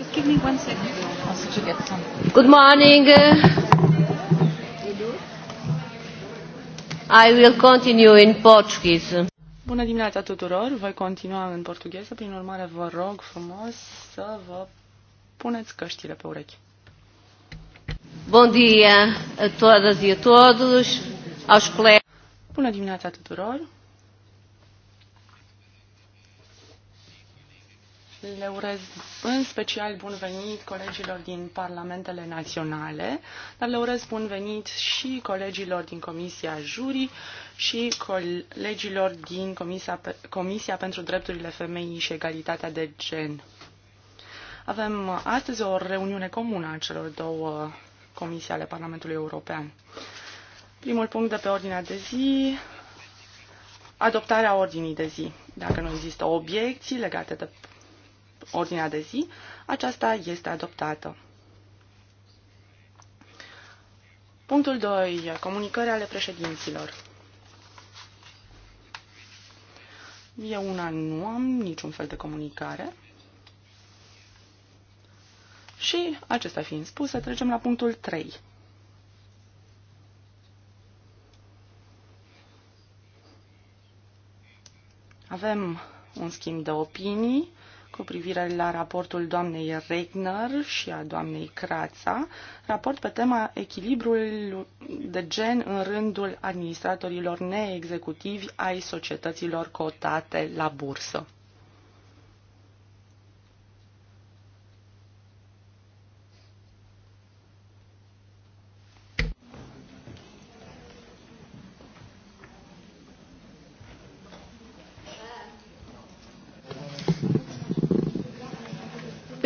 Good morning. I will continue in Portuguese. Bună dimineața tuturor, voi continua în portugheză, prin urmare vă rog frumos să vă puneți căștile pe urechi. Bun dia a todas e a todos, aos colegas. Bună dimineața tuturor, Le urez în special bun venit colegilor din parlamentele naționale, dar le urez bun venit și colegilor din Comisia Jurii și colegilor din Comisia, Comisia pentru Drepturile Femeii și Egalitatea de Gen. Avem astăzi o reuniune comună a celor două comisii ale Parlamentului European. Primul punct de pe ordinea de zi adoptarea ordinii de zi. Dacă nu există obiecții legate de ordinea de zi, aceasta este adoptată. Punctul 2. Comunicări ale președinților. Eu una nu am niciun fel de comunicare. Și, acesta fiind spus, să trecem la punctul 3. Avem un schimb de opinii cu privire la raportul doamnei Regner și a doamnei Crața, raport pe tema echilibrul de gen în rândul administratorilor neexecutivi ai societăților cotate la bursă.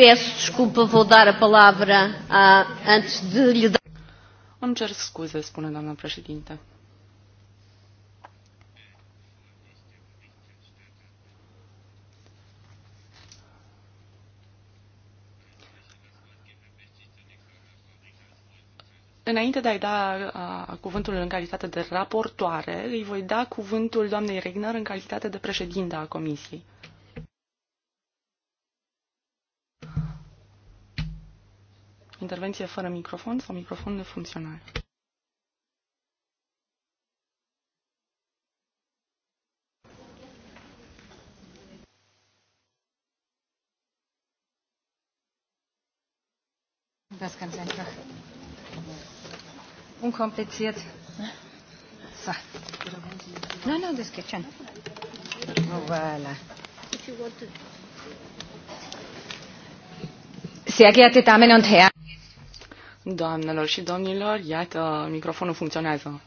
Peço desculpa, vou dar a palavra a, ah, antes de lhe dar. Îmi cer scuze, spune doamna președinte. Înainte de a-i da a, cuvântul în calitate de raportoare, îi voi da cuvântul doamnei Regner în calitate de președinte a Comisiei. intervenție fără microfon sau microfon nefuncțional. Das ganz einfach. Unkompliziert. So. Nein, no, nein, no, das geht schon. Oh, voilà. Sehr geehrte Damen und Herren, Doamnelor și domnilor, iată, microfonul funcționează.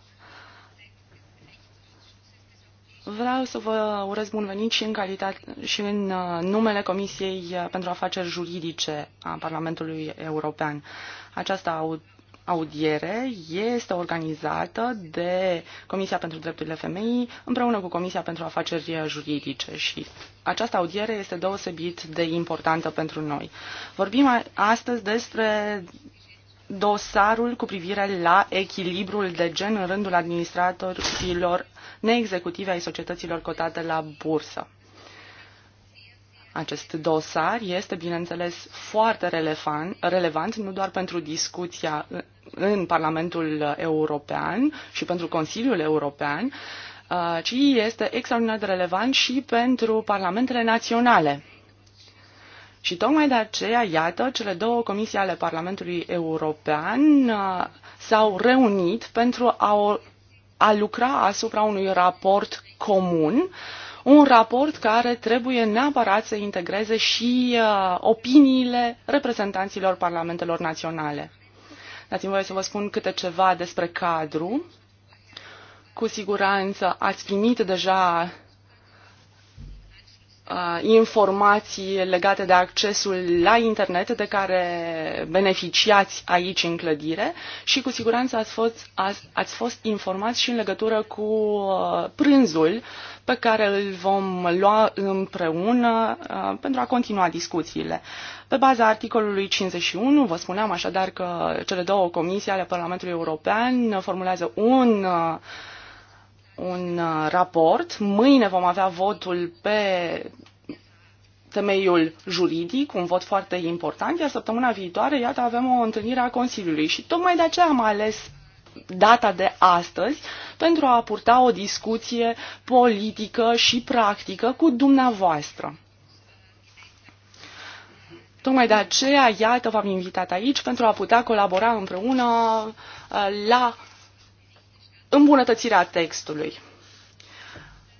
Vreau să vă urez bun venit și în, calitate, și în uh, numele Comisiei uh, pentru Afaceri Juridice a Parlamentului European. Această audiere este organizată de Comisia pentru Drepturile Femeii împreună cu Comisia pentru Afaceri Juridice și această audiere este deosebit de importantă pentru noi. Vorbim astăzi despre dosarul cu privire la echilibrul de gen în rândul administratorilor neexecutive ai societăților cotate la bursă. Acest dosar este, bineînțeles, foarte relevant, relevant nu doar pentru discuția în Parlamentul European și pentru Consiliul European, uh, ci este extraordinar de relevant și pentru parlamentele naționale. Și tocmai de aceea, iată, cele două comisii ale Parlamentului European uh, s-au reunit pentru a, a lucra asupra unui raport comun un raport care trebuie neapărat să integreze și uh, opiniile reprezentanților parlamentelor naționale. Dați-mi voie să vă spun câte ceva despre cadru. Cu siguranță ați primit deja Uh, informații legate de accesul la internet de care beneficiați aici în clădire și cu siguranță ați fost, ați, ați fost informați și în legătură cu uh, prânzul pe care îl vom lua împreună uh, pentru a continua discuțiile. Pe baza articolului 51, vă spuneam așadar că cele două comisii ale Parlamentului European formulează un uh, un uh, raport. Mâine vom avea votul pe temeiul juridic, un vot foarte important, iar săptămâna viitoare, iată, avem o întâlnire a Consiliului și tocmai de aceea am ales data de astăzi pentru a purta o discuție politică și practică cu dumneavoastră. Tocmai de aceea, iată, v-am invitat aici pentru a putea colabora împreună uh, la îmbunătățirea textului.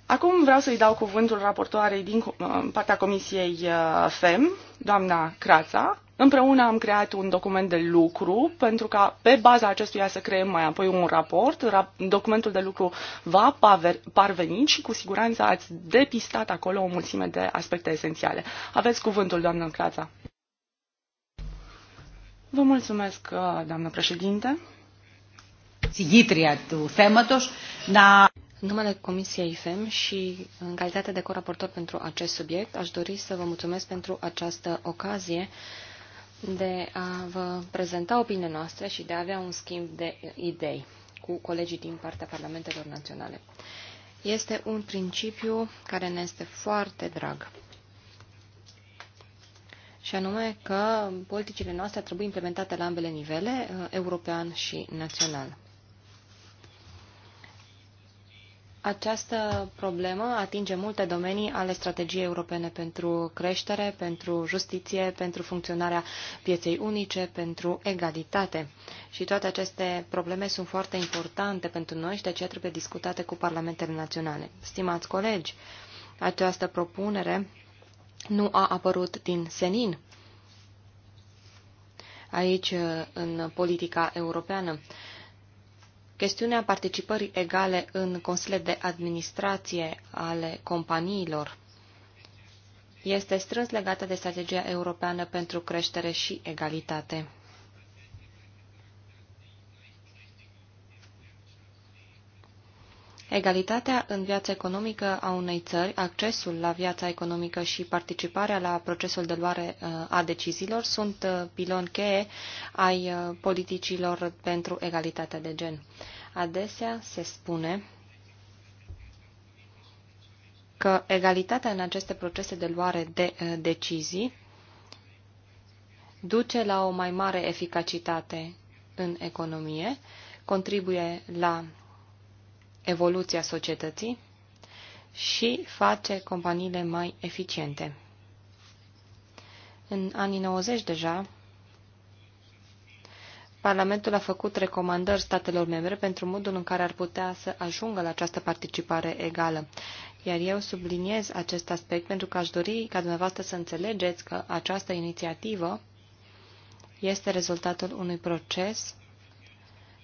Acum vreau să-i dau cuvântul raportoarei din uh, partea Comisiei uh, FEM, doamna Crața. Împreună am creat un document de lucru pentru ca pe baza acestuia să creăm mai apoi un raport. Documentul de lucru va parveni și cu siguranță ați depistat acolo o mulțime de aspecte esențiale. Aveți cuvântul, doamnă Crața. Vă mulțumesc, uh, doamnă președinte. Sigitria του θέματος να... În numele Comisiei FEM și în calitate de coraportor pentru acest subiect, aș dori să vă mulțumesc pentru această ocazie de a vă prezenta opiniile noastre și de a avea un schimb de idei cu colegii din partea Parlamentelor Naționale. Este un principiu care ne este foarte drag. Și anume că politicile noastre trebuie implementate la ambele nivele, uh, european și național. Această problemă atinge multe domenii ale strategiei europene pentru creștere, pentru justiție, pentru funcționarea pieței unice, pentru egalitate. Și toate aceste probleme sunt foarte importante pentru noi și de aceea trebuie discutate cu parlamentele naționale. Stimați colegi, această propunere nu a apărut din senin aici în politica europeană. Chestiunea participării egale în consiliile de administrație ale companiilor este strâns legată de strategia europeană pentru creștere și egalitate. Egalitatea în viața economică a unei țări, accesul la viața economică și participarea la procesul de luare uh, a deciziilor sunt uh, pilon cheie ai uh, politicilor pentru egalitatea de gen. Adesea se spune că egalitatea în aceste procese de luare de decizii duce la o mai mare eficacitate în economie, contribuie la evoluția societății și face companiile mai eficiente. În anii 90 deja, Parlamentul a făcut recomandări statelor membre pentru modul în care ar putea să ajungă la această participare egală. Iar eu subliniez acest aspect pentru că aș dori ca dumneavoastră să înțelegeți că această inițiativă este rezultatul unui proces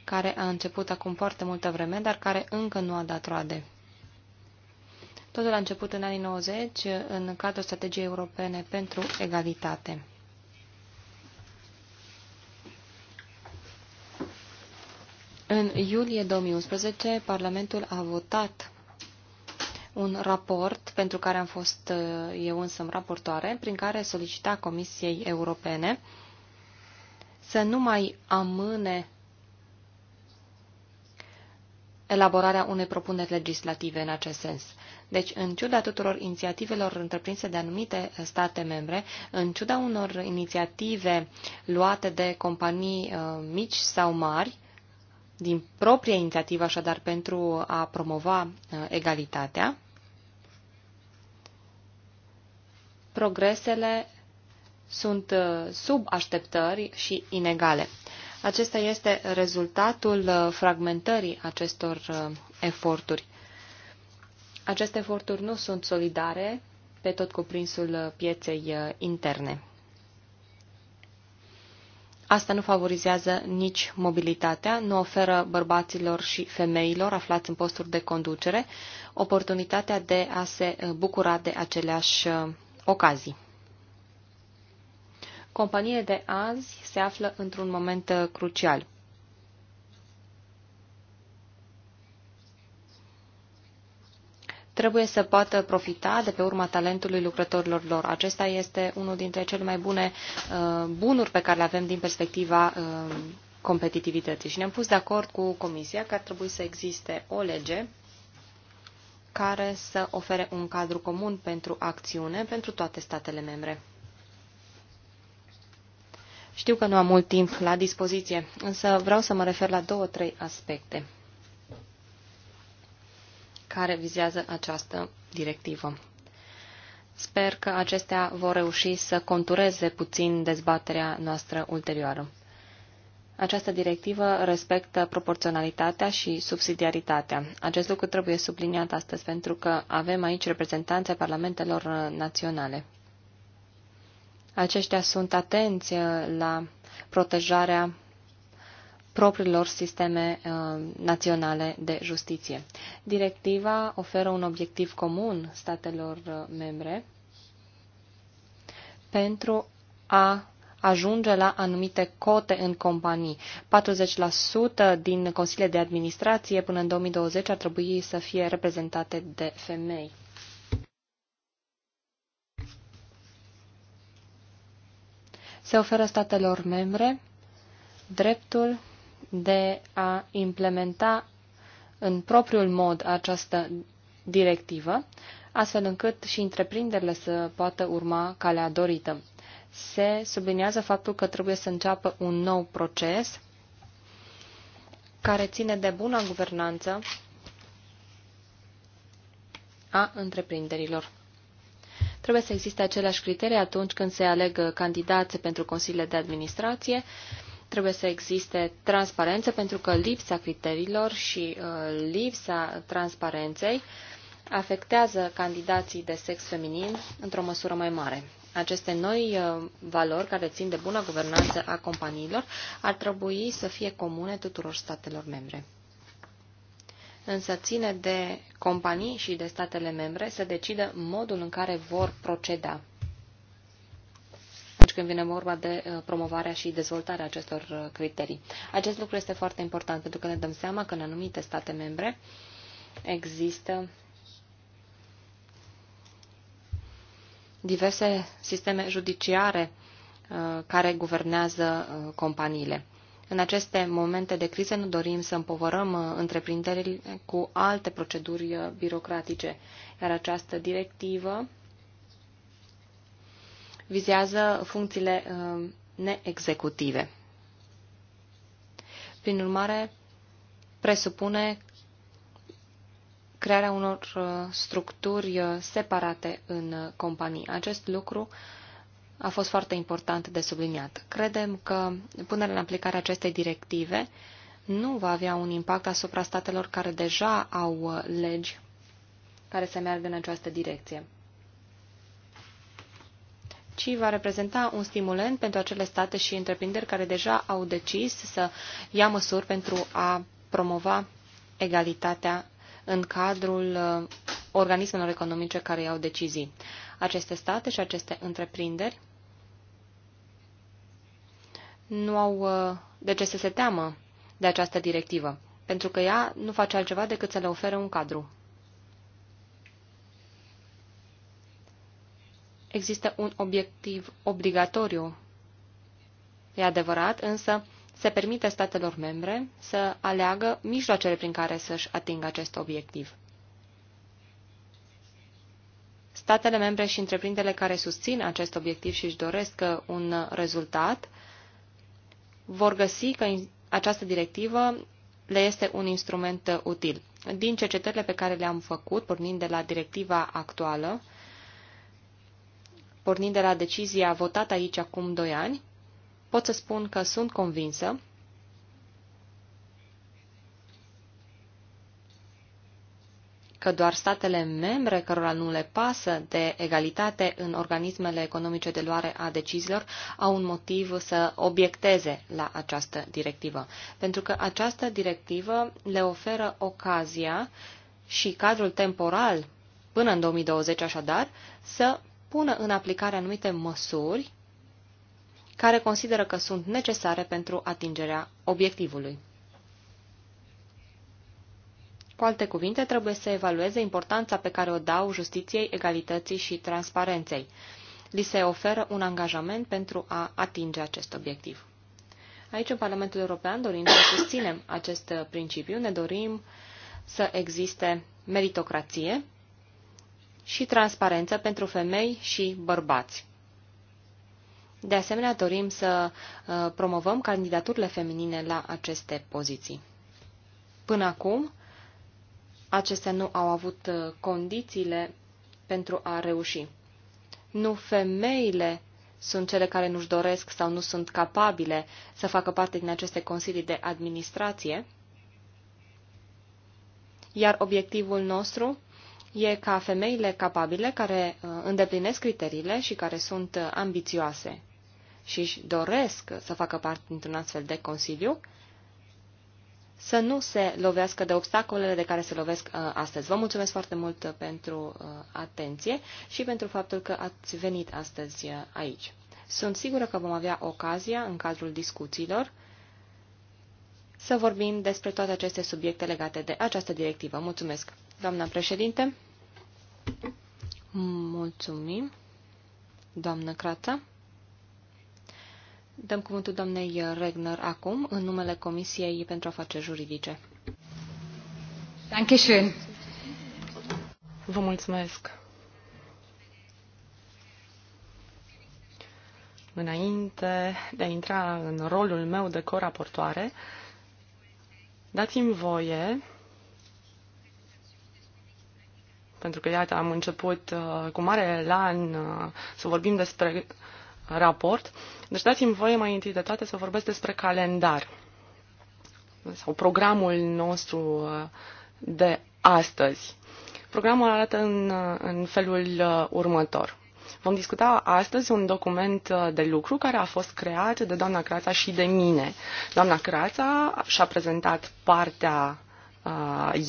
care a început acum foarte multă vreme, dar care încă nu a dat roade. Totul a început în anii 90 în cadrul strategiei europene pentru egalitate. În iulie 2011, Parlamentul a votat un raport pentru care am fost uh, eu însă raportoare, prin care solicita Comisiei Europene să nu mai amâne elaborarea unei propuneri legislative în acest sens. Deci, în ciuda tuturor inițiativelor întreprinse de anumite state membre, în ciuda unor inițiative luate de companii uh, mici sau mari, din proprie inițiativă, așadar, pentru a promova uh, egalitatea, progresele sunt uh, sub așteptări și inegale. Acesta este rezultatul uh, fragmentării acestor uh, eforturi. Aceste eforturi nu sunt solidare pe tot cuprinsul uh, pieței interne. Asta nu favorizează nici mobilitatea, nu oferă bărbaților și femeilor aflați în posturi de conducere oportunitatea de a se bucura de aceleași ocazii companiile de azi se află într-un moment uh, crucial. Trebuie să poată profita de pe urma talentului lucrătorilor lor. Acesta este unul dintre cele mai bune uh, bunuri pe care le avem din perspectiva uh, competitivității. Și ne-am pus de acord cu Comisia că ar trebui să existe o lege care să ofere un cadru comun pentru acțiune pentru toate statele membre. Știu că nu am mult timp la dispoziție, însă vreau să mă refer la două, trei aspecte care vizează această directivă. Sper că acestea vor reuși să contureze puțin dezbaterea noastră ulterioară. Această directivă respectă proporționalitatea și subsidiaritatea. Acest lucru trebuie subliniat astăzi pentru că avem aici reprezentanțe parlamentelor naționale aceștia sunt atenți uh, la protejarea propriilor sisteme uh, naționale de justiție. Directiva oferă un obiectiv comun statelor uh, membre pentru a ajunge la anumite cote în companii. 40% din consiliile de administrație până în 2020 ar trebui să fie reprezentate de femei. se oferă statelor membre dreptul de a implementa în propriul mod această directivă, astfel încât și întreprinderile să poată urma calea dorită. Se subliniază faptul că trebuie să înceapă un nou proces care ține de bună guvernanță a întreprinderilor. Trebuie să existe aceleași criterii atunci când se aleg candidați pentru consiliile de administrație. Trebuie să existe transparență pentru că lipsa criteriilor și uh, lipsa transparenței afectează candidații de sex feminin într-o măsură mai mare. Aceste noi uh, valori care țin de buna guvernanță a companiilor ar trebui să fie comune tuturor statelor membre însă ține de companii și de statele membre să decidă modul în care vor proceda Deci când vine vorba de uh, promovarea și dezvoltarea acestor uh, criterii. Acest lucru este foarte important pentru că ne dăm seama că în anumite state membre există diverse sisteme judiciare uh, care guvernează companiile. În aceste momente de criză nu dorim să împovărăm uh, întreprinderile cu alte proceduri uh, birocratice, iar această directivă vizează funcțiile uh, neexecutive. Prin urmare, presupune crearea unor structuri separate în companii. Acest lucru uh, a fost foarte important de subliniat. Credem că punerea în aplicare acestei directive nu va avea un impact asupra statelor care deja au uh, legi care să meargă în această direcție, ci va reprezenta un stimulent pentru acele state și întreprinderi care deja au decis să ia măsuri pentru a promova egalitatea în cadrul uh, organismelor economice care iau decizii. Aceste state și aceste întreprinderi nu au uh, de ce să se teamă de această directivă, pentru că ea nu face altceva decât să le ofere un cadru. Există un obiectiv obligatoriu, e adevărat, însă se permite statelor membre să aleagă mijloacele prin care să-și atingă acest obiectiv statele membre și întreprinderile care susțin acest obiectiv și își doresc uh, un uh, rezultat vor găsi că această directivă le este un instrument uh, util. Din cercetările pe care le-am făcut, pornind de la directiva actuală, pornind de la decizia votată aici acum 2 ani, pot să spun că sunt convinsă că doar statele membre cărora nu le pasă de egalitate în organismele economice de luare a deciziilor au un motiv să obiecteze la această directivă. Pentru că această directivă le oferă ocazia și cadrul temporal până în 2020 așadar, să pună în aplicare anumite măsuri care consideră că sunt necesare pentru atingerea obiectivului. Cu alte cuvinte, trebuie să evalueze importanța pe care o dau justiției, egalității și transparenței. Li se oferă un angajament pentru a atinge acest obiectiv. Aici, în Parlamentul European, dorim să susținem acest principiu, ne dorim să existe meritocrație și transparență pentru femei și bărbați. De asemenea, dorim să uh, promovăm candidaturile feminine la aceste poziții. Până acum, acestea nu au avut uh, condițiile pentru a reuși. Nu femeile sunt cele care nu-și doresc sau nu sunt capabile să facă parte din aceste consilii de administrație, iar obiectivul nostru e ca femeile capabile care uh, îndeplinesc criteriile și care sunt uh, ambițioase și își doresc să facă parte dintr-un astfel de consiliu, să nu se lovească de obstacolele de care se lovesc uh, astăzi. Vă mulțumesc foarte mult uh, pentru uh, atenție și pentru faptul că ați venit astăzi aici. Sunt sigură că vom avea ocazia, în cadrul discuțiilor, să vorbim despre toate aceste subiecte legate de această directivă. Mulțumesc, doamna președinte. Mulțumim, doamnă Crața. Dăm cuvântul doamnei Regner acum, în numele Comisiei pentru Afaceri Juridice. Dankeschön. Vă mulțumesc. Înainte de a intra în rolul meu de coraportoare, dați-mi voie, pentru că iată am început uh, cu mare lan uh, să vorbim despre raport. Deci dați-mi voie mai întâi de toate să vorbesc despre calendar sau programul nostru uh, de astăzi. Programul arată în, uh, în felul uh, următor. Vom discuta astăzi un document de lucru care a fost creat de doamna Crața și de mine. Doamna Crața și-a prezentat partea Uh,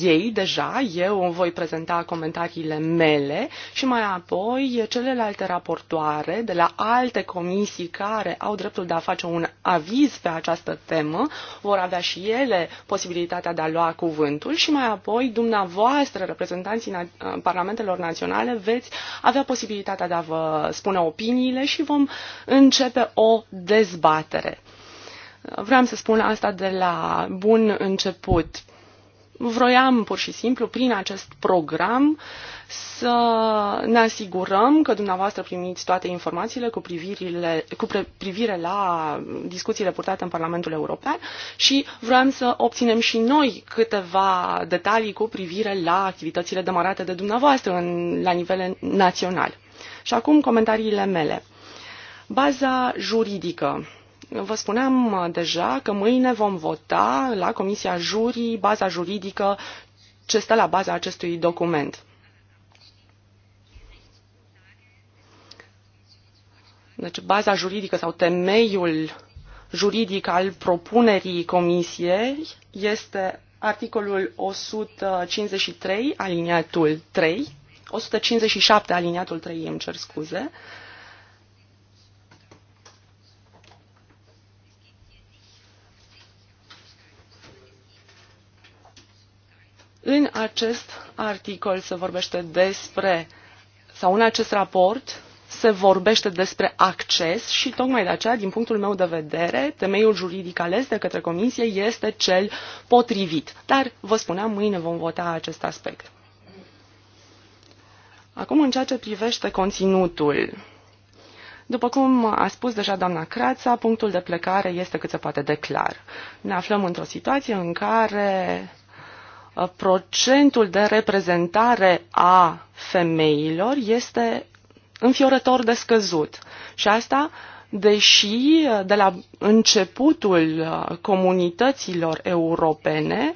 ei deja, eu îmi voi prezenta comentariile mele și mai apoi celelalte raportoare de la alte comisii care au dreptul de a face un aviz pe această temă vor avea și ele posibilitatea de a lua cuvântul și mai apoi dumneavoastră, reprezentanții na- uh, parlamentelor naționale, veți avea posibilitatea de a vă spune opiniile și vom începe o dezbatere. Vreau să spun asta de la bun început Vroiam pur și simplu prin acest program să ne asigurăm că dumneavoastră primiți toate informațiile cu, privirile, cu privire la discuțiile purtate în Parlamentul European și vroiam să obținem și noi câteva detalii cu privire la activitățile demarate de dumneavoastră în, la nivel național. Și acum comentariile mele. Baza juridică Vă spuneam uh, deja că mâine vom vota la Comisia Jurii baza juridică ce stă la baza acestui document. Deci baza juridică sau temeiul juridic al propunerii comisiei este articolul 153, aliniatul 3, 157, aliniatul 3, îmi cer scuze, uh, În acest articol se vorbește despre, sau în acest raport, se vorbește despre acces și tocmai de aceea, din punctul meu de vedere, temeiul juridic ales de către Comisie este cel potrivit. Dar, vă spuneam, mâine vom vota acest aspect. Acum, în ceea ce privește conținutul, după cum a spus deja doamna Crața, punctul de plecare este cât se poate de clar. Ne aflăm într-o situație în care procentul de reprezentare a femeilor este înfiorător de scăzut. Și asta deși de la începutul uh, comunităților europene uh,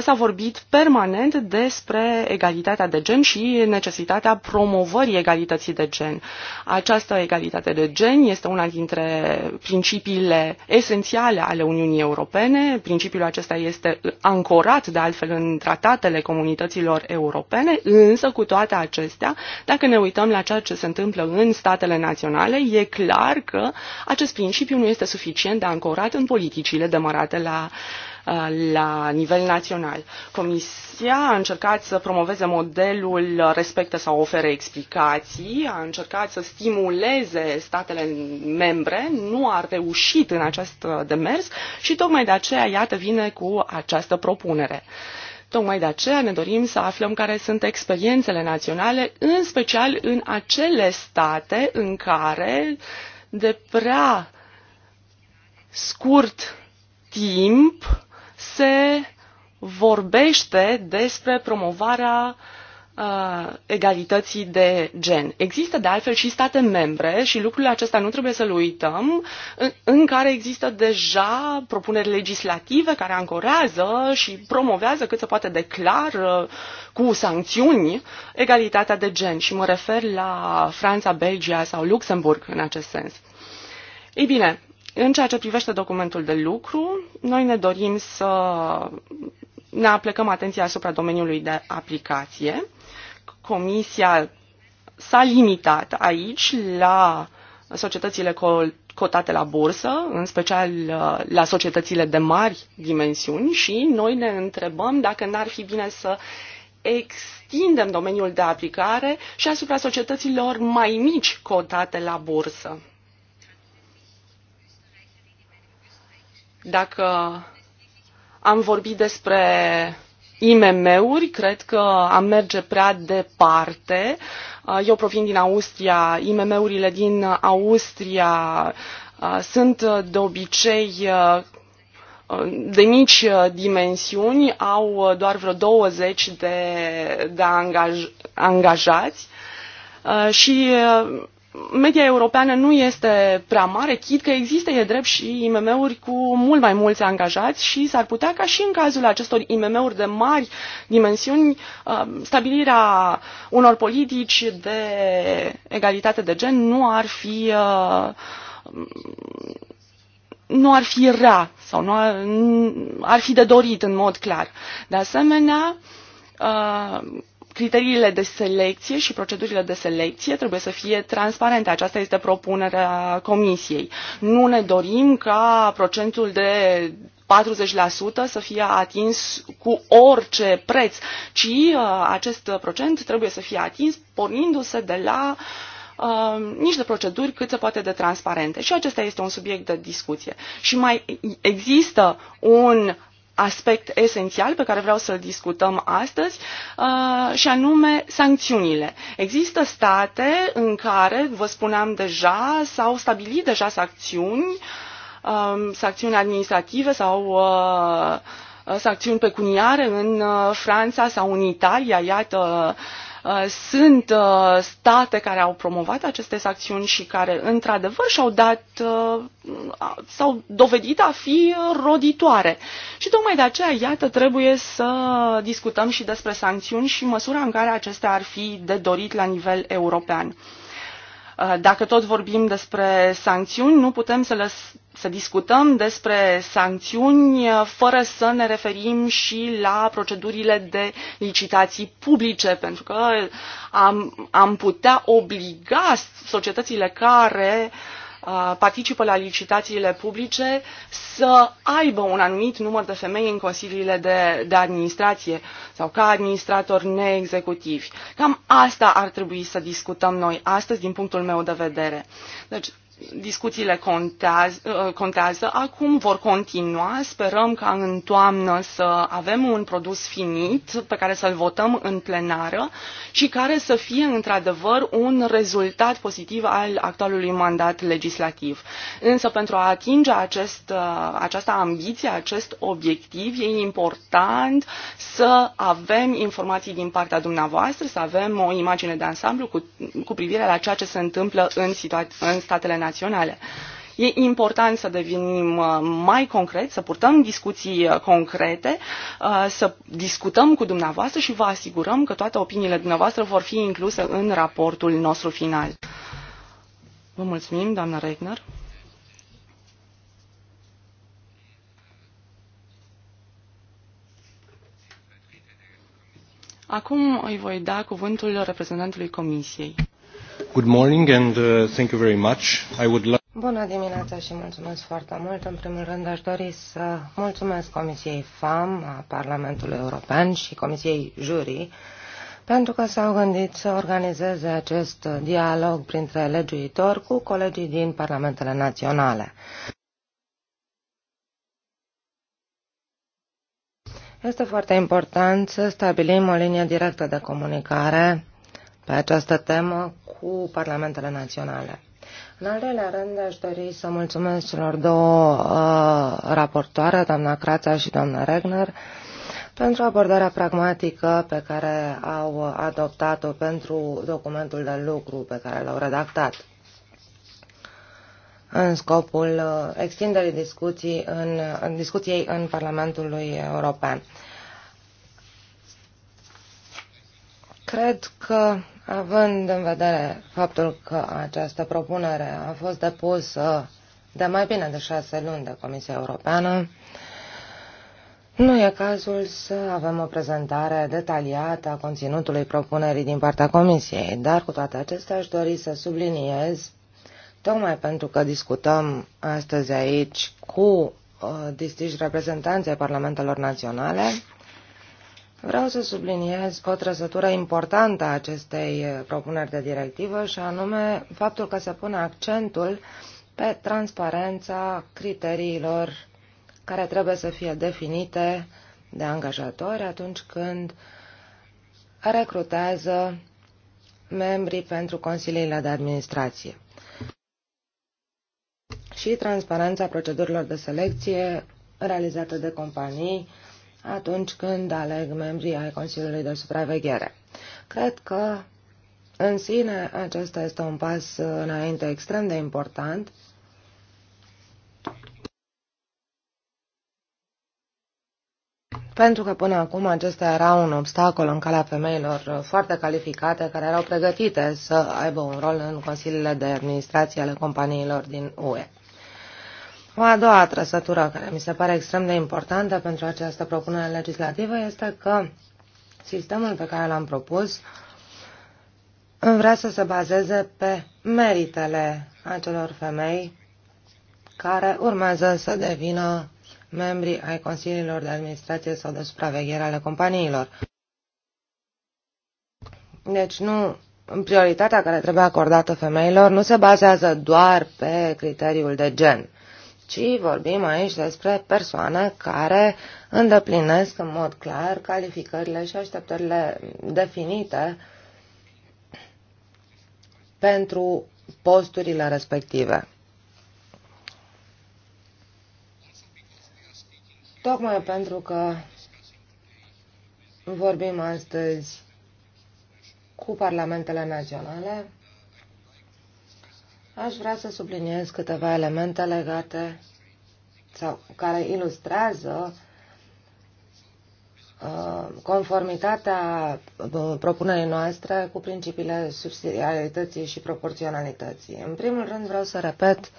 s-a vorbit permanent despre egalitatea de gen și necesitatea promovării egalității de gen. Această egalitate de gen este una dintre principiile esențiale ale Uniunii Europene. Principiul acesta este ancorat de altfel în tratatele comunităților europene, însă cu toate acestea, dacă ne uităm la ceea ce se întâmplă în statele naționale, e clar că acest principiu nu este suficient de ancorat în politicile demarate la uh, la nivel național. Comisia a încercat să promoveze modelul respectă sau ofere explicații, a încercat să stimuleze statele membre, nu a reușit în acest demers și tocmai de aceea, iată, vine cu această propunere. Tocmai de aceea ne dorim să aflăm care sunt experiențele naționale, în special în acele state în care de prea scurt timp se vorbește despre promovarea uh, egalității de gen. Există de altfel și state membre și lucrurile acesta nu trebuie să-l uităm, în, în care există deja propuneri legislative care ancorează și promovează cât se poate de clar uh, cu sancțiuni egalitatea de gen și mă refer la Franța, Belgia sau Luxemburg în acest sens. Ei bine, în ceea ce privește documentul de lucru, noi ne dorim să ne aplecăm atenția asupra domeniului de aplicație. Comisia s-a limitat aici la societățile cotate la bursă, în special uh, la societățile de mari dimensiuni și noi ne întrebăm dacă n-ar fi bine să extindem domeniul de aplicare și asupra societăților mai mici cotate la bursă. Dacă am vorbit despre IMM-uri, cred că am merge prea departe. Eu provin din Austria, IMM-urile din Austria uh, sunt de obicei uh, de mici dimensiuni, au doar vreo 20 de, de angaj, angajați uh, și media europeană nu este prea mare, chid că există, e drept, și IMM-uri cu mult mai mulți angajați și s-ar putea ca și în cazul acestor IMM-uri de mari dimensiuni, uh, stabilirea unor politici de egalitate de gen nu ar fi uh, nu ar fi rea sau nu ar, ar fi de dorit în mod clar. De asemenea, uh, criteriile de selecție și procedurile de selecție trebuie să fie transparente. Aceasta este propunerea Comisiei. Nu ne dorim ca procentul de 40% să fie atins cu orice preț, ci uh, acest procent trebuie să fie atins pornindu-se de la uh, de proceduri cât se poate de transparente. Și acesta este un subiect de discuție. Și mai există un aspect esențial pe care vreau să-l discutăm astăzi, uh, și anume sancțiunile. Există state în care, vă spuneam deja, s-au stabilit deja sancțiuni, um, sancțiuni administrative sau uh, sancțiuni pecuniare în uh, Franța sau în Italia, iată, Uh, sunt uh, state care au promovat aceste sancțiuni și care, într-adevăr, și-au dat, uh, s-au dovedit a fi roditoare. Și tocmai de aceea, iată, trebuie să discutăm și despre sancțiuni și măsura în care acestea ar fi de dorit la nivel european. Uh, dacă tot vorbim despre sancțiuni, nu putem să, lăs, să discutăm despre sancțiuni uh, fără să ne referim și la procedurile de licitații publice, pentru că am, am putea obliga societățile care uh, participă la licitațiile publice să aibă un anumit număr de femei în consiliile de, de administrație sau ca administratori neexecutivi. Cam asta ar trebui să discutăm noi astăzi din punctul meu de vedere. Deci, discuțiile contează, uh, contează. Acum vor continua. Sperăm ca în toamnă să avem un produs finit pe care să-l votăm în plenară și care să fie într-adevăr un rezultat pozitiv al actualului mandat legislativ. Însă pentru a atinge acest, uh, această ambiție, acest obiectiv, e important să avem informații din partea dumneavoastră, să avem o imagine de ansamblu cu, cu privire la ceea ce se întâmplă în, situa- în statele naționale internaționale. E important să devenim uh, mai concret, să purtăm discuții uh, concrete, uh, să discutăm cu dumneavoastră și vă asigurăm că toate opiniile dumneavoastră vor fi incluse în raportul nostru final. Vă mulțumim, doamna Regner. Acum îi voi da cuvântul reprezentantului Comisiei. Good morning and uh, thank you very much. I would like... Bună dimineața și mulțumesc foarte mult. În primul rând aș dori să mulțumesc Comisiei FAM a Parlamentului European și Comisiei Juri, pentru că s-au gândit să organizeze acest dialog printre legiuitori cu colegii din parlamentele naționale. Este foarte important să stabilim o linie directă de comunicare pe această temă cu parlamentele naționale. În al doilea rând, aș dori să mulțumesc celor două uh, raportoare, doamna Crața și doamna Regner, pentru abordarea pragmatică pe care au adoptat-o pentru documentul de lucru pe care l-au redactat în scopul uh, extinderii discuții în, în discuției în Parlamentul European. Cred că Având în vedere faptul că această propunere a fost depusă de mai bine de șase luni de Comisia Europeană, nu e cazul să avem o prezentare detaliată a conținutului propunerii din partea Comisiei, dar cu toate acestea aș dori să subliniez, tocmai pentru că discutăm astăzi aici cu uh, distinși reprezentanții Parlamentelor Naționale, Vreau să subliniez o trăsătură importantă a acestei eh, propuneri de directivă și anume faptul că se pune accentul pe transparența criteriilor care trebuie să fie definite de angajatori atunci când recrutează membrii pentru consiliile de administrație și transparența procedurilor de selecție realizate de companii atunci când aleg membrii ai Consiliului de Supraveghere. Cred că în sine acesta este un pas înainte extrem de important pentru că până acum acesta era un obstacol în calea femeilor foarte calificate care erau pregătite să aibă un rol în consiliile de administrație ale companiilor din UE. O a doua trăsătură care mi se pare extrem de importantă pentru această propunere legislativă este că sistemul pe care l-am propus vrea să se bazeze pe meritele acelor femei care urmează să devină membri ai consiliilor de administrație sau de supraveghere ale companiilor. Deci nu, prioritatea care trebuie acordată femeilor nu se bazează doar pe criteriul de gen ci vorbim aici despre persoane care îndeplinesc în mod clar calificările și așteptările definite pentru posturile respective. Tocmai pentru că vorbim astăzi cu parlamentele naționale, Aș vrea să subliniez câteva elemente legate sau care ilustrează uh, conformitatea uh, propunerii noastre cu principiile subsidiarității și proporționalității. În primul rând vreau să repet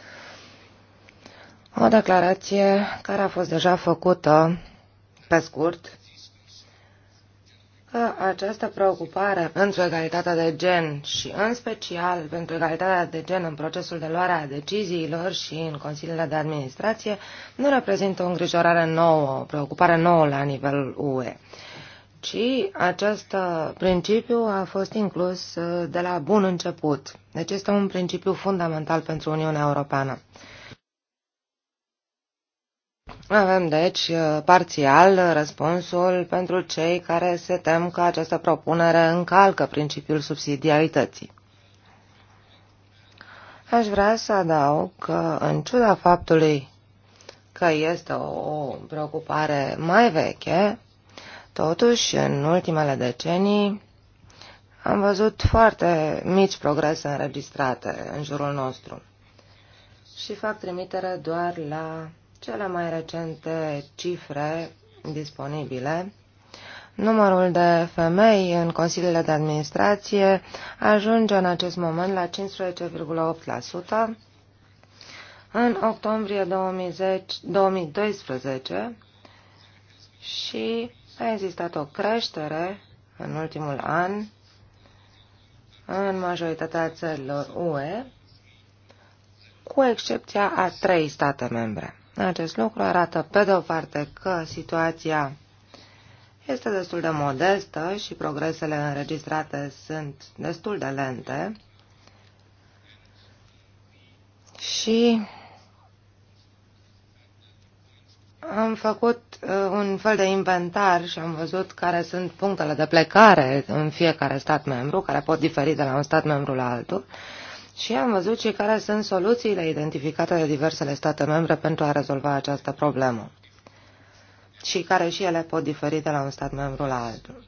o declarație care a fost deja făcută pe scurt că această preocupare pentru egalitatea de gen și în special pentru egalitatea de gen în procesul de luare a deciziilor și în consiliile de administrație nu reprezintă o îngrijorare nouă, o preocupare nouă la nivelul UE, ci acest uh, principiu a fost inclus uh, de la bun început. Deci este un principiu fundamental pentru Uniunea Europeană. Avem, deci, uh, parțial răspunsul pentru cei care se tem că această propunere încalcă principiul subsidiarității. Aș vrea să adaug că, în ciuda faptului că este o preocupare mai veche, totuși, în ultimele decenii, am văzut foarte mici progrese înregistrate în jurul nostru. Și fac trimitere doar la cele mai recente cifre disponibile, numărul de femei în consiliile de administrație ajunge în acest moment la 15,8%. În octombrie 2010, 2012 și a existat o creștere în ultimul an în majoritatea țărilor UE, cu excepția a trei state membre. Acest lucru arată, pe de o parte, că situația este destul de modestă și progresele înregistrate sunt destul de lente și am făcut uh, un fel de inventar și am văzut care sunt punctele de plecare în fiecare stat membru, care pot diferi de la un stat membru la altul și am văzut și care sunt soluțiile identificate de diversele state membre pentru a rezolva această problemă și care și ele pot diferi de la un stat membru la altul.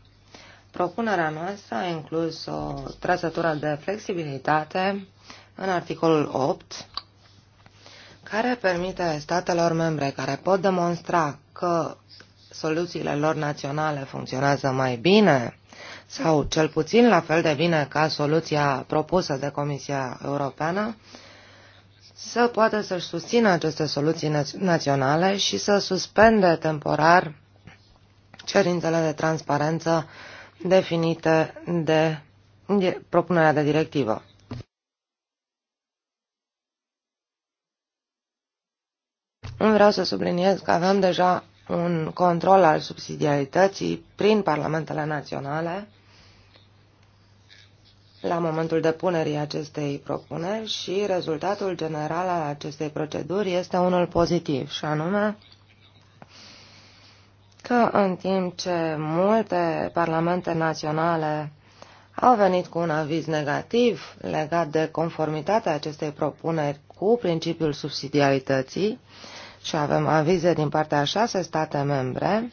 Propunerea noastră a inclus o trăsătură de flexibilitate în articolul 8, care permite statelor membre care pot demonstra că soluțiile lor naționale funcționează mai bine sau cel puțin la fel de bine ca soluția propusă de Comisia Europeană, să poată să-și susțină aceste soluții naționale și să suspende temporar cerințele de transparență definite de propunerea de directivă. Nu vreau să subliniez că avem deja un control al subsidiarității prin parlamentele naționale la momentul depunerii acestei propuneri și rezultatul general al acestei proceduri este unul pozitiv, și anume că în timp ce multe parlamente naționale au venit cu un aviz negativ legat de conformitatea acestei propuneri cu principiul subsidiarității și avem avize din partea șase state membre,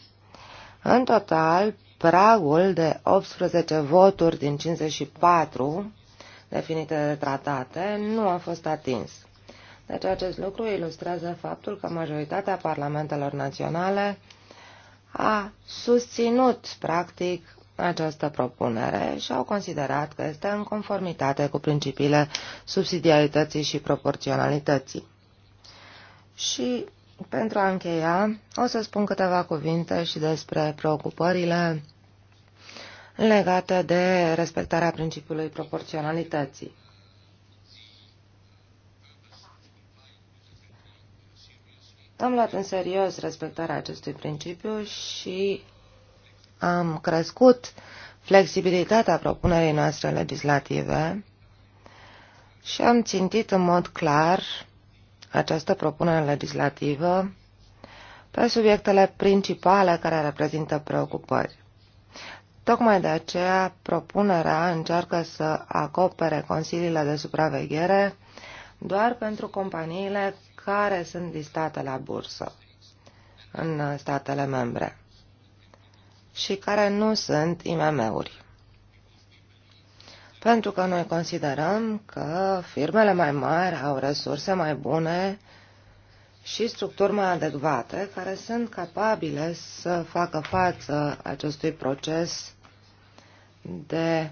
în total, pragul de 18 voturi din 54 definite de tratate nu a fost atins. Deci acest lucru ilustrează faptul că majoritatea parlamentelor naționale a susținut practic această propunere și au considerat că este în conformitate cu principiile subsidiarității și proporționalității. Și pentru a încheia, o să spun câteva cuvinte și despre preocupările legate de respectarea principiului proporționalității. Am luat în serios respectarea acestui principiu și am crescut flexibilitatea propunerii noastre legislative și am țintit în mod clar această propunere legislativă pe subiectele principale care reprezintă preocupări. Tocmai de aceea, propunerea încearcă să acopere consiliile de supraveghere doar pentru companiile care sunt listate la bursă în statele membre și care nu sunt IMM-uri. Pentru că noi considerăm că firmele mai mari au resurse mai bune și structuri mai adecvate care sunt capabile să facă față acestui proces de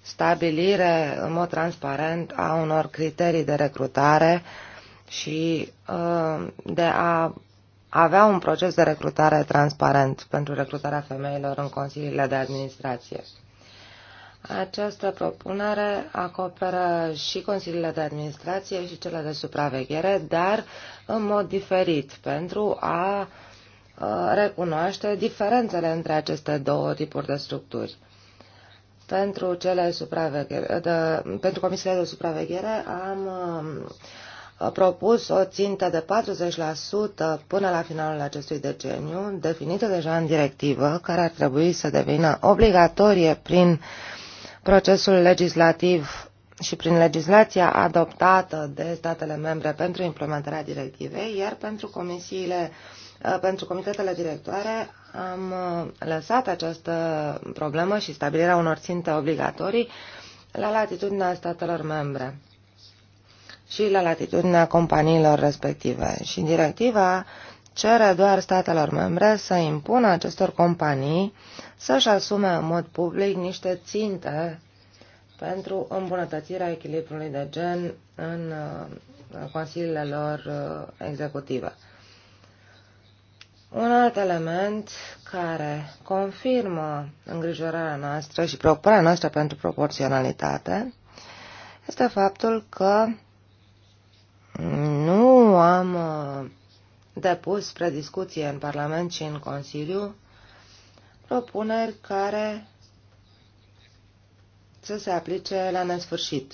stabilire în mod transparent a unor criterii de recrutare și uh, de a avea un proces de recrutare transparent pentru recrutarea femeilor în consiliile de administrație. Această propunere acoperă și consiliile de administrație și cele de supraveghere, dar în mod diferit, pentru a recunoaște diferențele între aceste două tipuri de structuri. Pentru, cele de, pentru comisiile de supraveghere am propus o țintă de 40% până la finalul acestui deceniu, definită deja în directivă, care ar trebui să devină obligatorie prin uh, procesul legislativ și prin legislația adoptată de statele membre pentru implementarea directivei, iar pentru comisiile uh, pentru comitetele directoare am uh, lăsat această problemă și stabilirea unor ținte obligatorii la latitudinea statelor membre și la latitudinea companiilor respective. Și directiva cere doar statelor membre să impună acestor companii să-și asume în mod public niște ținte pentru îmbunătățirea echilibrului de gen în uh, consiliile lor uh, executive. Un alt element care confirmă îngrijorarea noastră și preocuparea noastră pentru proporționalitate este faptul că nu am uh, depus spre discuție în Parlament și în Consiliu propuneri care să se aplice la nesfârșit.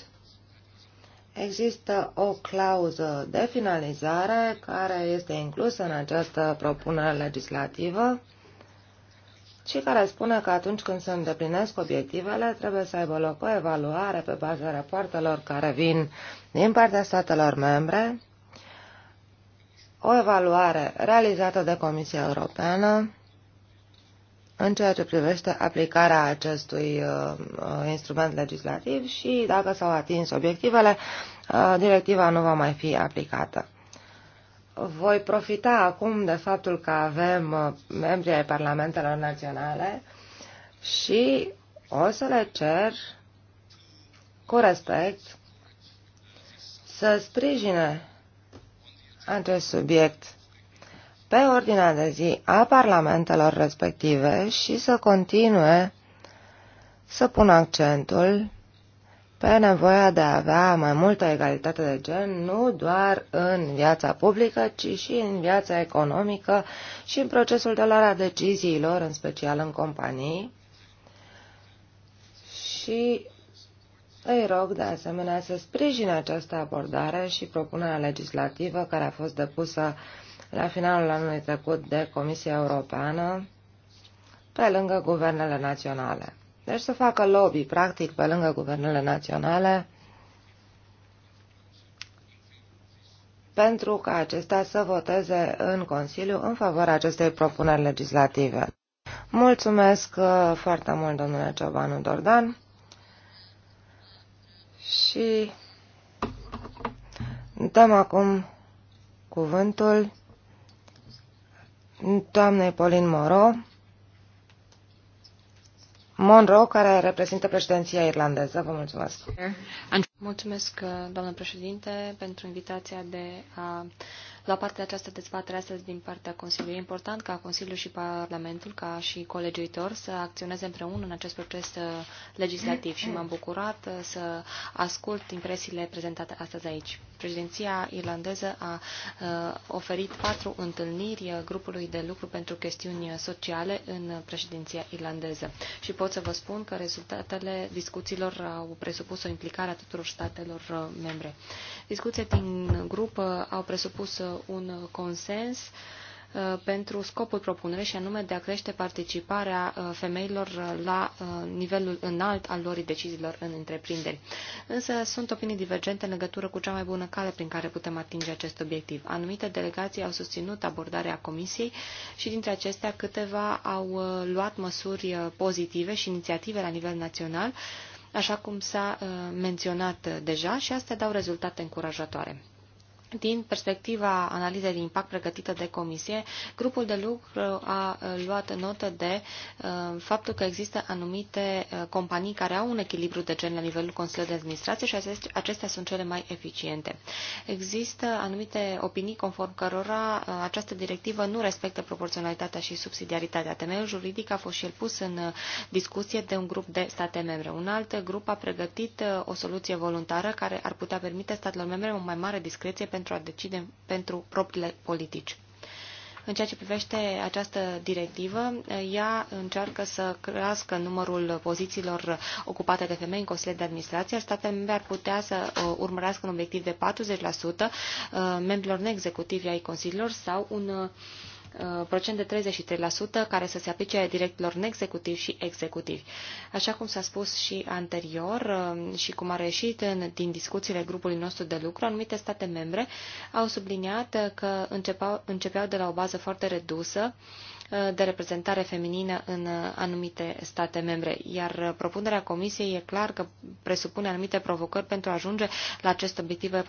Există o clauză de finalizare care este inclusă în această propunere legislativă și care spune că atunci când se îndeplinesc obiectivele, trebuie să aibă loc o evaluare pe baza rapoartelor care vin din partea statelor membre, o evaluare realizată de Comisia Europeană în ceea ce privește aplicarea acestui uh, uh, instrument legislativ și dacă s-au atins obiectivele, uh, directiva nu va mai fi aplicată. Voi profita acum de faptul că avem uh, membrii ai parlamentelor naționale și o să le cer cu respect să sprijine acest subiect pe ordinea de zi a parlamentelor respective și să continue să pună accentul pe nevoia de a avea mai multă egalitate de gen, nu doar în viața publică, ci și în viața economică și în procesul de luare a deciziilor, în special în companii. Și îi rog de asemenea să sprijine această abordare și propunerea legislativă care a fost depusă la finalul anului trecut de Comisia Europeană pe lângă guvernele naționale. Deci să facă lobby, practic, pe lângă guvernele naționale pentru ca acestea să voteze în Consiliu în favoarea acestei propuneri legislative. Mulțumesc uh, foarte mult, domnule Ciobanu Dordan. Și dăm acum cuvântul doamnei Polin Moro, Monroe, care reprezintă președinția irlandeză. Vă mulțumesc. Mulțumesc, doamnă președinte, pentru invitația de a la partea această dezbatere astăzi din partea Consiliului. E important ca Consiliul și Parlamentul, ca și colegiuitor, să acționeze împreună în acest proces uh, legislativ și m-am bucurat uh, să ascult impresiile prezentate astăzi aici. Președinția irlandeză a uh, oferit patru întâlniri grupului de lucru pentru chestiuni sociale în președinția irlandeză și pot să vă spun că rezultatele discuțiilor au presupus o implicare a tuturor statelor membre. Discuțiile din grup au presupus un consens uh, pentru scopul propunerii și anume de a crește participarea uh, femeilor la uh, nivelul înalt al lor deciziilor în întreprinderi. Însă sunt opinii divergente în legătură cu cea mai bună cale prin care putem atinge acest obiectiv. Anumite delegații au susținut abordarea comisiei și dintre acestea câteva au luat măsuri pozitive și inițiative la nivel național, așa cum s-a menționat deja și astea dau rezultate încurajatoare. Din perspectiva analizei de impact pregătită de comisie, grupul de lucru a luat notă de faptul că există anumite companii care au un echilibru de gen la nivelul Consiliului de Administrație și acestea sunt cele mai eficiente. Există anumite opinii conform cărora această directivă nu respectă proporționalitatea și subsidiaritatea. Temeiul juridic a fost și el pus în discuție de un grup de state membre. Un alt grup a pregătit o soluție voluntară care ar putea permite statelor membre o mai mare discreție pe pentru a decide pentru propriile politici. În ceea ce privește această directivă, ea încearcă să crească numărul pozițiilor ocupate de femei în consiliile de Administrație. Statele membre ar putea să uh, urmărească un obiectiv de 40% uh, membrilor neexecutivi ai Consiliilor sau un uh, Uh, procent de 33% care să se aplice directilor neexecutivi și executivi. Așa cum s-a spus și anterior uh, și cum a reșit în, din discuțiile grupului nostru de lucru, anumite state membre au subliniat că începeau, începeau de la o bază foarte redusă de reprezentare feminină în anumite state membre, iar propunerea Comisiei e clar că presupune anumite provocări pentru a ajunge la acest obiectiv de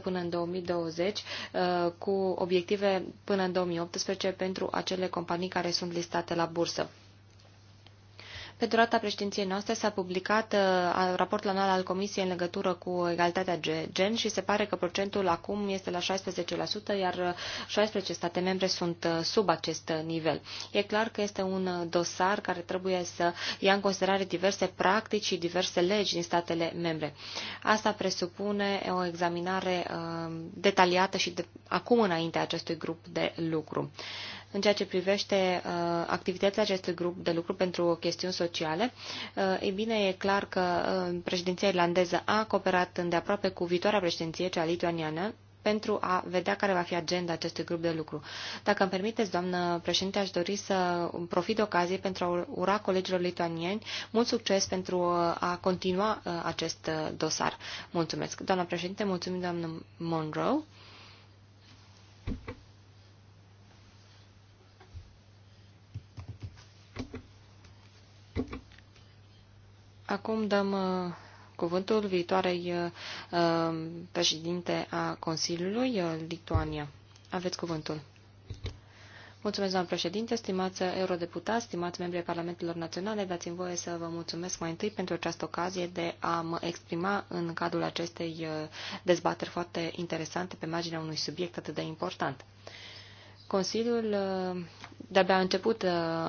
40% până în 2020, uh, cu obiective până în 2018 pentru acele companii care sunt listate la bursă. Pe durata președinției noastre s-a publicat uh, raportul anual al Comisiei în legătură cu egalitatea gen și se pare că procentul acum este la 16%, iar 16 uh, state membre sunt uh, sub acest nivel. E clar că este un uh, dosar care trebuie să ia în considerare diverse practici și diverse legi din statele membre. Asta presupune o examinare uh, detaliată și de, acum înainte acestui grup de lucru. Uh, în ceea ce privește uh, activitatea acestui grup de lucru pentru chestiuni sociale, uh, e bine, e clar că uh, președinția irlandeză a cooperat îndeaproape cu viitoarea președinție, cea lituaniană, pentru a vedea care va fi agenda acestui grup de lucru. Dacă îmi permiteți, doamnă președinte, aș dori să profit de ocazie pentru a ura colegilor lituanieni mult succes pentru uh, a continua uh, acest uh, dosar. Mulțumesc. Doamna președinte, mulțumim doamnă Monroe. Acum dăm uh, cuvântul viitoarei uh, uh, președinte a Consiliului, Lituania. Aveți cuvântul. Mulțumesc, doamnă președinte, stimați eurodeputați, stimați membri ai Parlamentelor Naționale, dați-mi voie să vă mulțumesc mai întâi pentru această ocazie de a mă exprima în cadrul acestei dezbateri foarte interesante pe marginea unui subiect atât de important. Consiliul de-abia a început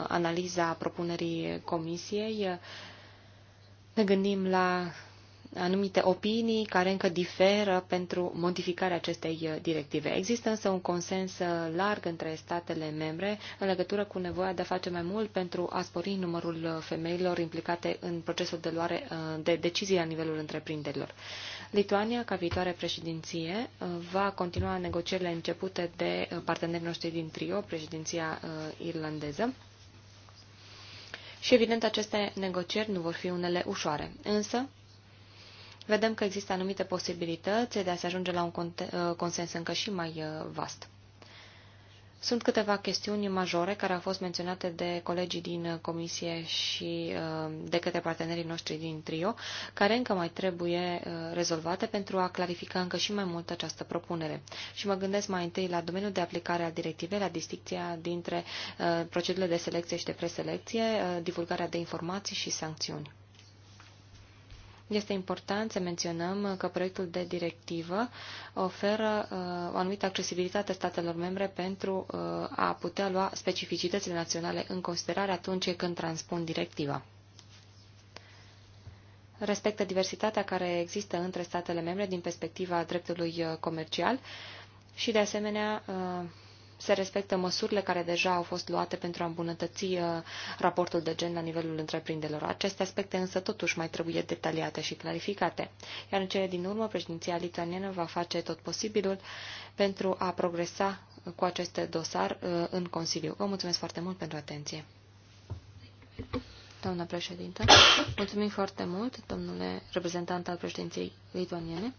analiza propunerii Comisiei ne gândim la anumite opinii care încă diferă pentru modificarea acestei uh, directive. Există însă un consens uh, larg între statele membre în legătură cu nevoia de a face mai mult pentru a spori numărul uh, femeilor implicate în procesul de luare de decizii la nivelul întreprinderilor. Lituania, ca viitoare președinție, va continua negocierile începute de partenerii noștri din trio, președinția irlandeză și evident, aceste negocieri nu vor fi unele ușoare. Însă, vedem că există anumite posibilități de a se ajunge la un uh, consens încă și mai uh, vast. Sunt câteva chestiuni majore care au fost menționate de colegii din comisie și uh, de către partenerii noștri din trio, care încă mai trebuie uh, rezolvate pentru a clarifica încă și mai mult această propunere. Și mă gândesc mai întâi la domeniul de aplicare a directivei, la distinția dintre uh, procedurile de selecție și de preselecție, divulgarea de informații și sancțiuni. Este important să menționăm că proiectul de directivă oferă uh, o anumită accesibilitate statelor membre pentru uh, a putea lua specificitățile naționale în considerare atunci când transpun directiva respectă diversitatea care există între statele membre din perspectiva dreptului uh, comercial și, de asemenea, se respectă măsurile care deja au fost luate pentru a îmbunătăți uh, raportul de gen la nivelul întreprinderilor. Aceste aspecte însă totuși mai trebuie detaliate și clarificate. Iar în cele din urmă, președinția lituaniană va face tot posibilul pentru a progresa cu acest dosar uh, în Consiliu. Vă mulțumesc foarte mult pentru atenție. Doamna președintă, mulțumim foarte mult, domnule reprezentant al președinției lituaniene.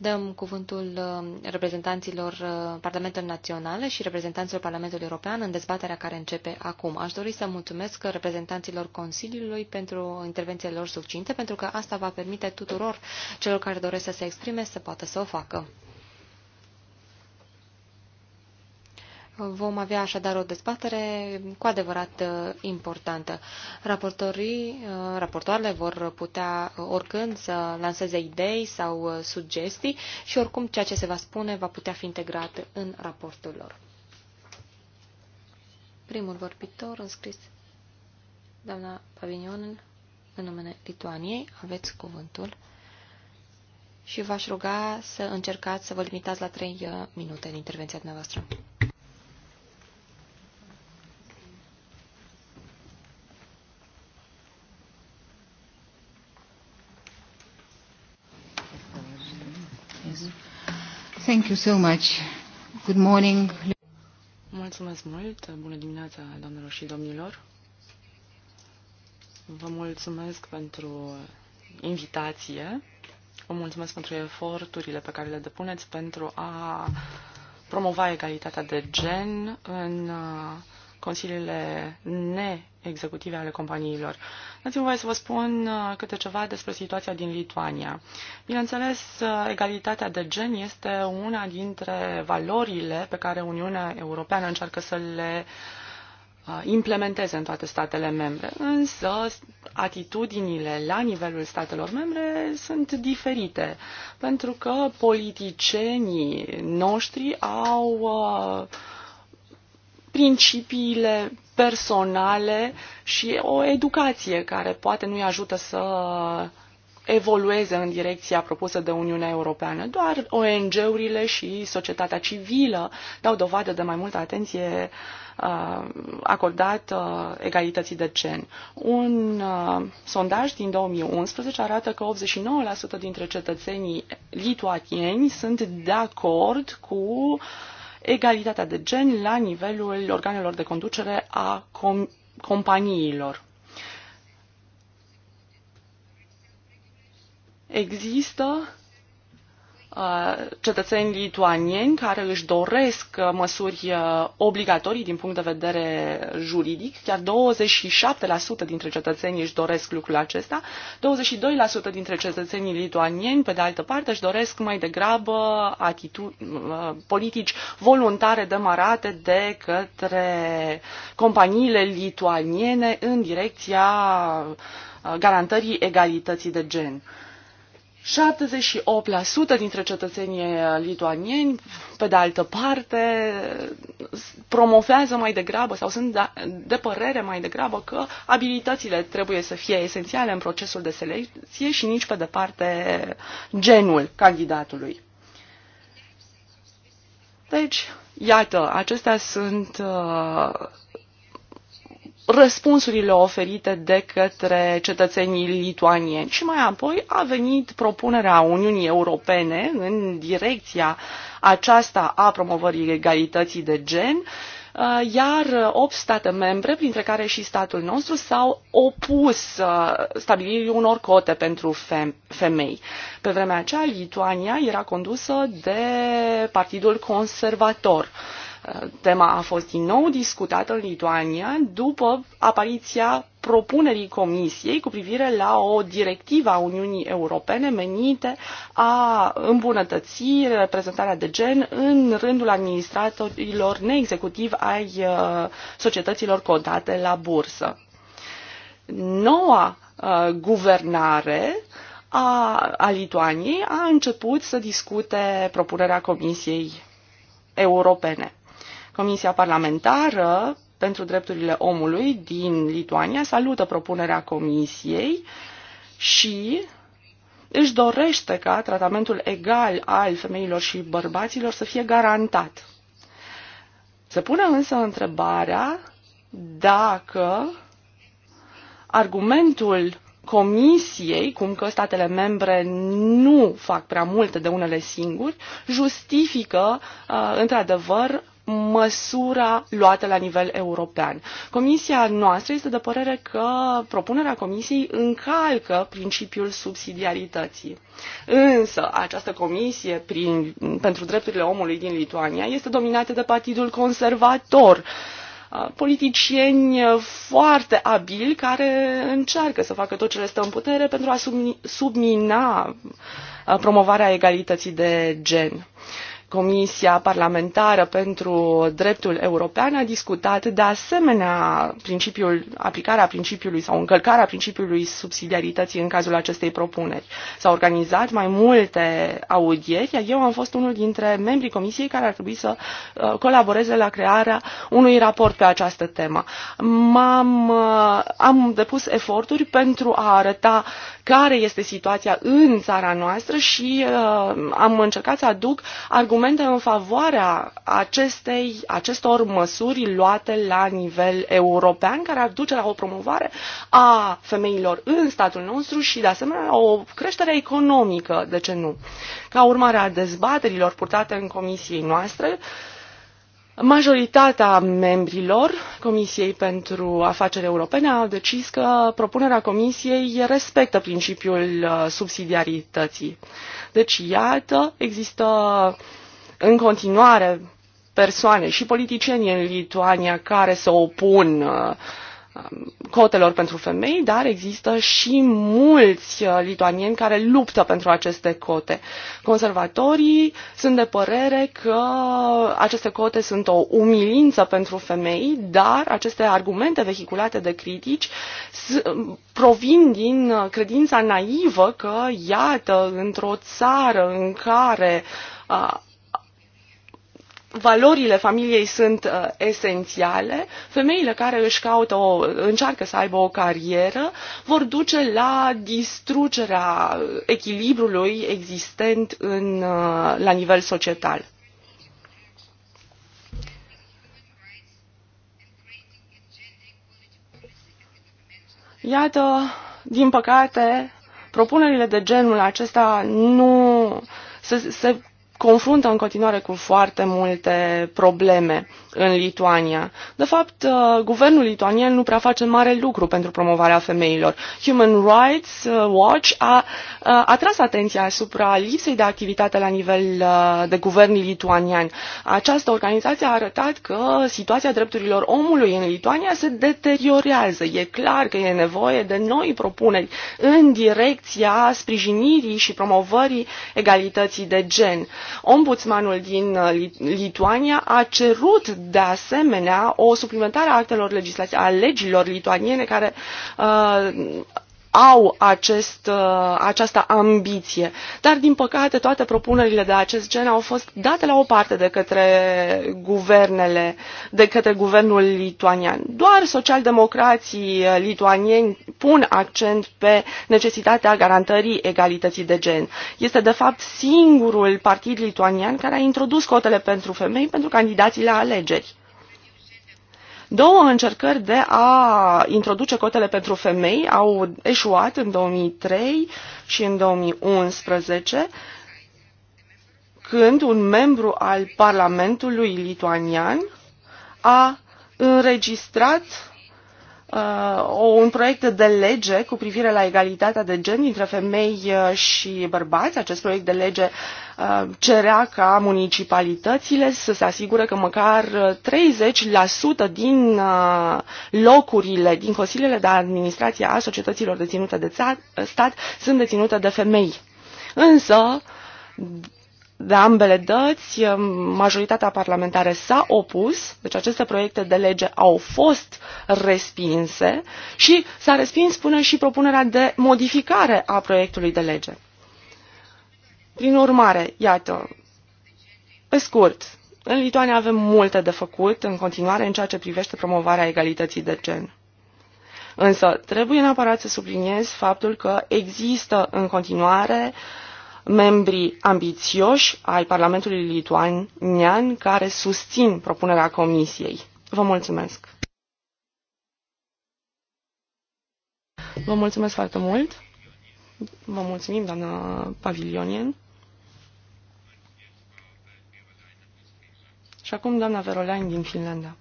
dăm cuvântul uh, reprezentanților uh, Parlamentului Național și reprezentanților Parlamentului European în dezbaterea care începe acum. Aș dori să mulțumesc reprezentanților Consiliului pentru intervențiile lor succinte, pentru că asta va permite tuturor celor care doresc să se exprime să poată să o facă. Vom avea așadar o dezbatere cu adevărat uh, importantă. Raportorii, uh, raportoarele vor putea uh, oricând să lanseze idei sau sugestii și oricum ceea ce se va spune va putea fi integrat în raportul lor. Primul vorbitor înscris, doamna Pavignon, în numele Lituaniei, aveți cuvântul și v-aș ruga să încercați să vă limitați la trei minute în intervenția dumneavoastră. Thank you so much. Good morning. Mulțumesc mult. Bună dimineața, doamnelor și domnilor. Vă mulțumesc pentru invitație. Vă mulțumesc pentru eforturile pe care le depuneți pentru a promova egalitatea de gen în uh, consiliile ne executive ale companiilor. Dați-mi voie să vă spun uh, câte ceva despre situația din Lituania. Bineînțeles, uh, egalitatea de gen este una dintre valorile pe care Uniunea Europeană încearcă să le uh, implementeze în toate statele membre, însă atitudinile la nivelul statelor membre sunt diferite, pentru că politicienii noștri au principiile personale și o educație care poate nu-i ajută să evolueze în direcția propusă de Uniunea Europeană. Doar ONG-urile și societatea civilă dau dovadă de mai multă atenție uh, acordată uh, egalității de gen. Un uh, sondaj din 2011 arată că 89% dintre cetățenii lituanieni sunt de acord cu uh, egalitatea de gen la nivelul organelor de conducere a com- companiilor. Există Uh, cetățeni lituanieni care își doresc uh, măsuri uh, obligatorii din punct de vedere juridic, chiar 27% dintre cetățenii își doresc lucrul acesta, 22% dintre cetățenii lituanieni, pe de altă parte, își doresc mai degrabă atitu- politici voluntare demarate de către companiile lituaniene în direcția garantării egalității de gen. 78% dintre cetățenii eh, lituanieni, pe de altă parte, promovează mai degrabă sau sunt da, de părere mai degrabă că abilitățile trebuie să fie esențiale în procesul de selecție și nici pe departe genul candidatului. Deci, iată, acestea sunt uh, răspunsurile oferite de către cetățenii lituanieni. Și mai apoi a venit propunerea Uniunii Europene în direcția aceasta a promovării egalității de gen, uh, iar 8 state membre, printre care și statul nostru, s-au opus uh, stabilirii unor cote pentru femei. Pe vremea aceea, Lituania era condusă de Partidul Conservator. Uh, Tema a fost din nou discutată în Lituania după apariția propunerii Comisiei cu privire la o directivă a Uniunii Europene menite a îmbunătăți reprezentarea de gen în rândul administratorilor neexecutivi ai uh, societăților cotate la bursă. Noua uh, guvernare a, a Lituaniei a început să discute propunerea Comisiei Europene. Comisia Parlamentară pentru Drepturile Omului din Lituania salută propunerea Comisiei și își dorește ca tratamentul egal al femeilor și bărbaților să fie garantat. Se pune însă întrebarea dacă argumentul Comisiei, cum că statele membre nu fac prea multe de unele singuri, justifică, uh, într-adevăr, măsura luată la nivel european. Comisia noastră este de părere că propunerea Comisiei încalcă principiul subsidiarității. Însă, această comisie prin, pentru drepturile omului din Lituania este dominată de Partidul Conservator, politicieni foarte abili care încearcă să facă tot ce le stă în putere pentru a submina promovarea egalității de gen. Comisia Parlamentară pentru Dreptul European a discutat de asemenea principiul, aplicarea principiului sau încălcarea principiului subsidiarității în cazul acestei propuneri. S-au organizat mai multe audieri, iar eu am fost unul dintre membrii Comisiei care ar trebui să uh, colaboreze la crearea unui raport pe această temă. am uh, am depus eforturi pentru a arăta care este situația în țara noastră și uh, am încercat să aduc argumente argumente în favoarea acestei, acestor măsuri luate la nivel european, care ar duce la o promovare a femeilor în statul nostru și, de asemenea, la o creștere economică, de ce nu? Ca urmare a dezbaterilor purtate în comisiei noastre, majoritatea membrilor comisiei pentru afaceri europene au decis că propunerea comisiei respectă principiul uh, subsidiarității. Deci, iată, există în continuare persoane și politicieni în Lituania care se opun uh, um, cotelor pentru femei, dar există și mulți uh, lituanieni care luptă pentru aceste cote. Conservatorii sunt de părere că aceste cote sunt o umilință pentru femei, dar aceste argumente vehiculate de critici um, provin din uh, credința naivă că, iată, într-o țară în care valorile familiei sunt uh, esențiale, femeile care își caută o, încearcă să aibă o carieră vor duce la distrugerea echilibrului existent în, uh, la nivel societal. Iată, din păcate, propunerile de genul acesta nu se, se confruntă în continuare cu foarte multe probleme în Lituania. De fapt, uh, guvernul lituanian nu prea face mare lucru pentru promovarea femeilor. Human Rights uh, Watch a uh, atras atenția asupra lipsei de activitate la nivel de guvern lituanian. Această organizație a arătat că situația drepturilor omului în Lituania se deteriorează. E clar că e nevoie de noi propuneri în direcția sprijinirii și promovării egalității de gen. Ombudsmanul din uh, Lituania a cerut de asemenea o suplimentare a actelor legislative, a legilor lituaniene care uh, au acest, uh, această ambiție. Dar, din păcate, toate propunerile de acest gen au fost date la o parte de către guvernele, de către guvernul lituanian. Doar socialdemocrații uh, lituanieni pun accent pe necesitatea garantării egalității de gen. Este, de fapt, singurul partid lituanian care a introdus cotele pentru femei pentru candidații la alegeri. Două încercări de a introduce cotele pentru femei au eșuat în 2003 și în 2011, când un membru al Parlamentului lituanian a înregistrat Uh, un proiect de lege cu privire la egalitatea de gen dintre femei uh, și bărbați. Acest proiect de lege uh, cerea ca municipalitățile să se asigure că măcar 30% din locurile, din consiliile de administrație a societăților deținute de stat sunt deținute de femei. Însă, de ambele dăți, eh, majoritatea parlamentară s-a opus, deci aceste proiecte de lege au fost respinse și s-a respins până și propunerea de modificare a proiectului de lege. Prin urmare, iată, pe scurt, în Lituania avem multe de făcut în continuare în ceea ce privește promovarea egalității de gen. Însă, trebuie neapărat să subliniez faptul că există în continuare uh, membri ambițioși ai Parlamentului lituanian care susțin propunerea Comisiei. Vă mulțumesc! Vă mulțumesc foarte mult! Vă mulțumim, doamna Pavilionien! Și acum doamna Verolain din Finlanda.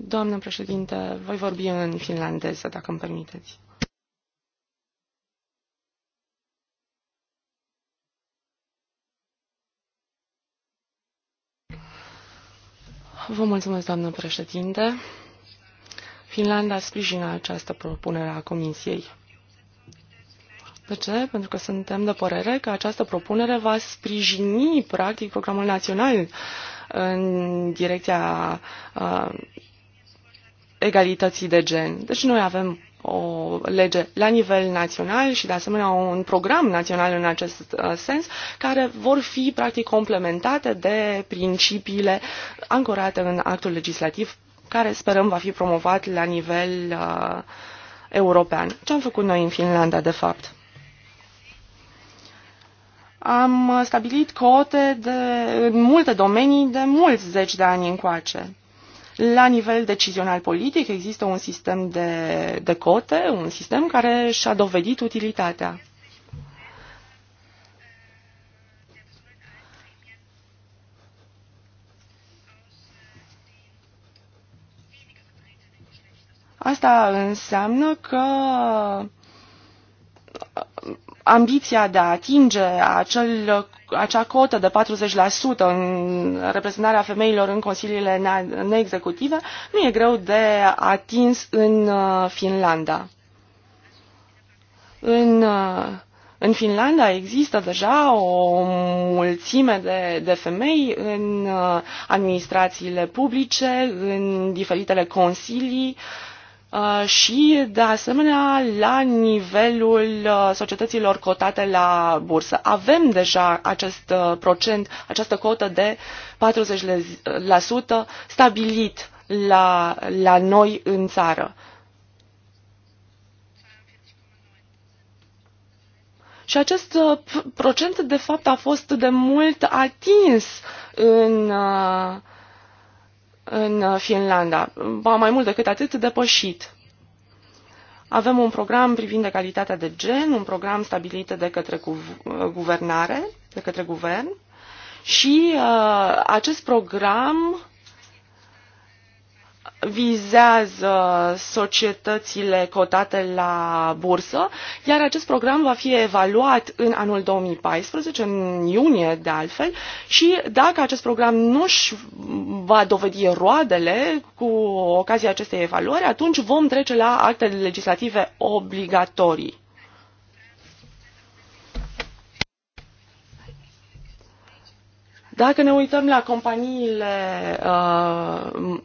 Doamnă președinte, voi vorbi în finlandeză, dacă îmi permiteți. Vă mulțumesc, doamnă președinte. Finlanda sprijină această propunere a Comisiei. De ce? Pentru că suntem de părere că această propunere va sprijini, practic, programul național în direcția uh, egalității de gen. Deci noi avem o lege la nivel național și de asemenea un program național în acest uh, sens care vor fi practic complementate de principiile ancorate în actul legislativ care sperăm va fi promovat la nivel uh, european. Ce am făcut noi în Finlanda de fapt? Am uh, stabilit cote de, în multe domenii de mulți zeci de ani încoace. La nivel decizional politic există un sistem de, de cote, un sistem care și-a dovedit utilitatea. Asta înseamnă că ambiția de a atinge acel, acea cotă de 40% în reprezentarea femeilor în consiliile neexecutive nu e greu de atins în uh, Finlanda. În, uh, în Finlanda există deja o mulțime de, de femei în uh, administrațiile publice, în diferitele consilii, uh, Uh, și, de asemenea, la nivelul uh, societăților cotate la bursă. Avem deja acest uh, procent, această cotă de 40% stabilit la, la noi în țară. Și acest procent, de fapt, a fost de mult atins în uh, în uh, Finlanda. Ba mai mult decât atât, depășit. Avem un program privind egalitatea de gen, un program stabilit de către uh, guvernare, de către guvern și uh, acest program vizează societățile cotate la bursă, iar acest program va fi evaluat în anul 2014, în iunie de altfel, și dacă acest program nu își va dovedi roadele cu ocazia acestei evaluări, atunci vom trece la actele legislative obligatorii. Dacă ne uităm la companiile uh,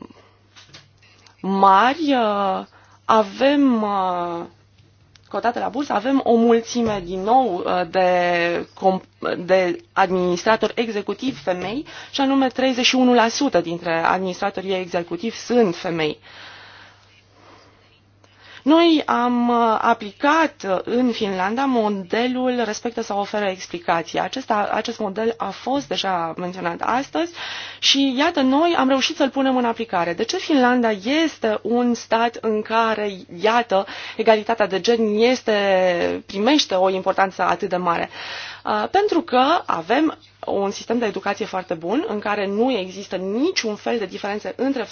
mari, uh, avem uh, cotate la bursă, avem o mulțime din nou uh, de, de administratori executivi femei și anume 31% dintre administratorii executivi sunt femei. Uh, noi am uh, aplicat uh, în Finlanda modelul respectă sau oferă explicații. Acesta, acest model a fost deja menționat astăzi și iată, noi am reușit să-l punem în aplicare. De ce Finlanda este un stat în care, iată, egalitatea de gen este, primește o importanță atât de mare? Uh, pentru că avem un sistem de educație foarte bun, în care nu există niciun fel de diferențe între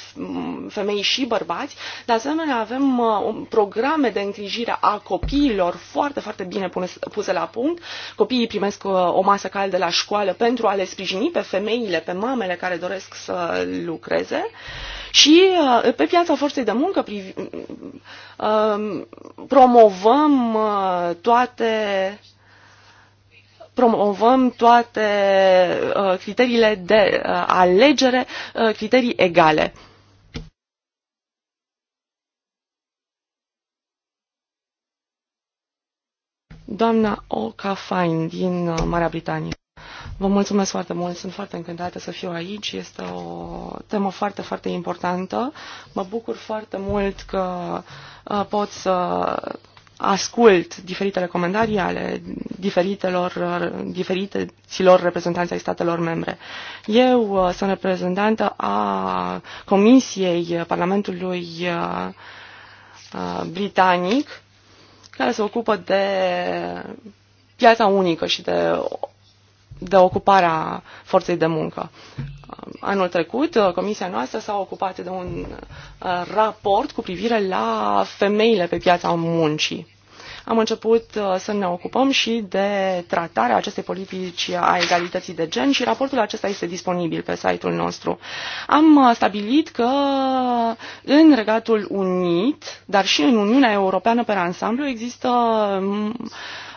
femei și bărbați. De asemenea, avem uh, programe de îngrijire a copiilor foarte, foarte bine puse la punct. Copiii primesc uh, o masă caldă la școală pentru a le sprijini pe femeile, pe mamele care doresc să lucreze. Și uh, pe piața forței de muncă promovăm toate promovăm toate uh, criteriile de uh, alegere, uh, criterii egale. Doamna O'Cafine din Marea Britanie. Vă mulțumesc foarte mult, sunt foarte încântată să fiu aici. Este o temă foarte, foarte importantă. Mă bucur foarte mult că pot să ascult diferitele recomandări ale diferitelor, diferiților reprezentanți ai statelor membre. Eu uh, sunt reprezentantă a Comisiei Parlamentului uh, uh, Britanic, care se ocupă de piața unică și de de ocupare a forței de muncă. Anul trecut, comisia noastră s-a ocupat de un uh, raport cu privire la femeile pe piața muncii. Am început uh, să ne ocupăm și de tratarea acestei politici a egalității de gen și raportul acesta este disponibil pe site-ul nostru. Am uh, stabilit că în Regatul Unit, dar și în Uniunea Europeană pe ansamblu, există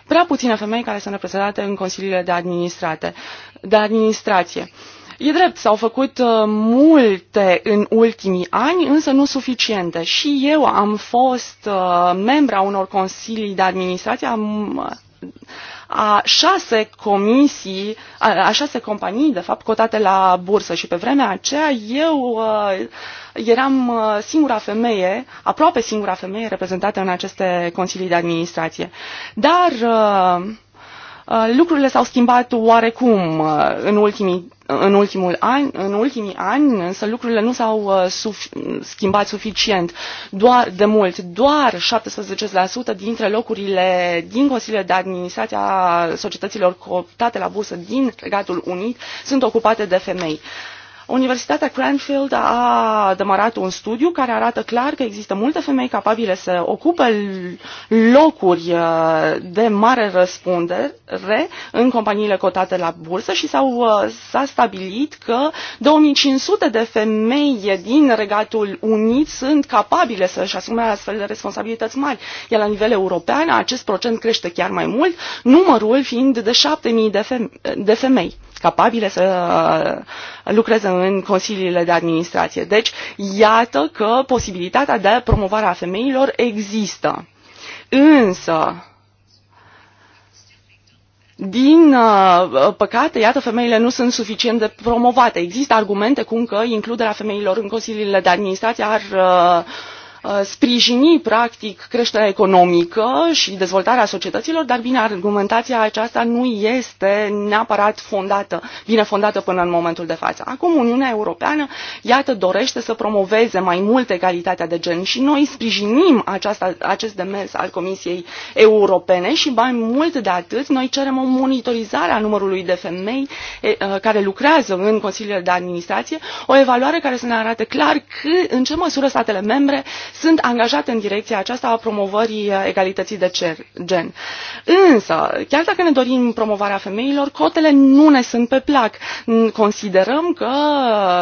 prea puține femei care sunt reprezentate în consiliile de, administrate, de administrație. E drept, s-au făcut uh, multe în ultimii ani, însă nu suficiente. Și eu am fost uh, membra unor consilii de administrație, am a șase comisii, a, șase companii, de fapt, cotate la bursă. Și pe vremea aceea eu uh, eram uh, singura femeie, aproape singura femeie reprezentată în aceste consilii de administrație. Dar uh, Uh, lucrurile s-au schimbat oarecum uh, în ultimii în, ultimul an, în ultimii ani, însă lucrurile nu s-au uh, suf schimbat suficient doar, de mult. Doar 17% dintre locurile din consiliile de administrație a societăților cooptate la bursă din Regatul Unit sunt ocupate de femei. Uh, Universitatea Cranfield a demarat un studiu care arată clar că există multe femei capabile să ocupe locuri uh, de mare răspundere în companiile cotate la bursă și s-au, uh, s-a stabilit că 2500 de femei din Regatul Unit sunt capabile să-și asume astfel de responsabilități mari. Iar la nivel european acest procent crește chiar mai mult, numărul fiind de 7000 de, de femei capabile să uh, lucreze în consiliile de administrație. Deci, iată că posibilitatea de promovare a femeilor există. Însă, din uh, păcate, iată, femeile nu sunt suficient de promovate. Există argumente cum că includerea femeilor în consiliile de administrație ar uh, Uh, sprijini practic creșterea economică și dezvoltarea societăților, dar bine, argumentația aceasta nu este neapărat fondată, bine fondată până în momentul de față. Acum Uniunea Europeană, iată, dorește să promoveze mai mult egalitatea de gen și noi sprijinim aceasta, acest demers al Comisiei Europene și mai mult de atât, noi cerem o monitorizare a numărului de femei uh, care lucrează în Consiliul de administrație, o evaluare care să ne arate clar că în ce măsură statele membre sunt angajate în direcția aceasta a promovării uh, egalității de gen. Însă, chiar dacă ne dorim promovarea femeilor, cotele nu ne sunt pe plac. Considerăm că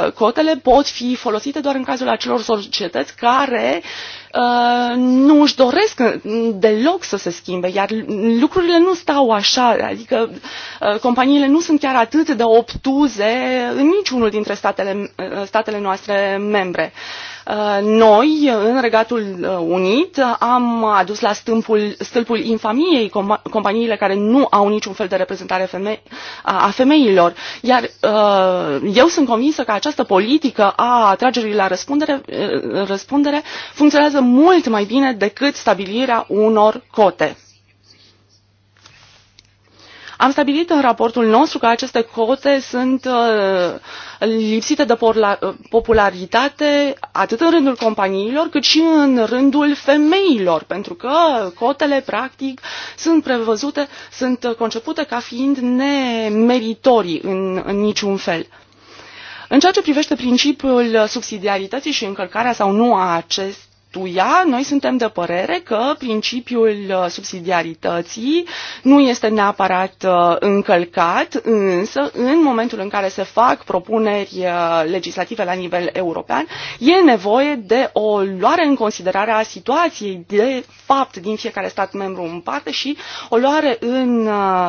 uh, cotele pot fi folosite doar în cazul acelor societăți care uh, nu își doresc deloc să se schimbe, iar lucrurile nu stau așa, adică companiile nu sunt chiar atât de obtuze în niciunul dintre statele, statele noastre membre. Uh, Uh, noi, în Regatul uh, Unit, uh, am adus la stâlpul infamiei companiile care nu au niciun fel de reprezentare a femeilor. Iar eu sunt convinsă că această politică a atragerii la răspundere, răspundere funcționează mult mai bine decât stabilirea unor cote. Am stabilit în raportul nostru că aceste cote sunt uh, lipsite de uh, popularitate atât în rândul companiilor cât și în rândul femeilor, pentru că cotele, practic, sunt prevăzute, sunt concepute ca fiind nemeritorii în, în niciun fel. În ceea ce privește principiul subsidiarității și încălcarea sau nu a acest acestuia, noi suntem de părere că principiul uh, subsidiarității nu este neapărat uh, încălcat, însă în momentul în care se fac propuneri uh, legislative la nivel european, e nevoie de o luare în considerare a situației de fapt din fiecare stat membru în parte și o luare în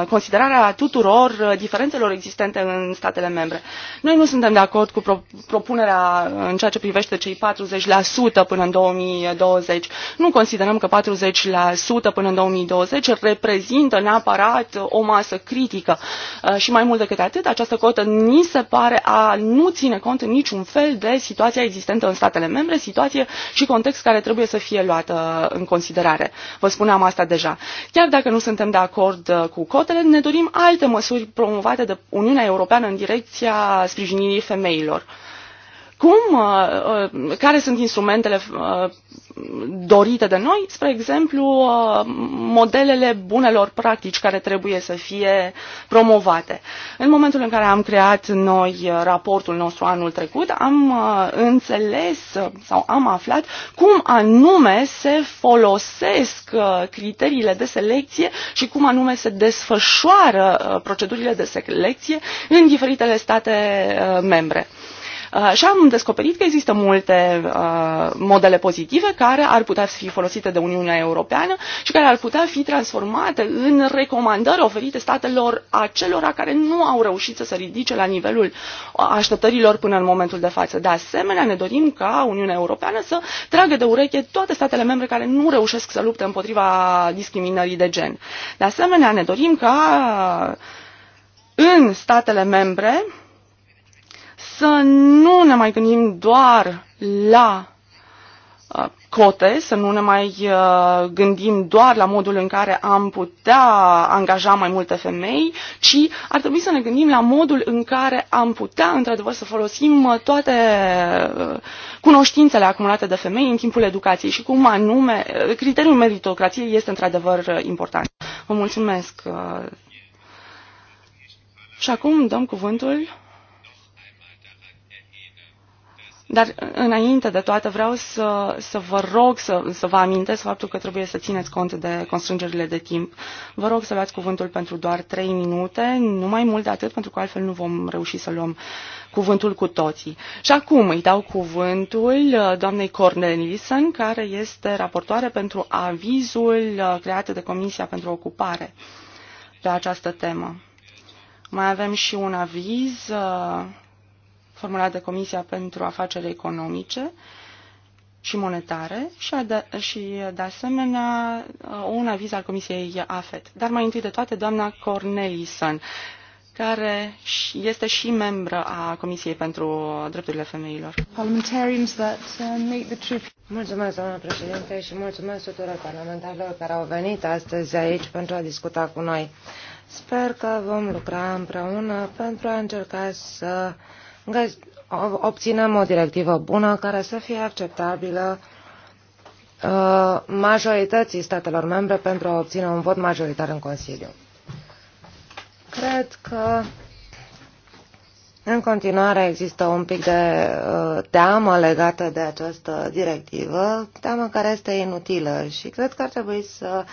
considerare a tuturor diferențelor existente în statele membre. Noi nu suntem de acord cu propunerea în ceea ce privește cei 40% până în 2000 2020. Nu considerăm că 40% până în 2020 reprezintă neapărat o masă critică uh, și mai mult decât atât, această cotă ni se pare a nu ține cont în niciun fel de situația existentă în statele membre, situație și context care trebuie să fie luată în considerare. Vă spuneam asta deja. Chiar dacă nu suntem de acord uh, cu cotele, ne dorim alte măsuri promovate de Uniunea Europeană în direcția sprijinirii femeilor cum, uh, uh, care sunt instrumentele uh, dorite de noi, spre exemplu, modelele bunelor practici care trebuie să fie promovate. În momentul în care am creat noi raportul nostru anul trecut, am înțeles sau am aflat cum anume se folosesc criteriile de selecție și cum anume se desfășoară procedurile de selecție în diferitele state membre. Uh, și am descoperit că există multe uh, modele pozitive care ar putea fi folosite de Uniunea Europeană și care ar putea fi transformate în recomandări oferite statelor acelora care nu au reușit să se ridice la nivelul uh, așteptărilor până în momentul de față. De asemenea, ne dorim ca Uniunea Europeană să tragă de ureche toate statele membre care nu reușesc să lupte împotriva discriminării de gen. De asemenea, ne dorim ca în statele membre să nu ne mai gândim doar la uh, cote, să nu ne mai uh, gândim doar la modul în care am putea angaja mai multe femei, ci ar trebui să ne gândim la modul în care am putea, într-adevăr, să folosim uh, toate cunoștințele acumulate de femei în timpul educației și cum anume criteriul meritocrației este, într-adevăr, important. Vă mulțumesc. Și acum dăm cuvântul Dar înainte de toate vreau să, să vă rog să, să vă amintesc faptul că trebuie să țineți cont de constrângerile de timp. Vă rog să luați cuvântul pentru doar 3 minute, nu mai mult de atât, pentru că altfel nu vom reuși să luăm cuvântul cu toții. Și acum îi dau cuvântul uh, doamnei Cornelison, care este raportoare pentru avizul uh, creat de Comisia pentru Ocupare pe această temă. Mai avem și un aviz uh, formulat de Comisia pentru Afaceri Economice și Monetare și de, și, de asemenea, un aviz al Comisiei AFET. Dar mai întâi de toate, doamna Cornelison, care este și membră a Comisiei pentru Drepturile Femeilor. Uh, mulțumesc, doamnă președinte, și mulțumesc tuturor parlamentarilor care au venit astăzi aici pentru a discuta cu noi. Sper că vom lucra împreună pentru a încerca să uh, obținem o directivă bună care să fie acceptabilă uh, majorității statelor membre pentru a obține un vot majoritar în Consiliu. Cred că în continuare există un pic de uh, teamă legată de această directivă, teamă care este inutilă și cred că ar trebui să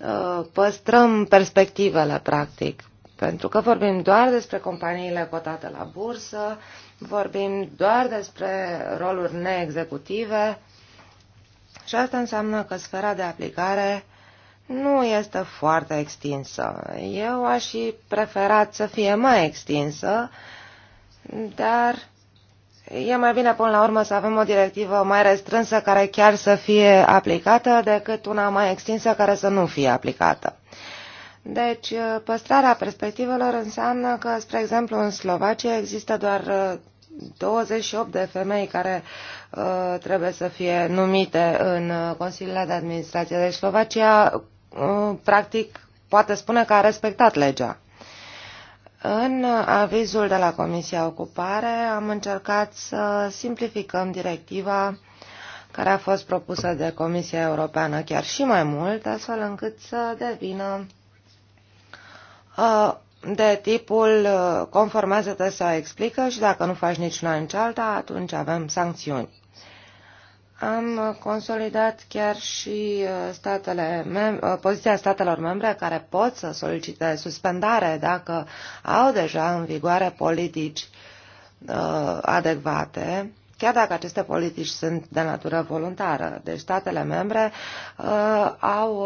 uh, păstrăm perspectivele, practic, pentru că vorbim doar despre companiile cotate la bursă, vorbim doar despre roluri neexecutive și asta înseamnă că sfera de aplicare nu este foarte extinsă. Eu aș fi preferat să fie mai extinsă, dar e mai bine până la urmă să avem o directivă mai restrânsă care chiar să fie aplicată decât una mai extinsă care să nu fie aplicată. Deci, uh, păstrarea perspectivelor înseamnă că, spre exemplu, în Slovacia există doar 28 uh, de femei care uh, trebuie să fie numite în uh, Consiliile de Administrație. Deci, Slovacia, uh, practic, poate spune că a respectat legea. În avizul de la Comisia Ocupare am încercat să simplificăm directiva care a fost propusă de Comisia Europeană chiar și mai mult, astfel încât să devină Uh, de tipul uh, conformează-te să explică și dacă nu faci niciuna în cealaltă, atunci avem sancțiuni. Am consolidat chiar și uh, statele mem- poziția statelor membre care pot să solicite suspendare dacă au deja în vigoare politici uh, adecvate chiar dacă aceste politici sunt de natură voluntară. Deci statele membre uh, au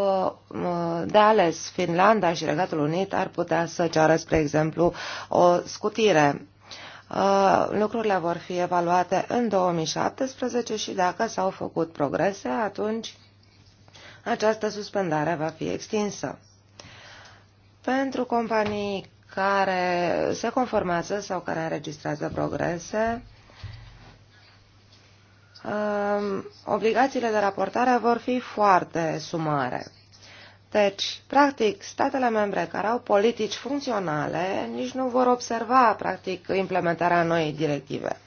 uh, de ales Finlanda și Regatul Unit ar putea să ceară, spre exemplu, o scutire uh, lucrurile vor fi evaluate în 2017 și dacă s-au făcut progrese, atunci această suspendare va fi extinsă. Pentru companii care se conformează sau care înregistrează progrese, Ehm, obligațiile de raportare vor fi foarte sumare. Deci, practic, statele membre care au politici funcționale nici nu vor observa, practic, implementarea noii directive.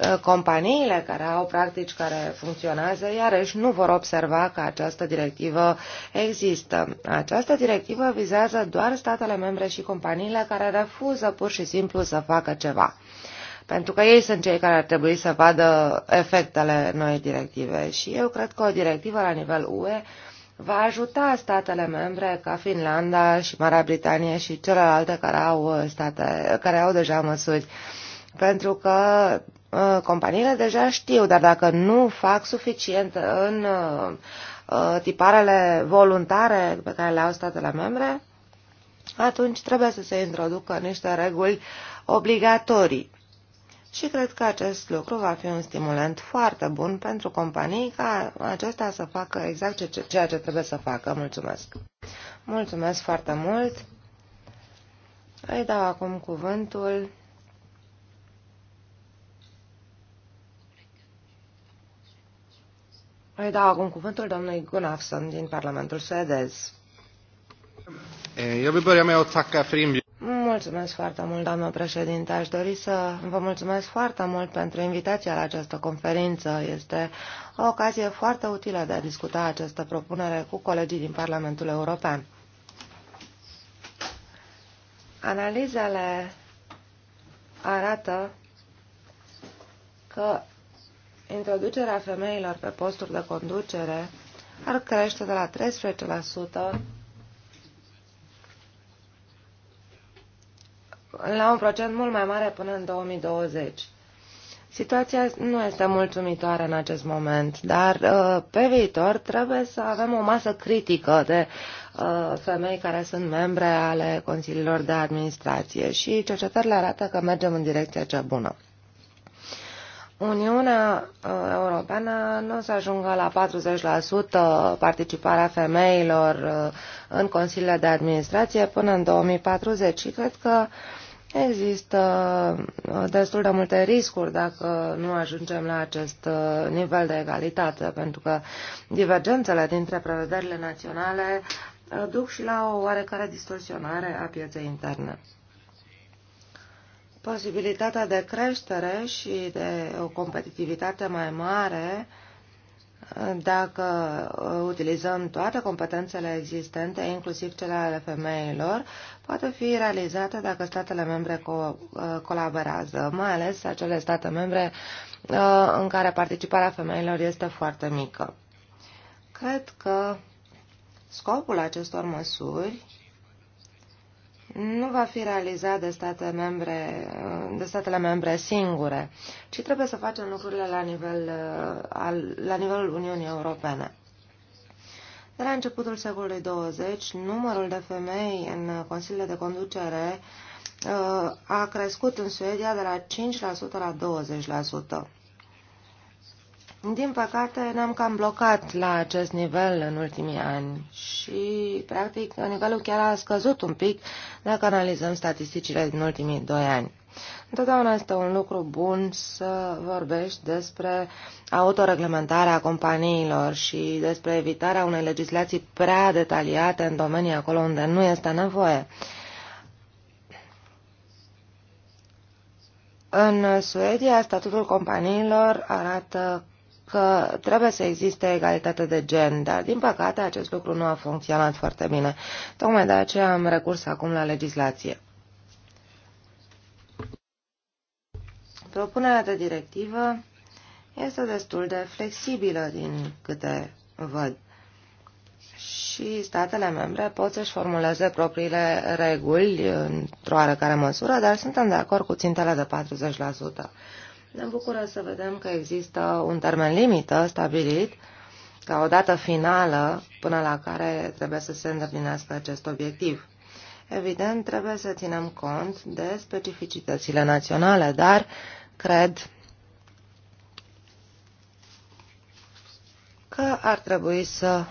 Ehm, companiile care au practici care funcționează, iarăși, nu vor observa că această directivă există. Această directivă vizează doar statele membre și companiile care refuză pur și simplu să facă ceva pentru că ei sunt cei care ar trebui să vadă efectele noii directive. Și eu cred că o directivă la nivel UE va ajuta statele membre ca Finlanda și Marea Britanie și celelalte care au, uh, state, care au deja măsuri. Pentru că uh, companiile deja știu, dar dacă nu fac suficient în uh, tiparele voluntare pe care le au statele membre, atunci trebuie să se introducă niște reguli obligatorii și cred că acest lucru va fi un stimulant foarte bun pentru companii ca acestea să facă exact ceea ce trebuie să facă. Mulțumesc! Mulțumesc foarte mult! Îi dau acum cuvântul Îi dau acum cuvântul domnului Gunnarsson din Parlamentul suedez. Eu vă Mulțumesc pentru att Mulțumesc foarte mult, doamnă președinte. Aș dori să vă mulțumesc foarte mult pentru invitația la această conferință. Este o ocazie foarte utilă de a discuta această propunere cu colegii din Parlamentul European. Analizele arată că introducerea femeilor pe posturi de conducere ar crește de la 13% la un procent mult mai mare până în 2020. Situația nu este mulțumitoare în acest moment, dar uh, pe viitor trebuie să avem o masă critică de uh, femei care sunt membre ale consiliilor de administrație și cercetările arată că mergem în direcția cea bună. Uniunea uh, Europeană nu o să ajungă la 40% participarea femeilor în consiliile de administrație până în 2040 și cred că uh, Există uh, destul de multe riscuri dacă nu ajungem la acest uh, nivel de egalitate, pentru că divergențele dintre prevederile naționale uh, duc și la o oarecare distorsionare a pieței interne. Posibilitatea de creștere și de o competitivitate mai mare dacă uh, utilizăm toate competențele existente, inclusiv cele ale femeilor, poate fi realizată dacă statele membre co uh, colaborează, mai ales acele state membre uh, în care participarea femeilor este foarte mică. Cred că scopul acestor măsuri nu va fi realizat de, state membre, de statele membre singure, ci trebuie să facem lucrurile la, nivel, uh, la nivelul Uniunii Europene. De la începutul secolului 20, numărul de femei în consiliile de conducere uh, a crescut în Suedia de la 5% la 20%. Din păcate, ne-am cam blocat la acest nivel în ultimii ani și, practic, nivelul chiar a scăzut un pic dacă analizăm statisticile din ultimii doi ani. Întotdeauna este un lucru bun să vorbești despre autoreglementarea companiilor și despre evitarea unei legislații prea detaliate în domenii acolo unde nu este nevoie. În Suedia, statutul companiilor arată că trebuie să existe egalitate de gen, dar din păcate acest lucru nu a funcționat foarte bine. Tocmai de aceea am recurs acum la legislație. Propunerea de directivă este destul de flexibilă din câte văd și statele membre pot să-și formuleze propriile reguli într-o oarecare măsură, dar suntem de acord cu țintele de 40%. Ne bucură să vedem că există un termen limită stabilit ca o dată finală până la care trebuie să se îndeplinească acest obiectiv. Evident, trebuie să ținem cont de specificitățile naționale, dar cred că ar trebui să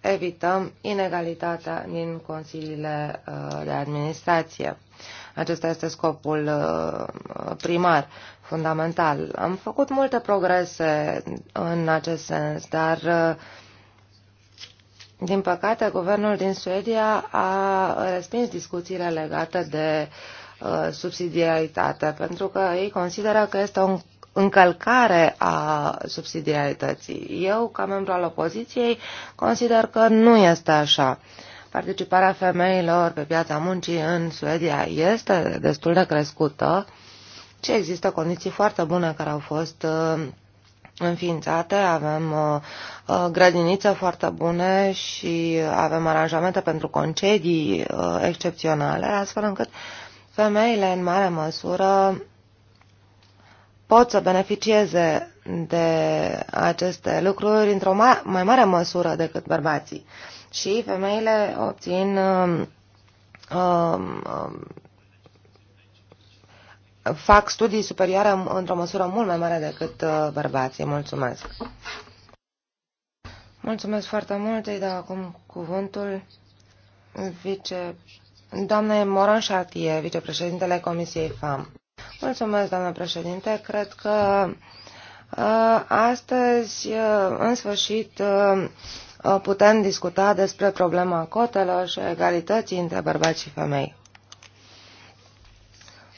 evităm inegalitatea din consiliile uh, de administrație. Acesta este scopul uh, primar fundamental. Am făcut multe progrese în acest sens, dar uh, din păcate guvernul din Suedia a respins discuțiile legate de uh, subsidiaritate, pentru că ei consideră că este o încălcare a subsidiarității. Eu, ca membru al opoziției, consider că nu este așa. Participarea femeilor pe piața muncii în Suedia este destul de crescută ce există condiții foarte bune care au fost uh, înființate, avem uh, uh, grădinițe foarte bune și avem aranjamente pentru concedii excepționale, astfel încât femeile în mare măsură pot să beneficieze de aceste lucruri într-o mai mare măsură decât bărbații. Și femeile obțin um, um, fac studii superioare într-o măsură mult mai mare decât uh, bărbații. Mulțumesc! Mulțumesc foarte mult, îi dau acum cuvântul vice... Doamne Moran Chartier, vicepreședintele Comisiei FAM. Mulțumesc, doamnă președinte. Cred că uh, astăzi, uh, în sfârșit, putem discuta despre problema cotelor și egalității între bărbați și femei.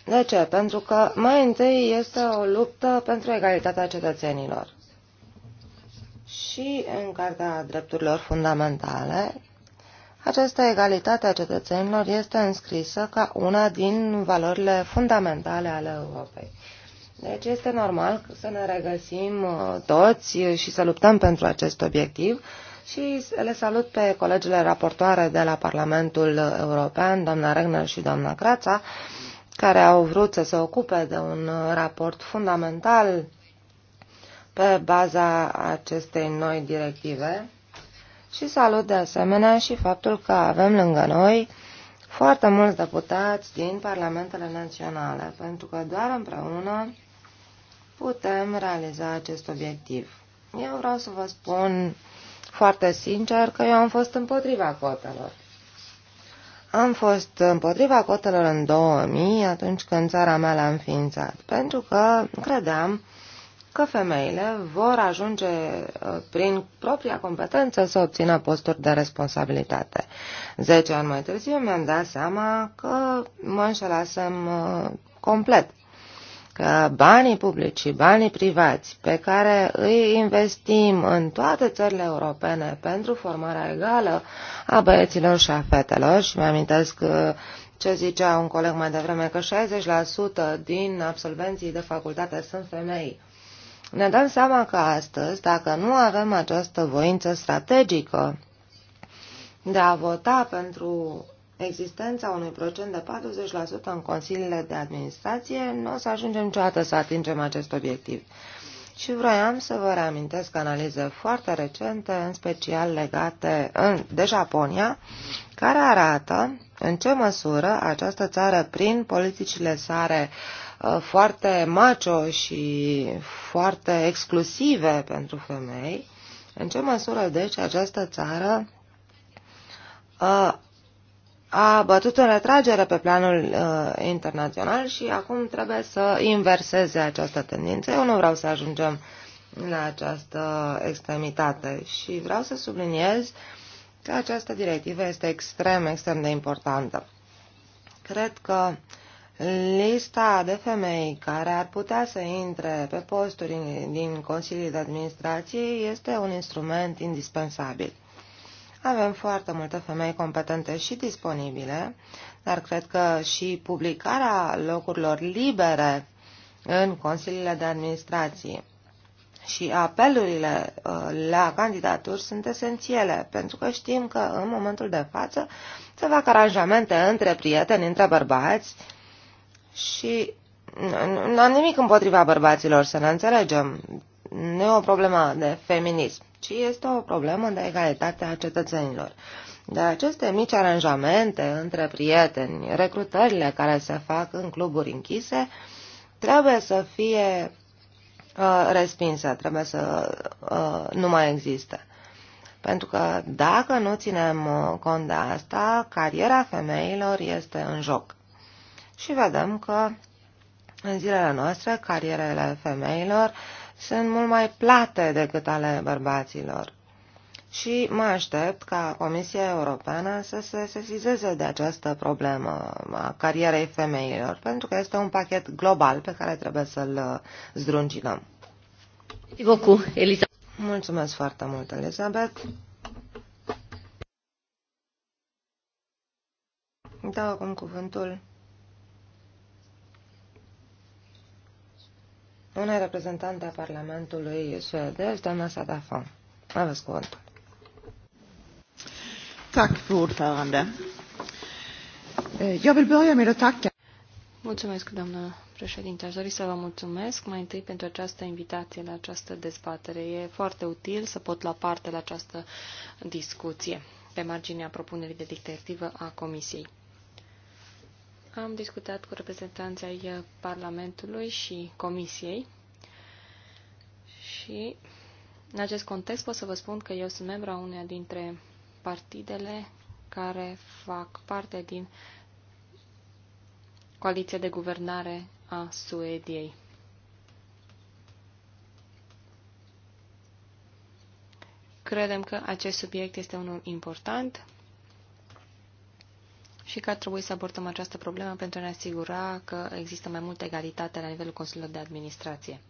De ce? Pentru că mai întâi este o luptă pentru egalitatea cetățenilor. Și în Carta Drepturilor Fundamentale, această egalitate a cetățenilor este înscrisă ca una din valorile fundamentale ale Europei. Deci este normal să ne regăsim uh, toți și să luptăm pentru acest obiectiv și le salut pe colegele raportoare de la Parlamentul European, doamna Regner și doamna Crața, care au vrut să se ocupe de un uh, raport fundamental pe baza acestei noi directive și salut de asemenea și faptul că avem lângă noi foarte mulți deputați din parlamentele naționale, pentru că doar împreună putem realiza acest obiectiv. Eu vreau să vă spun foarte sincer că eu am fost împotriva cotelor. Am fost împotriva cotelor în 2000, atunci când țara mea l-a înființat, pentru că credeam că femeile vor ajunge uh, prin propria competență să obțină posturi de responsabilitate. Zece ani mai târziu mi-am dat seama că mă înșelasem uh, complet că banii publici și banii privați pe care îi investim în toate țările europene pentru formarea egală a băieților și a fetelor și mi-amintesc uh, ce zicea un coleg mai devreme, că 60% din absolvenții de facultate sunt femei. Ne dăm seama că astăzi, dacă nu avem această voință strategică de a vota pentru existența unui procent de 40% în consiliile de administrație, nu o să ajungem niciodată să atingem acest obiectiv. Și vroiam să vă reamintesc analize foarte recente, în special legate în, de Japonia, care arată în ce măsură această țară, prin politicile sare uh, foarte macho și foarte exclusive pentru femei, în ce măsură, deci, această țară uh, a bătut în retragere pe planul uh, internațional și acum trebuie să inverseze această tendință. Eu nu vreau să ajungem la această extremitate și vreau să subliniez că această directivă este extrem, extrem de importantă. Cred că lista de femei care ar putea să intre pe posturi din Consiliul de Administrație este un instrument indispensabil. Avem foarte multe femei competente și disponibile, dar cred că și publicarea locurilor libere în consiliile de administrație și apelurile uh, la candidaturi sunt esențiale, pentru că știm că în momentul de față se fac aranjamente între prieteni, între bărbați și nu am nimic împotriva bărbaților, să ne înțelegem. Nu e o problemă de feminism ci este o problemă de egalitate a cetățenilor. De aceste mici aranjamente între prieteni, recrutările care se fac în cluburi închise, trebuie să fie uh, respinsă, trebuie să uh, nu mai existe. Pentru că dacă nu ținem uh, cont de asta, cariera femeilor este în joc. Și vedem că în zilele noastre, carierele femeilor uh, sunt mult mai plate decât ale bărbaților. Și mă aștept ca Comisia Europeană să se sesizeze de această problemă a carierei femeilor, pentru că este un pachet global pe care trebuie să-l uh, zdruncinăm. Mulțumesc foarte mult, Elizabeth. Dau acum cuvântul unei reprezentante a Parlamentului suedez, doamna Sadafan. Aveți cuvântul. Mulțumesc, doamnă președinte. Aș dori să vă mulțumesc mai întâi pentru această invitație la această dezbatere. E foarte util să pot la parte la această discuție pe marginea propunerii de dictativă a Comisiei am discutat cu reprezentanții uh, Parlamentului și Comisiei și în acest context pot să vă spun că eu sunt membru a uneia dintre partidele care fac parte din coaliția de guvernare a Suediei. Credem că acest subiect este unul important și că ar trebui să abordăm această problemă pentru a ne asigura că există mai multă egalitate la nivelul Consiliului de Administrație.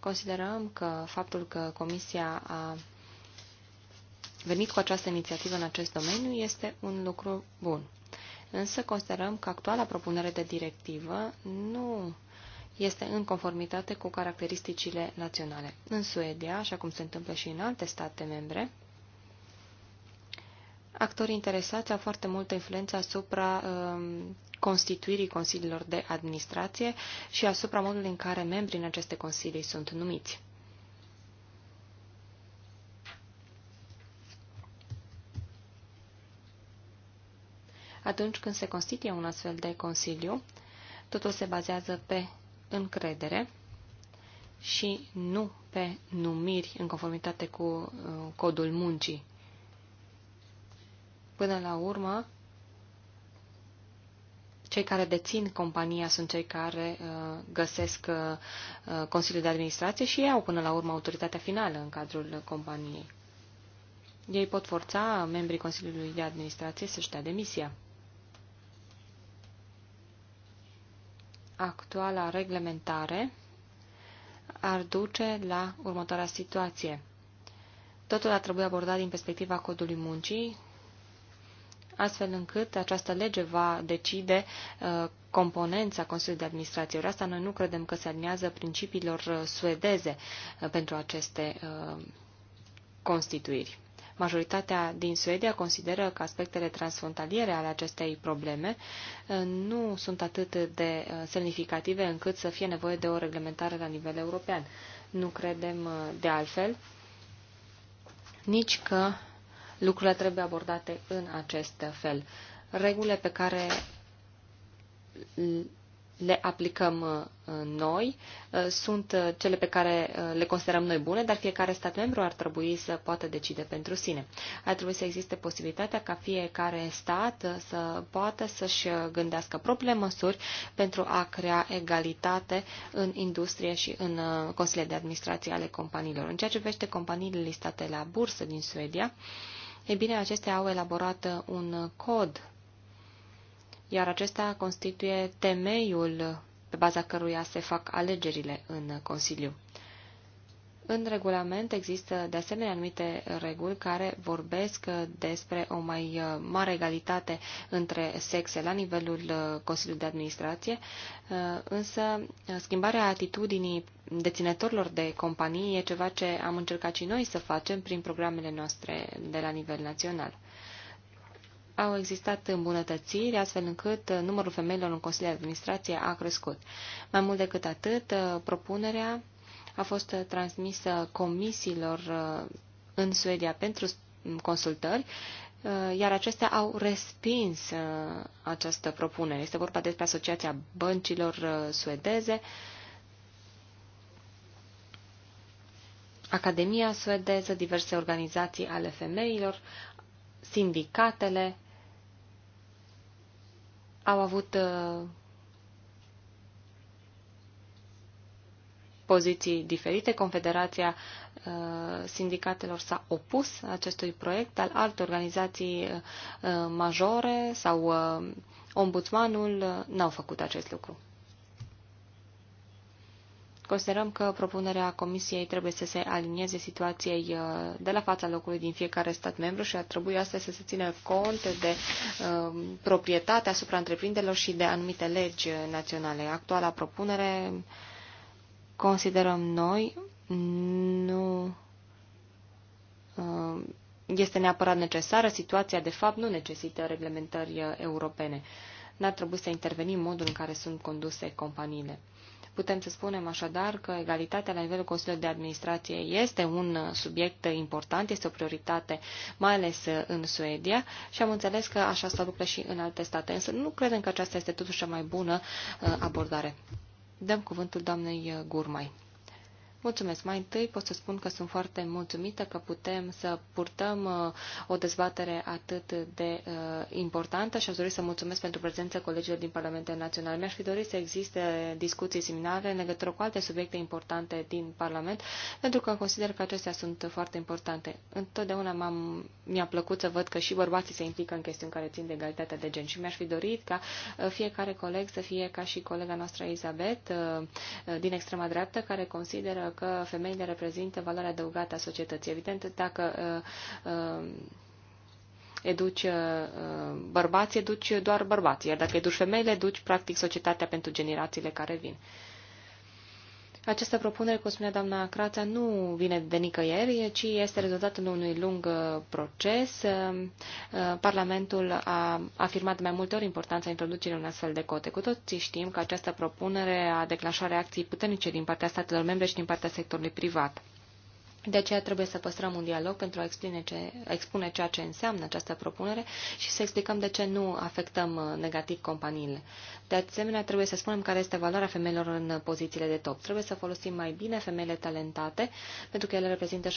Considerăm că faptul că Comisia a venit cu această inițiativă în acest domeniu este un lucru bun. Însă considerăm că actuala propunere de directivă nu este în conformitate cu caracteristicile naționale. În Suedia, așa cum se întâmplă și în alte state membre, actorii interesați au foarte multă influență asupra um, constituirii consiliilor de administrație și asupra modului în care membrii în aceste consilii sunt numiți. Atunci când se constituie un astfel de consiliu, totul se bazează pe încredere și nu pe numiri în conformitate cu uh, codul muncii Până la urmă, cei care dețin compania sunt cei care uh, găsesc uh, uh, Consiliul de Administrație și ei au până la urmă autoritatea finală în cadrul companiei. Ei pot forța membrii Consiliului de Administrație să-și dea demisia. Actuala reglementare ar duce la următoarea situație. Totul ar trebui abordat din perspectiva codului muncii, astfel încât această lege va decide uh, componența Consiliului de Administrație. Ori asta noi nu credem că se alinează principiilor uh, suedeze uh, pentru aceste constituiri. Majoritatea din Suedia consideră că aspectele transfrontaliere ale acestei probleme nu sunt atât de semnificative încât să fie nevoie de o reglementare la nivel european. Nu credem de altfel nici că lucrurile trebuie abordate în acest fel. Regulile pe care le aplicăm uh, noi uh, sunt uh, cele pe care le considerăm noi bune, dar fiecare stat membru ar trebui să poată decide pentru sine. Ar trebui să existe posibilitatea ca fiecare stat să poată să-și gândească propriile măsuri pentru a crea egalitate în industrie și în consiliile de administrație ale companiilor. În ceea ce privește companiile listate la bursă din Suedia, E bine, acestea au elaborat un cod, iar acesta constituie temeiul pe baza căruia se fac alegerile în Consiliu. În regulament există de asemenea anumite reguli care vorbesc uh, despre o mai uh, mare egalitate între sexe la nivelul uh, Consiliului de Administrație, însă schimbarea atitudinii deținătorilor de companii e ceva ce am încercat și noi să facem prin programele noastre de la nivel național au existat îmbunătățiri, astfel încât numărul femeilor în Consiliul de Administrație a crescut. Mai mult decât atât, propunerea a fost uh, transmisă comisiilor uh, în Suedia pentru mm, consultări, uh, iar acestea au respins această propunere. Este vorba despre Asociația Băncilor Suedeze, Academia Suedeză, diverse organizații ale femeilor, sindicatele au avut poziții diferite. Confederația uh, Sindicatelor s-a opus acestui proiect, dar alte organizații uh, uh, majore sau ombudsmanul n-au făcut acest lucru. Considerăm că propunerea Comisiei trebuie să se alinieze situației de la fața locului din fiecare stat membru și ar trebui astăzi să se țină cont de proprietatea asupra întreprinderilor și de anumite legi naționale. Actuala propunere considerăm noi, nu uh, este neapărat necesară. Situația, de fapt, nu necesită reglementări uh, europene. N-ar trebui să intervenim în modul în care sunt conduse companiile. Putem să spunem așadar că egalitatea la nivelul Consiliului de Administrație este un uh, subiect important, este o prioritate, mai ales în Suedia și am înțeles că așa se lucră și în alte state, însă nu credem că aceasta este totuși cea mai bună abordare. Dăm cuvântul doamnei Gurmai. Mulțumesc. Mai întâi pot să spun că sunt foarte mulțumită că putem să purtăm uh, o dezbatere atât de uh, importantă și aș dori să mulțumesc pentru prezența colegilor din Parlamentul Național. Mi-aș fi dorit să existe discuții similare în legătură cu alte subiecte importante din Parlament, pentru că consider că acestea sunt foarte importante. Întotdeauna mi-a plăcut să văd că și bărbații se implică în chestiuni care țin de egalitatea de gen și mi-aș fi dorit ca uh, fiecare coleg să fie ca și colega noastră Elizabeth din extrema dreaptă, care consideră că femeile reprezintă valoarea adăugată a societății. Evident, dacă uh, uh, educi uh, bărbații, educi doar bărbații, iar dacă educi femeile, educi practic societatea pentru generațiile care vin. Această propunere, cum spunea doamna Crața, nu vine de nicăieri, ci este rezultatul unui lung uh, proces. Uh, uh, Parlamentul a afirmat mai multe ori importanța introducerii unui astfel de cote. Cu toții știm că această propunere a declanșat reacții puternice din partea statelor membre și din partea sectorului privat. De aceea trebuie să păstrăm un dialog pentru a expune ce, expune ceea ce înseamnă această propunere și să explicăm de ce nu afectăm uh, negativ companiile. De asemenea, trebuie să spunem care este valoarea femeilor în pozițiile de top. Trebuie să folosim mai bine femeile talentate, pentru că ele reprezintă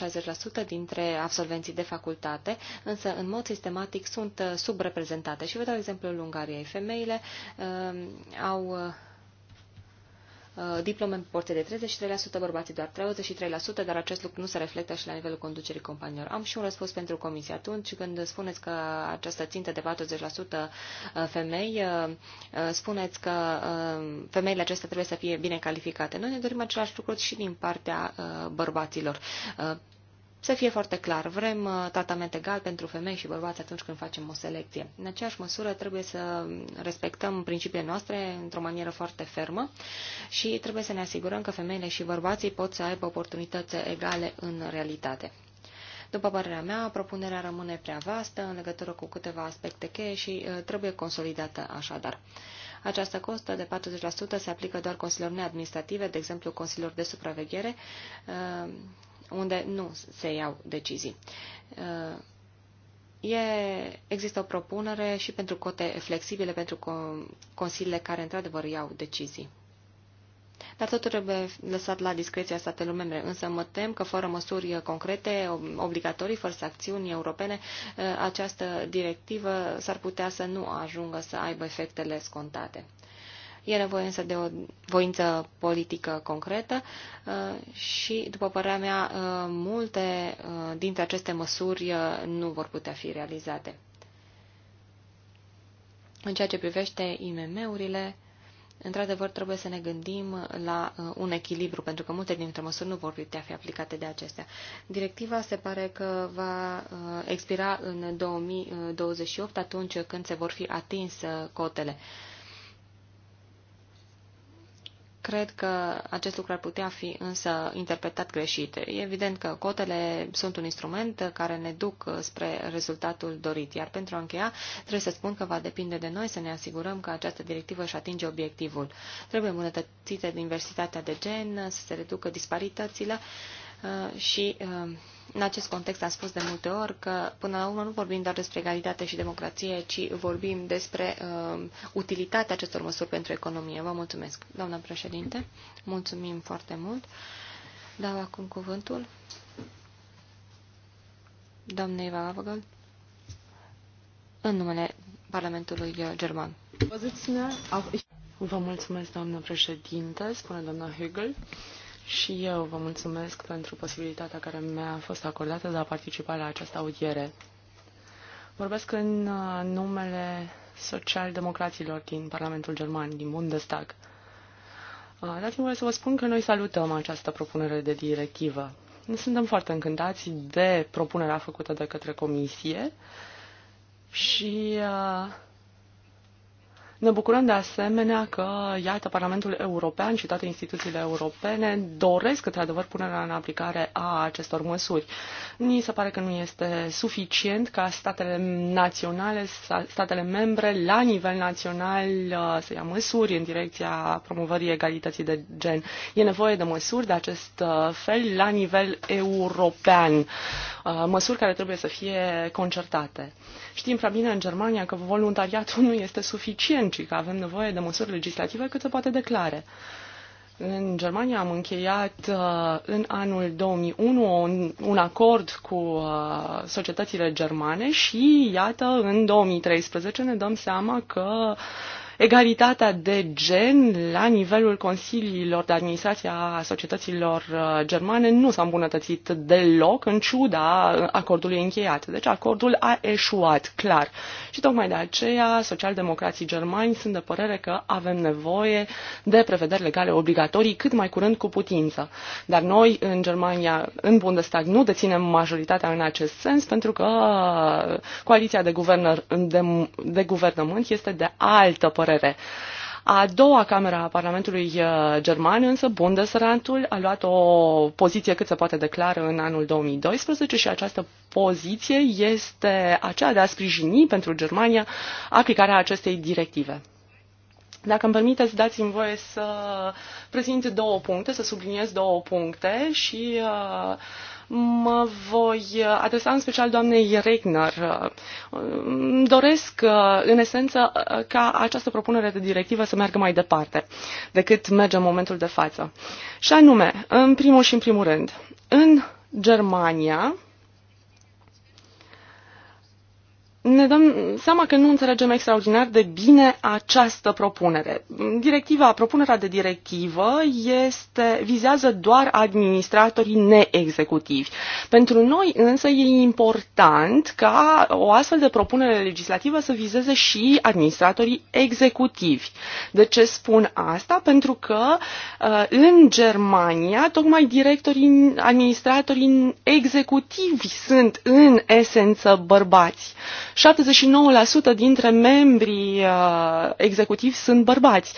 60% dintre absolvenții de facultate, însă în mod sistematic sunt uh, subreprezentate. Și vă dau exemplul Ungariei. Femeile uh, au uh, Uh, diplome în proporție de 33%, bărbații doar 33%, dar acest lucru nu se reflectă și la nivelul conducerii companiilor. Am și un răspuns pentru comisie atunci când spuneți că această țintă de 40% uh, femei, uh, spuneți că femeile acestea trebuie să fie bine calificate. Noi ne dorim același lucru și din partea bărbaților. Să fie foarte clar, vrem uh, tratament egal pentru femei și bărbați atunci când facem o selecție. În aceeași măsură trebuie să respectăm principiile noastre într-o manieră foarte fermă și trebuie să ne asigurăm că femeile și bărbații pot să aibă oportunități egale în realitate. După părerea mea, propunerea rămâne prea vastă în legătură cu câteva aspecte cheie și uh, trebuie consolidată așadar. Această costă de 40% se aplică doar consiliilor neadministrative, de exemplu consiliilor de supraveghere, uh, unde nu se iau decizii. Uh, e, există o propunere și pentru cote flexibile pentru consiliile care într-adevăr iau decizii. Dar totul trebuie lăsat la discreția statelor membre. Însă mă tem că fără măsuri concrete, obligatorii, fără acțiuni europene, uh, această directivă s-ar putea să nu ajungă să aibă efectele scontate. E nevoie însă de o voință politică concretă uh, și, după părerea mea, uh, multe uh, dintre aceste măsuri nu vor putea fi realizate. În ceea ce privește IMM-urile, într-adevăr trebuie să ne gândim la un echilibru, pentru că multe dintre măsuri nu vor putea fi aplicate de acestea. Directiva se pare că va expira în 2028, atunci când se vor fi atins cotele. Cred că acest lucru ar putea fi însă interpretat greșit. E evident că cotele sunt un instrument care ne duc uh, spre rezultatul dorit, iar pentru a încheia trebuie să spun că va depinde de noi să ne asigurăm că această directivă își atinge obiectivul. Trebuie îmbunătățită diversitatea de gen, să se reducă disparitățile uh, și uh, în acest context am spus de multe ori că până la urmă nu vorbim doar despre egalitate și democrație, ci vorbim despre uh, utilitatea acestor măsuri pentru economie. Vă mulțumesc, doamna președinte. Mulțumim foarte mult. Dau acum cuvântul Eva Avogel. în numele Parlamentului German. Vă mulțumesc, doamnă președinte, spune doamna Hegel. Și eu vă mulțumesc pentru posibilitatea care mi-a fost acordată de a participa la această audiere. Vorbesc în uh, numele socialdemocraților din Parlamentul German, din Bundestag. Uh, dați-mi voie să vă spun că noi salutăm această propunere de directivă. Suntem foarte încântați de propunerea făcută de către Comisie și uh, ne bucurăm de asemenea că, iată, Parlamentul European și toate instituțiile europene doresc, într-adevăr, punerea în aplicare a acestor măsuri. Ni se pare că nu este suficient ca statele naționale, statele membre, la nivel național, uh, să ia măsuri în direcția promovării egalității de gen. E nevoie de măsuri de acest uh, fel la nivel european Uh, măsuri care trebuie să fie concertate. Știm prea bine în Germania că voluntariatul nu este suficient, ci că avem nevoie de măsuri legislative cât se poate declare. În Germania am încheiat uh, în anul 2001 un, un acord cu uh, societățile germane și, iată, în 2013 ne dăm seama că uh, egalitatea de gen la nivelul consiliilor de administrație a societăților uh, germane nu s-a îmbunătățit deloc în ciuda acordului încheiat. Deci acordul a eșuat, clar. Și tocmai de aceea socialdemocrații germani sunt de părere că avem nevoie de prevederi legale obligatorii cât mai curând cu putință. Dar noi în Germania, în Bundestag, nu deținem majoritatea în acest sens pentru că coaliția de, guvernă, de, de guvernământ este de altă părere părere. A doua cameră a Parlamentului uh, German, însă Bundesratul, a luat o poziție cât se poate declară în anul 2012 și această poziție este aceea de a sprijini pentru Germania aplicarea acestei directive. Dacă îmi permiteți, dați-mi voie să prezint două puncte, să subliniez două puncte și uh, Mă voi adresa în special doamnei Regner. doresc, în esență, ca această propunere de directivă să meargă mai departe decât merge în momentul de față. Și anume, în primul și în primul rând, în Germania, ne dăm seama că nu înțelegem extraordinar de bine această propunere. Directiva, propunerea de directivă este, vizează doar administratorii neexecutivi. Pentru noi însă e important ca o astfel de propunere legislativă să vizeze și administratorii executivi. De ce spun asta? Pentru că uh, în Germania tocmai directorii, administratorii executivi sunt în esență bărbați. 79% dintre membrii uh, executivi sunt bărbați.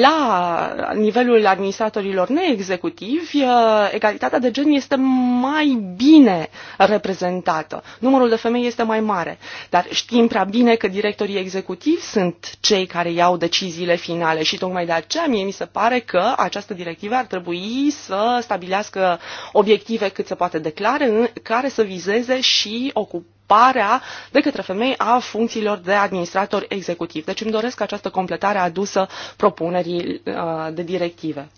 La nivelul administratorilor neexecutivi, uh, egalitatea de gen este mai bine reprezentată. Numărul de femei este mai mare, dar știm prea bine că directorii executivi sunt cei care iau deciziile finale și tocmai de aceea mie mi se pare că această directivă ar trebui să stabilească obiective cât se poate declare, care să vizeze și ocupă ocuparea de către femei a funcțiilor de administrator executiv. Deci îmi doresc această completare adusă propunerii uh, de directive.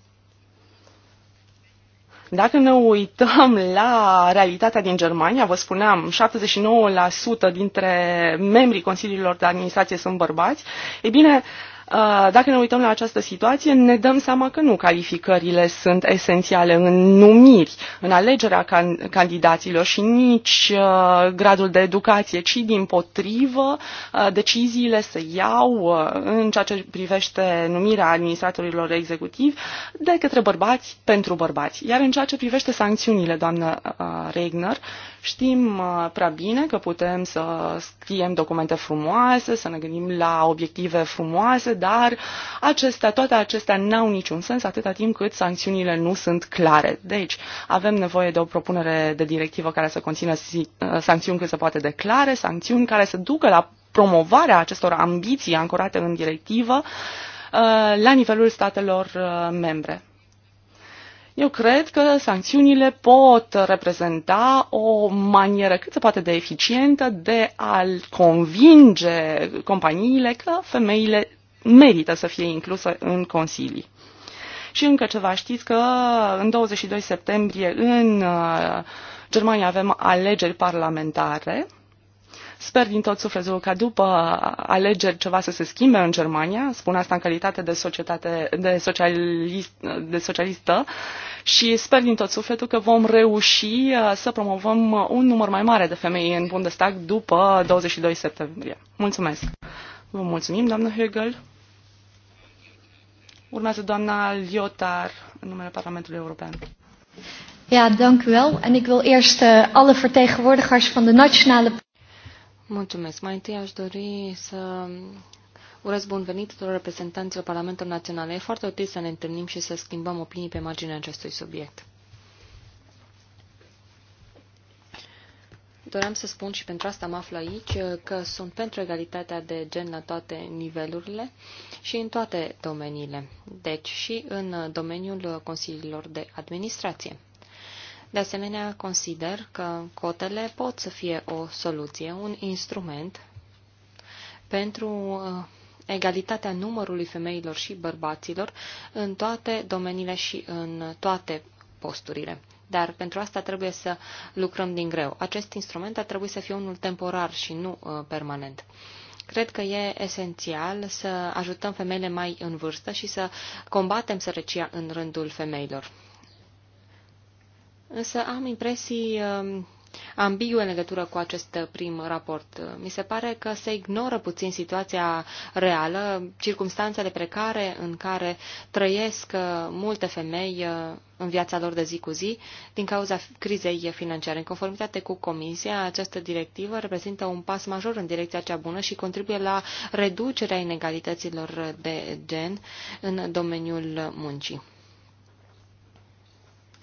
Dacă ne uităm la realitatea din Germania, vă spuneam, 79% dintre membrii consiliilor de administrație sunt bărbați, e bine, uh, Uh, dacă ne uităm la această situație, ne dăm seama că nu calificările sunt esențiale în numiri, în alegerea can- candidaților și nici uh, gradul de educație, ci din potrivă uh, deciziile se iau în ceea ce privește numirea administratorilor executivi de către bărbați pentru bărbați. Iar în ceea ce privește sancțiunile, doamnă Regner, Știm uh, prea bine că putem să scriem documente frumoase, să ne gândim la obiective frumoase, dar acestea, toate acestea n-au niciun sens atâta timp cât sancțiunile nu sunt clare. Deci avem nevoie de o propunere de directivă care să conțină uh, sancțiuni cât se poate de clare, sancțiuni care să ducă la promovarea acestor ambiții ancorate în directivă uh, la nivelul statelor membre. Eu cred că sancțiunile pot reprezenta o manieră cât se poate de eficientă de a convinge companiile că femeile merită să fie incluse în consilii. Și încă ceva, știți că în 22 septembrie în uh, Germania avem alegeri parlamentare Sper din tot sufletul ca după alegeri ceva să se schimbe în Germania, spun asta în calitate de, societate, de, socialist, de socialistă, și sper din tot sufletul că vom reuși uh, să promovăm un număr mai mare de femei în Bundestag după 22 septembrie. Mulțumesc! Vă mulțumim, doamnă Hegel. Urmează doamna Liotar în numele Parlamentului European. Ja, dank u wel. En ik wil eerst uh, alle vertegenwoordigers van de nationale Mulțumesc. Mai întâi aș dori să urez bun venit tuturor reprezentanților Parlamentului Național. E foarte util să ne întâlnim și să schimbăm opinii pe marginea acestui subiect. Doream să spun și pentru asta mă aflu aici că sunt pentru egalitatea de gen la toate nivelurile și în toate domeniile, deci și în domeniul consiliilor de administrație. De asemenea, consider că cotele pot să fie o soluție, un instrument pentru uh, egalitatea numărului femeilor și bărbaților în toate domeniile și în toate posturile. Dar pentru asta trebuie să lucrăm din greu. Acest instrument ar trebui să fie unul temporar și nu uh, permanent. Cred că e esențial să ajutăm femeile mai în vârstă și să combatem sărăcia în rândul femeilor însă am impresii um, ambigue în legătură cu acest uh, prim raport. Mi se pare că se ignoră puțin situația reală, circumstanțele precare în care trăiesc uh, multe femei uh, în viața lor de zi cu zi din cauza crizei financiare. În conformitate cu Comisia, această directivă reprezintă un pas major în direcția cea bună și contribuie la reducerea inegalităților de gen în domeniul muncii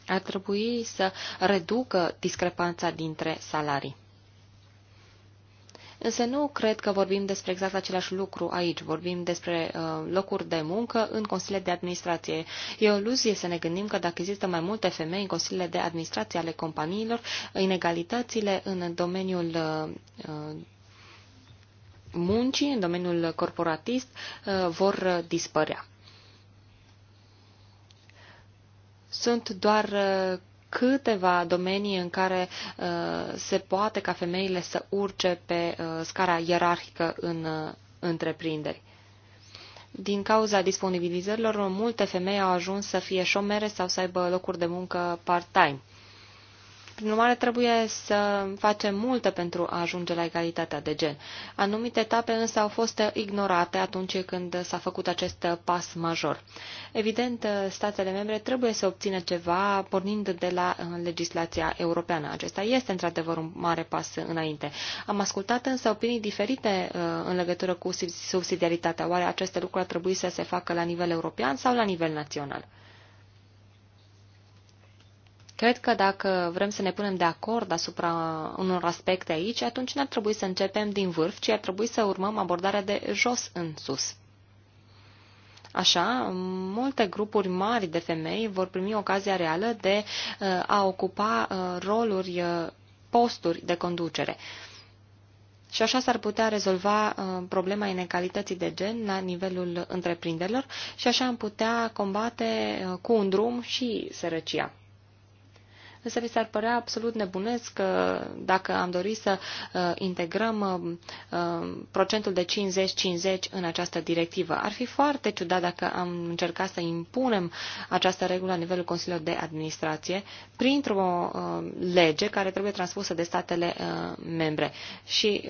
ar trebui să reducă discrepanța dintre salarii. Însă nu cred că vorbim despre exact același lucru aici. Vorbim despre uh, locuri de muncă în consiliile de administrație. E o iluzie să ne gândim că dacă există mai multe femei în consiliile de administrație ale companiilor, inegalitățile în domeniul uh, muncii, în domeniul corporatist, uh, vor dispărea. Sunt doar uh, câteva domenii în care uh, se poate ca femeile să urce pe uh, scara ierarhică în întreprinderi. Din cauza disponibilizărilor, multe femei au ajuns să fie șomere sau să aibă locuri de muncă part-time. Prin urmare, trebuie să facem multe pentru a ajunge la egalitatea de gen. Anumite etape însă au fost ignorate atunci când s-a făcut acest pas major. Evident, statele membre trebuie să obțină ceva pornind de la uh, legislația europeană. Acesta este într-adevăr un mare pas înainte. Am ascultat însă opinii diferite uh, în legătură cu subsidiaritatea. Oare aceste lucruri ar trebui să se facă la nivel european sau la nivel național? Cred că dacă vrem să ne punem de acord asupra unor aspecte aici, atunci n-ar trebui să începem din vârf, ci ar trebui să urmăm abordarea de jos în sus. Așa, multe grupuri mari de femei vor primi ocazia reală de uh, a ocupa uh, roluri, uh, posturi de conducere. Și așa s-ar putea rezolva problema inegalității de gen la nivelul întreprinderilor și așa am putea combate cu un drum și sărăcia. Însă mi s-ar părea absolut nebunesc că dacă am dori să uh, integrăm uh, uh, procentul de 50-50 în această directivă. Ar fi foarte ciudat dacă am încercat să impunem această regulă la nivelul Consiliului de Administrație printr-o lege care trebuie transpusă de statele membre. Și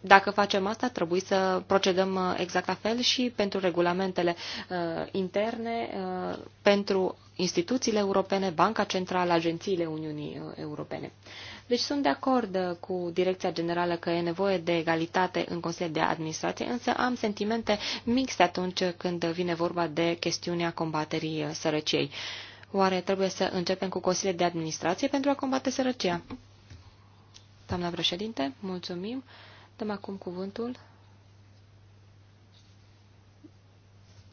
dacă facem asta, trebuie să procedăm uh, exact la fel și pentru regulamentele uh, interne, uh, pentru instituțiile europene, Banca Centrală, agențiile Uniunii uh, Europene. Deci sunt de acord uh, cu Direcția Generală că e nevoie de egalitate în Consiliul de Administrație, însă am sentimente mixte atunci când vine vorba de chestiunea combaterii sărăciei. Oare trebuie să începem cu Consiliul de Administrație pentru a combate sărăcia? Doamna președinte, mulțumim. Dăm acum cuvântul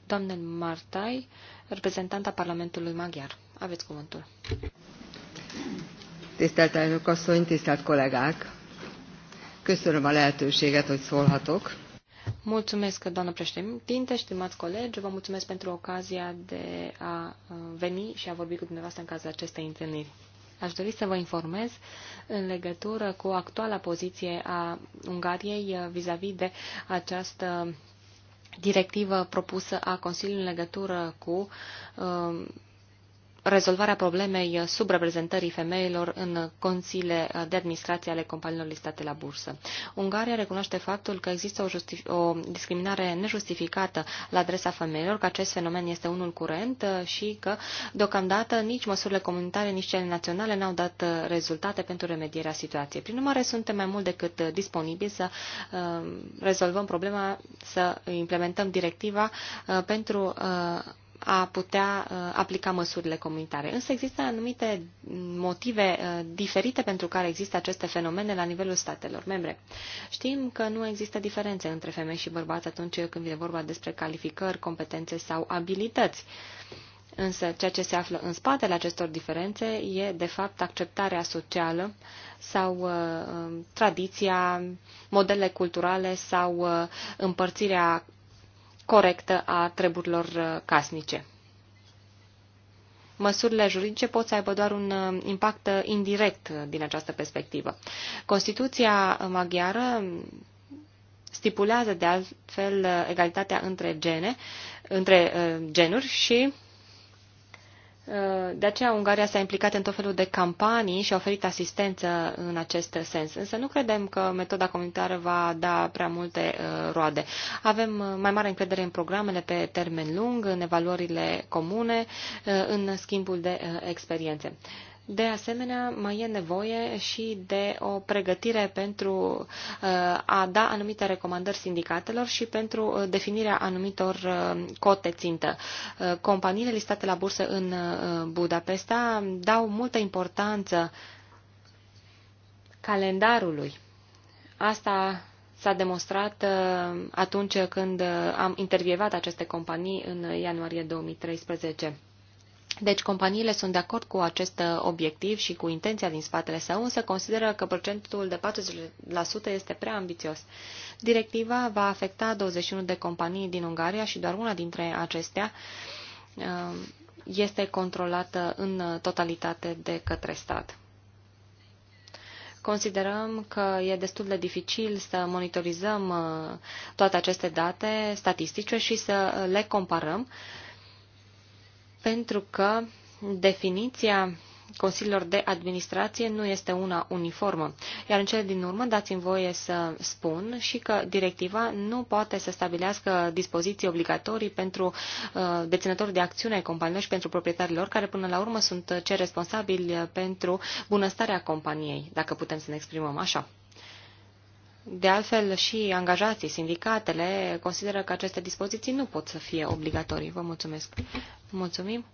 doamnei Martai, reprezentanta Parlamentului Maghiar. Aveți cuvântul. Tisztelt elnök asszony, tisztelt kollégák! Köszönöm a lehetőséget, hogy szólhatok. Mulțumesc, doamnă președinte, stimați colegi, vă mulțumesc pentru ocazia de a uh, veni și a vorbi cu dumneavoastră în cazul acestei întâlniri. Aș dori să vă informez în legătură cu actuala poziție a Ungariei uh, vis-a-vis -vis de această directivă propusă a Consiliului în legătură cu uh, rezolvarea problemei subreprezentării femeilor în consiliile de administrație ale companiilor listate la bursă. Ungaria recunoaște faptul că există o, o discriminare nejustificată la adresa femeilor, că acest fenomen este unul curent uh, și că, deocamdată, nici măsurile comunitare, nici cele naționale n-au dat uh, rezultate pentru remedierea situației. Prin urmare, suntem mai mult decât uh, disponibili să rezolvăm problema, să implementăm directiva pentru a putea uh, aplica măsurile comunitare. Însă există anumite motive uh, diferite pentru care există aceste fenomene la nivelul statelor membre. Știm că nu există diferențe între femei și bărbați atunci când vine vorba despre calificări, competențe sau abilități. Însă ceea ce se află în spatele acestor diferențe e, de fapt, acceptarea socială sau uh, tradiția, modele culturale sau uh, împărțirea corectă a treburilor uh, casnice. Măsurile juridice pot să aibă doar un uh, impact uh, indirect din această perspectivă. Constituția maghiară stipulează de altfel egalitatea între gene, între genuri și Uh, de aceea Ungaria s-a implicat în tot felul de campanii și a oferit asistență în acest sens. Însă nu credem că metoda comunitară va da prea multe uh, roade. Avem uh, mai mare încredere în programele pe termen lung, în evaluările comune, în schimbul de experiențe. De asemenea, mai e nevoie și de o pregătire pentru uh, a da anumite recomandări sindicatelor și pentru uh, definirea anumitor uh, cote țintă. Companiile listate la bursă în Budapesta dau multă importanță calendarului. Asta s-a demonstrat atunci când am intervievat aceste companii în ianuarie 2013. Deci companiile sunt de acord cu acest uh, obiectiv și cu intenția din spatele său, însă consideră că procentul de 40% este prea ambițios. Directiva va afecta 21 de companii din Ungaria și doar una dintre acestea uh, este controlată în uh, totalitate de către stat. Considerăm că e destul de dificil să monitorizăm toate aceste date statistice și să le comparăm, pentru că definiția consiliilor de administrație nu este una uniformă. Iar în cele din urmă dați-mi voie să spun și că directiva nu poate să stabilească dispoziții obligatorii pentru uh, deținători de acțiune ai companiilor și pentru proprietarii lor, care până la urmă sunt cei responsabili pentru bunăstarea companiei, dacă putem să ne exprimăm așa. De altfel, și angajații, sindicatele consideră că aceste dispoziții nu pot să fie obligatorii. Vă mulțumesc. Mulțumim.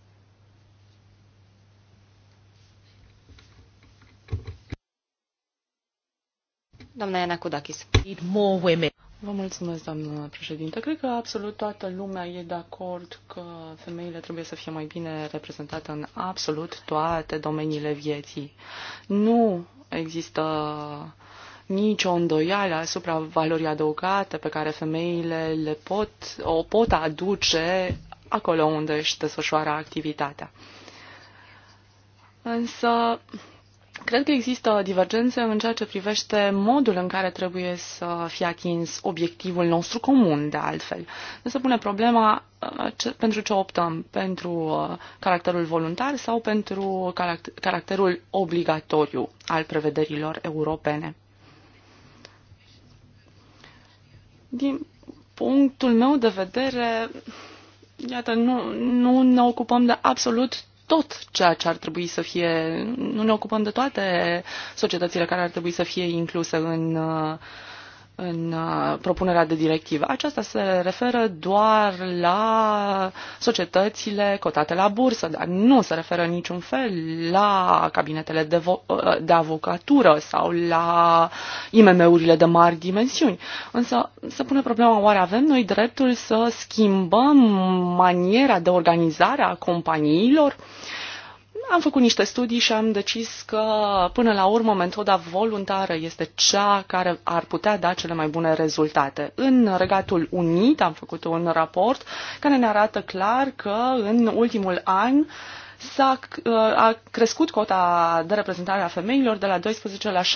Doamna Iana Kudakis. More women. Vă mulțumesc, doamnă președinte. Cred că absolut toată lumea e de acord că femeile trebuie să fie mai bine reprezentate în absolut toate domeniile vieții. Nu există uh, nicio îndoială asupra valorii adăugate pe care femeile le pot, o pot aduce acolo unde își desfășoară activitatea. Însă, cred că există divergențe în ceea ce privește modul în care trebuie să fie atins obiectivul nostru comun, de altfel. Nu se pune problema uh, ce, pentru ce optăm, pentru uh, caracterul voluntar sau pentru caracterul obligatoriu al prevederilor europene. Din punctul meu de vedere, iată, nu, nu ne ocupăm de absolut tot ceea ce ar trebui să fie, nu ne ocupăm de toate societățile care ar trebui să fie incluse în uh, în uh, propunerea de directivă. Aceasta se referă doar la societățile cotate la bursă, dar nu se referă în niciun fel la cabinetele de, uh, de avocatură sau la IMM-urile de mari dimensiuni. Însă se pune problema, oare avem noi dreptul să schimbăm maniera de organizare a companiilor? Uh, am făcut niște studii și am decis că, până la urmă, metoda voluntară este cea care ar putea da cele mai bune rezultate. În Regatul Unit am făcut un raport care ne arată clar că, în ultimul an, s-a uh, a crescut cota de reprezentare a femeilor de la 12 la 17,5%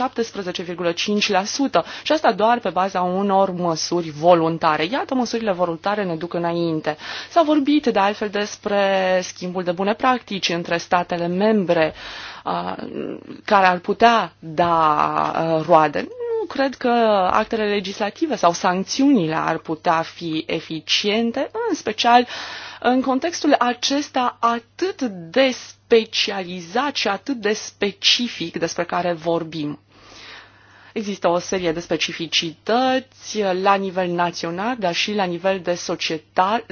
și asta doar pe baza unor măsuri voluntare. Iată, măsurile voluntare ne duc înainte. S-a vorbit de altfel despre schimbul de bune practici între statele membre uh, care ar putea da uh, roade Nu cred că actele legislative sau sancțiunile ar putea fi eficiente, în special în contextul acesta atât de specializat și atât de specific despre care vorbim, Există o serie de specificități la nivel național, dar și la nivel de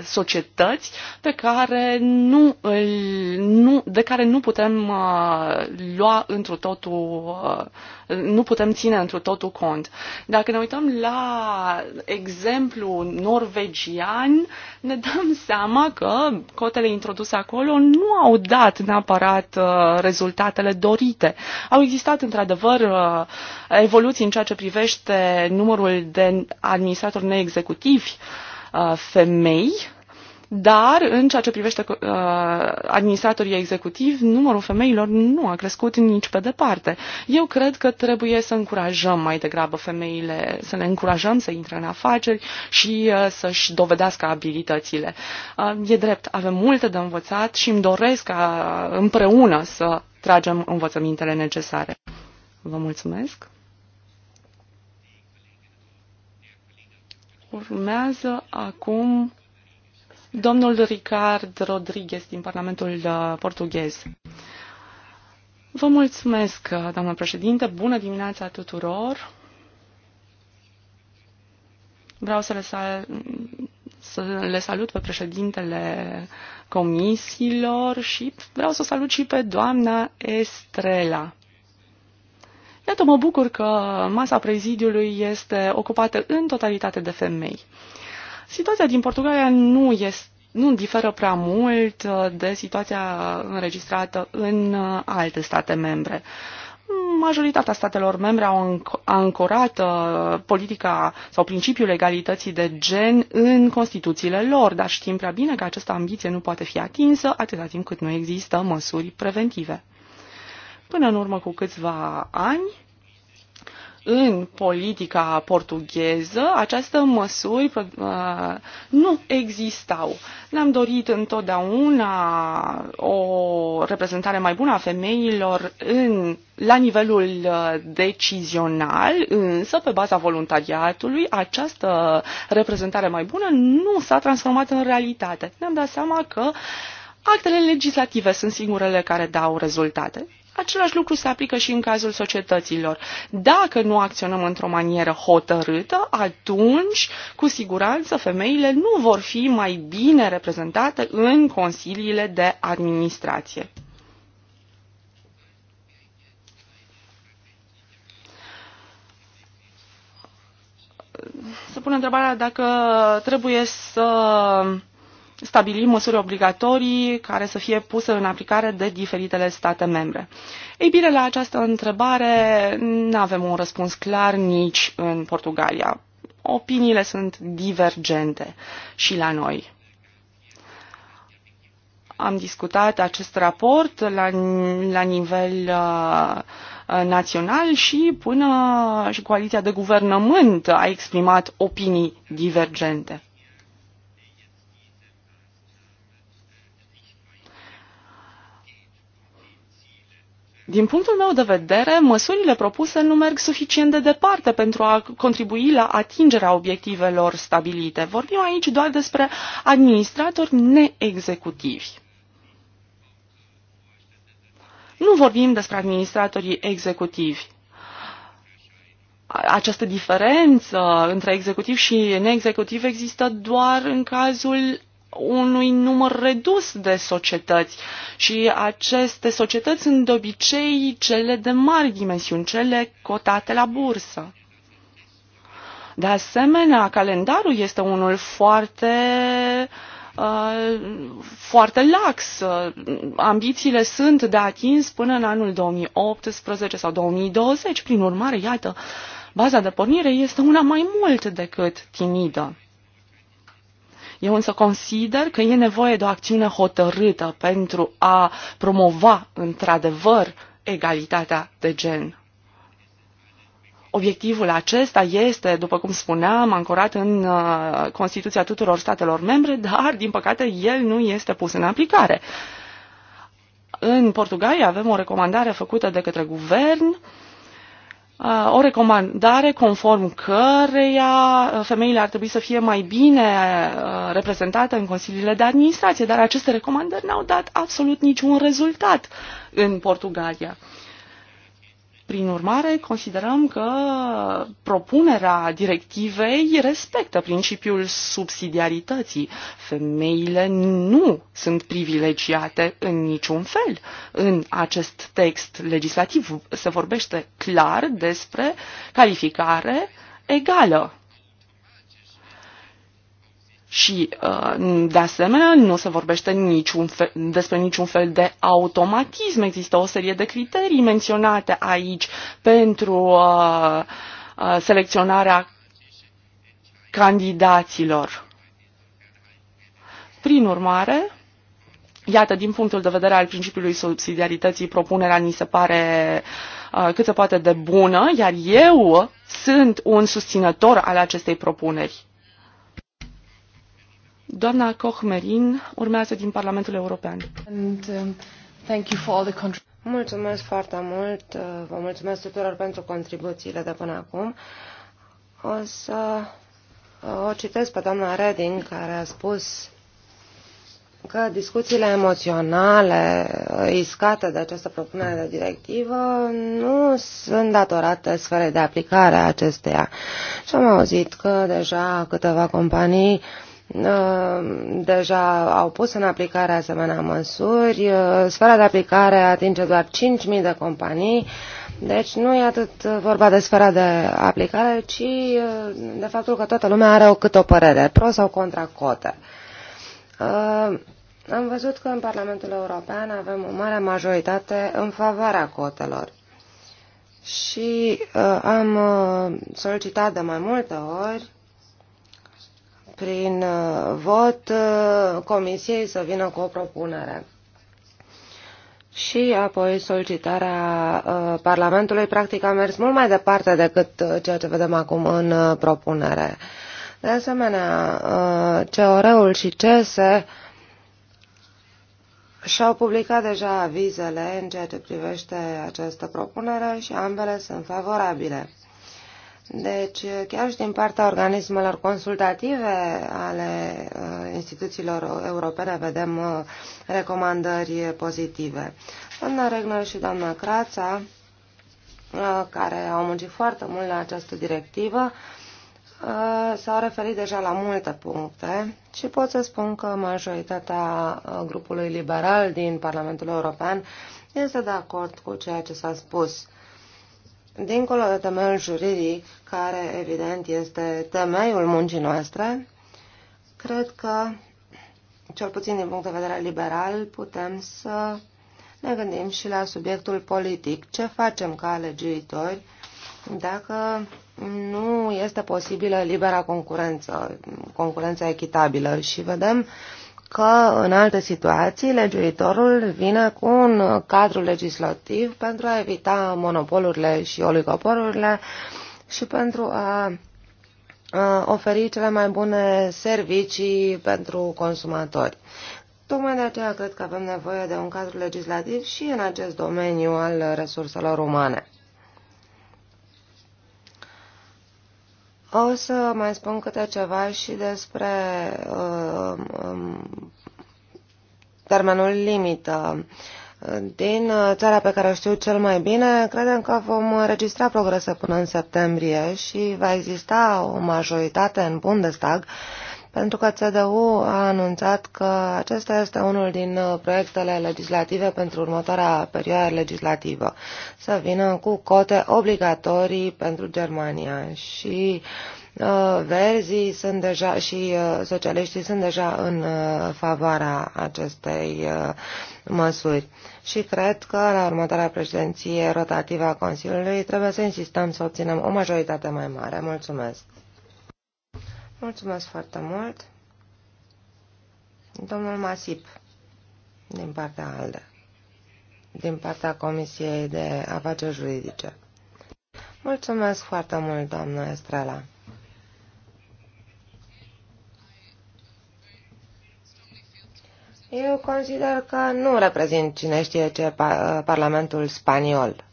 societăți pe care nu, nu, de care nu putem uh, lua întru totul uh, nu putem ține într totul cont. Dacă ne uităm la exemplu norvegian, ne dăm seama că cotele introduse acolo nu au dat neapărat uh, rezultatele dorite. Au existat într-adevăr uh, evoluții în ceea ce privește numărul de administratori neexecutivi uh, femei, dar în ceea ce privește uh, administratorii executivi, numărul femeilor nu a crescut nici pe departe. Eu cred că trebuie să încurajăm mai degrabă femeile, să le încurajăm să intre în afaceri și uh, să-și dovedească abilitățile. Uh, e drept, avem multe de învățat și îmi doresc ca împreună să tragem învățămintele necesare. Vă mulțumesc! Urmează acum Domnul Ricard Rodriguez din Parlamentul uh, portughez. Vă mulțumesc, uh, doamnă președinte. Bună dimineața tuturor. Vreau să le, sal- să le salut pe președintele comisiilor și vreau să salut și pe doamna Estrela. Iată, mă bucur că masa prezidiului este ocupată în totalitate de femei. Situația din Portugalia nu, este, nu diferă prea mult uh, de situația înregistrată în uh, alte state membre majoritatea statelor membre au ancorat uh, politica sau principiul egalității de gen în Constituțiile lor, dar știm prea bine că această ambiție nu poate fi atinsă atâta timp cât nu există măsuri preventive. Până în urmă cu câțiva ani, în politica portugheză, aceste măsuri uh, nu existau. Ne-am dorit întotdeauna o reprezentare mai bună a femeilor în, la nivelul uh, decizional, însă pe baza voluntariatului această reprezentare mai bună nu s-a transformat în realitate. Ne-am dat seama că actele legislative sunt singurele care dau rezultate. Același lucru se aplică și în cazul societăților. Dacă nu acționăm într-o manieră hotărâtă, atunci, cu siguranță, femeile nu vor fi mai bine reprezentate în consiliile de administrație. Să pun întrebarea dacă trebuie să stabili măsuri obligatorii care să fie puse în aplicare de diferitele state membre? Ei bine, la această întrebare nu avem un răspuns clar nici în Portugalia. Opiniile sunt divergente și la noi am discutat acest raport la, la nivel uh, național și până și coaliția de guvernământ a exprimat opinii divergente. Din punctul meu de vedere, măsurile propuse nu merg suficient de departe pentru a contribui la atingerea obiectivelor stabilite. Vorbim aici doar despre administratori neexecutivi. Nu vorbim despre administratorii executivi. Această diferență între executiv și neexecutiv există doar în cazul unui număr redus de societăți și aceste societăți sunt de obicei cele de mari dimensiuni, cele cotate la bursă. De asemenea, calendarul este unul foarte uh, foarte lax. Ambițiile sunt de atins până în anul 2018 sau 2020. Prin urmare, iată, baza de pornire este una mai mult decât timidă. Eu însă consider că e nevoie de o acțiune hotărâtă pentru a promova într-adevăr egalitatea de gen. Obiectivul acesta este, după cum spuneam, ancorat în uh, Constituția tuturor statelor membre, dar, din păcate, el nu este pus în aplicare. În Portugalia avem o recomandare făcută de către guvern uh, Uh, o recomandare conform căreia uh, femeile ar trebui să fie mai bine uh, reprezentate în consiliile de administrație dar aceste recomandări n au dat absolut niciun rezultat în portugalia. Prin urmare, considerăm că propunerea directivei respectă principiul subsidiarității. Femeile nu sunt privilegiate în niciun fel. În acest text legislativ se vorbește clar despre calificare egală. Și, uh, de asemenea, nu se vorbește niciun fel, despre niciun fel de automatism. Există o serie de criterii menționate aici pentru uh, uh, selecționarea candidaților. Prin urmare, iată, din punctul de vedere al principiului subsidiarității, propunerea ni se pare cât se poate de bună, iar eu sunt un susținător al acestei propuneri. Doamna Koch-Merin urmează din Parlamentul European. Um, mulțumesc foarte mult, uh, vă mulțumesc tuturor pentru contribuțiile de până acum. O să uh, o citesc pe doamna Reding, care a spus că discuțiile emoționale uh, iscate de această propunere de directivă nu sunt datorate sferei de aplicare a acesteia. Și am auzit că deja câteva companii uh, Ă, deja au pus în aplicare asemenea măsuri. Ă, sfera de aplicare atinge doar 5.000 de companii, deci nu e atât vorba de sfera de aplicare, ci ă, de faptul că toată lumea are o cât o părere, pro sau contra cote. Am văzut că în Parlamentul European avem o mare majoritate în favoarea cotelor. Și uh, am uh, solicitat de mai multe ori prin uh, vot uh, Comisiei să vină cu o propunere și apoi solicitarea uh, Parlamentului practic a mers mult mai departe decât ceea ce vedem acum în propunere. De asemenea, CEOR-ul și CESE și-au publicat deja avizele în ceea ce privește această propunere și ambele sunt favorabile. Deci, chiar și din partea organismelor consultative ale uh, instituțiilor europene vedem uh, recomandări pozitive. Doamna Regner și doamna Crața, uh, care au muncit foarte mult la această directivă, s-au referit deja la multe puncte și pot să spun că majoritatea grupului liberal din Parlamentul European este de acord cu ceea ce s-a spus dincolo de temeiul juridic, care evident este temeiul muncii noastre, cred că, cel puțin din punct de vedere liberal, putem să ne gândim și la subiectul politic. Ce facem ca legiuitori dacă nu este posibilă libera concurență, concurența echitabilă? Și vedem uh, că în alte situații legiuitorul vine cu un cadru legislativ pentru a evita monopolurile și oligopolurile și pentru a oferi cele mai bune servicii pentru consumatori. Tocmai de aceea cred că avem nevoie de un cadru legislativ și în acest domeniu al resurselor umane. O să mai spun câte ceva și despre uh, um, termenul limită. Din țara pe care o știu cel mai bine, credem că vom registra progrese până în septembrie și va exista o majoritate în Bundestag pentru că CDU a anunțat că acesta este unul din uh, proiectele legislative pentru următoarea perioadă legislativă, să vină cu cote obligatorii pentru Germania și uh, verzii sunt deja și uh, socialiștii sunt deja în favoarea acestei măsuri. Și cred că la următoarea președinție rotativă a Consiliului trebuie să insistăm să obținem o majoritate mai mare. Mulțumesc! Mulțumesc foarte mult. Domnul Masip, din partea ALDE, din partea Comisiei de Afaceri Juridice. Mulțumesc foarte mult, doamnă Estrela. Eu consider că nu reprezint cine știe ce Parlamentul spaniol.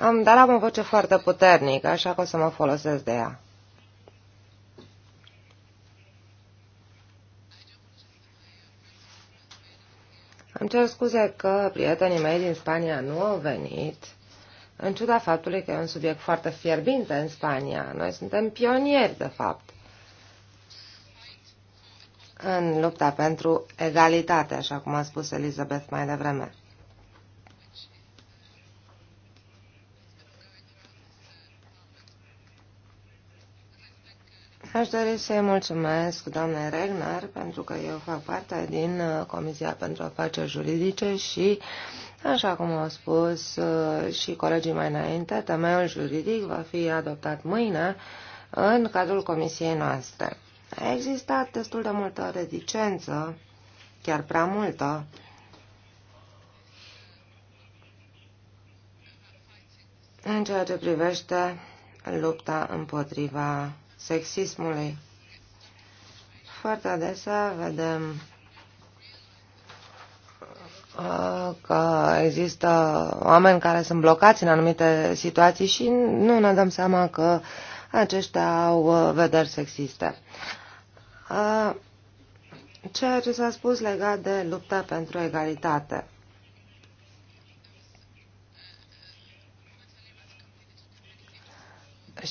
Am, dar am o voce foarte puternică, așa că o să mă folosesc de ea. Am cer scuze că prietenii mei din Spania nu au venit, în ciuda faptului că e un subiect foarte fierbinte în Spania. Noi suntem pionieri, de fapt, în lupta pentru egalitate, așa cum a spus Elizabeth mai devreme. Aș dori să-i mulțumesc doamnei Regner pentru că eu fac parte din uh, Comisia pentru Afaceri Juridice și, așa cum au spus uh, și colegii mai înainte, temeiul juridic va fi adoptat mâine în cadrul Comisiei noastre. A existat destul de multă reticență, chiar prea multă, în ceea ce privește lupta împotriva sexismului. Foarte adesea vedem uh, că există oameni care sunt blocați în anumite situații și nu ne dăm seama că aceștia au uh, vederi sexiste. Uh, ceea ce s-a spus legat de lupta pentru egalitate.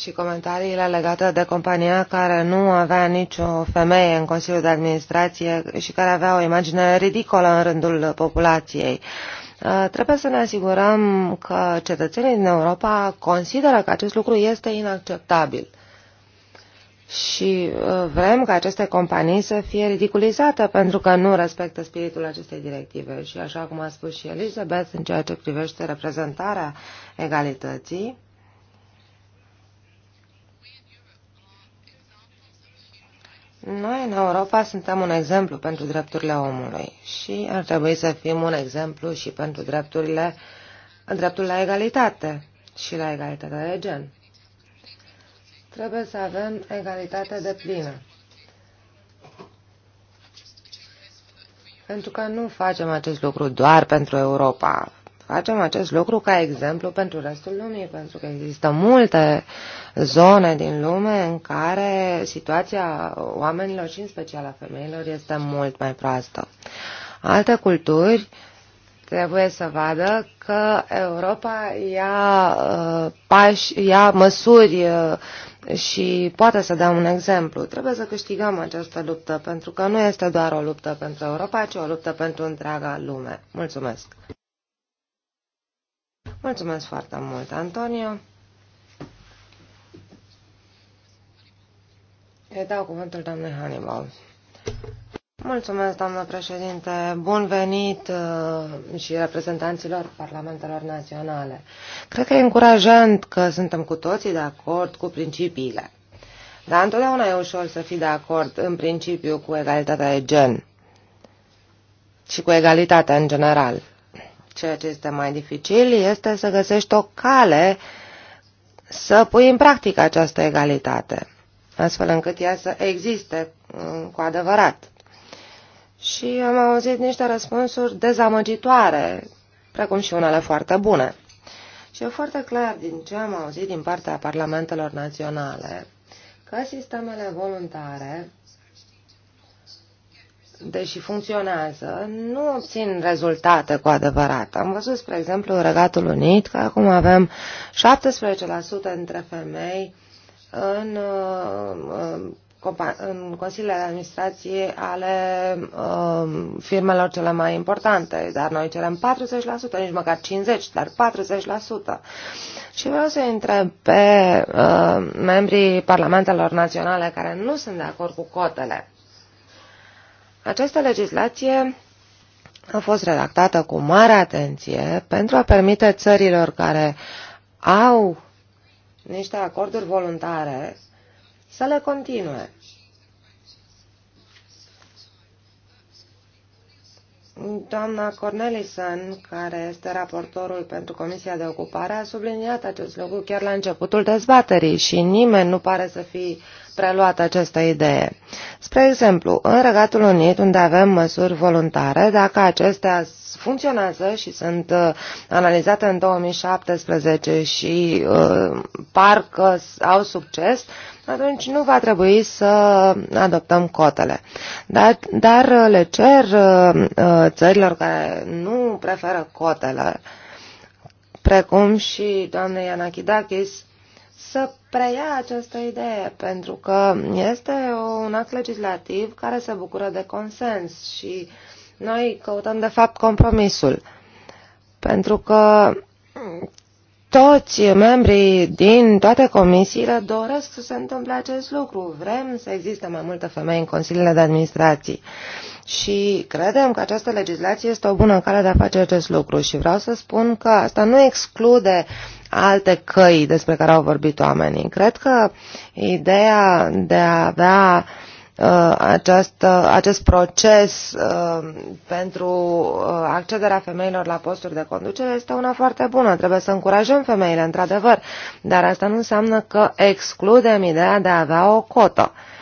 și comentariile legate de compania care nu avea nicio femeie în Consiliul de Administrație și care avea o imagine ridicolă în rândul populației. Uh, trebuie să ne asigurăm că cetățenii din Europa consideră că acest lucru este inacceptabil și uh, vrem ca aceste companii să fie ridiculizate pentru că nu respectă spiritul acestei directive. Și așa cum a spus și Elizabeth în ceea ce privește reprezentarea egalității, Noi, în Europa, suntem un exemplu pentru drepturile omului și ar trebui să fim un exemplu și pentru drepturile, dreptul la egalitate și la egalitatea de gen. Trebuie să avem egalitate de plină. Pentru că nu facem acest lucru doar pentru Europa facem acest lucru ca exemplu pentru restul lumii, pentru că există multe zone din lume în care situația oamenilor și în special a femeilor este mult mai proastă. Alte culturi trebuie să vadă că Europa ia, uh, pași, ia măsuri uh, și poate să dăm un exemplu. Trebuie să câștigăm această luptă, pentru că nu este doar o luptă pentru Europa, ci o luptă pentru întreaga lume. Mulțumesc! Mulțumesc foarte mult, Antonio. Îi dau cuvântul doamnei Hannibal. Mulțumesc, doamnă președinte. Bun venit uh, și reprezentanților parlamentelor naționale. Cred că e încurajant că suntem cu toții de acord cu principiile. Dar întotdeauna e ușor să fii de acord în principiu cu egalitatea de gen și cu egalitatea în general. Ceea ce este mai dificil este să găsești o cale să pui în practică această egalitate, astfel încât ea să existe mm, cu adevărat. Și am auzit niște răspunsuri dezamăgitoare, precum și unele foarte bune. Și e foarte clar din ce am auzit din partea parlamentelor naționale că sistemele voluntare deși funcționează, nu obțin rezultate cu adevărat. Am văzut, spre exemplu, în Regatul Unit că acum avem 17% dintre femei în, uh, în consiliile de administrație ale uh, firmelor cele mai importante, dar noi cerem 40%, nici măcar 50%, dar 40%. Și vreau să întreb pe uh, membrii parlamentelor naționale care nu sunt de acord cu cotele această legislație a fost redactată cu mare atenție pentru a permite țărilor care au niște acorduri voluntare să le continue. Doamna Cornelison, care este raportorul pentru Comisia de Ocupare, a subliniat acest lucru chiar la începutul dezbaterii și nimeni nu pare să fie preluat această idee. Spre exemplu, în Regatul Unit, unde avem măsuri voluntare, dacă acestea funcționează și sunt uh, analizate în 2017 și uh, par că au succes, atunci nu va trebui să adoptăm cotele. Dar, dar le cer uh, țărilor care nu preferă cotele, precum și doamnei Anachidakis, să preia această idee, pentru că este un act legislativ care se bucură de consens și noi căutăm, de fapt, compromisul. Pentru că toți membrii din toate comisiile doresc să se întâmple acest lucru. Vrem să existe mai multe femei în consiliile de administrații. Și credem că această legislație este o bună cale de a face acest lucru și vreau să spun că asta nu exclude alte căi despre care au vorbit oamenii. Cred că ideea de a avea uh, uh, acest proces uh, pentru uh, accederea femeilor la posturi de conducere este una foarte bună. Trebuie să încurajăm femeile, într-adevăr, dar asta nu înseamnă că excludem ideea de a avea o cotă. Uh,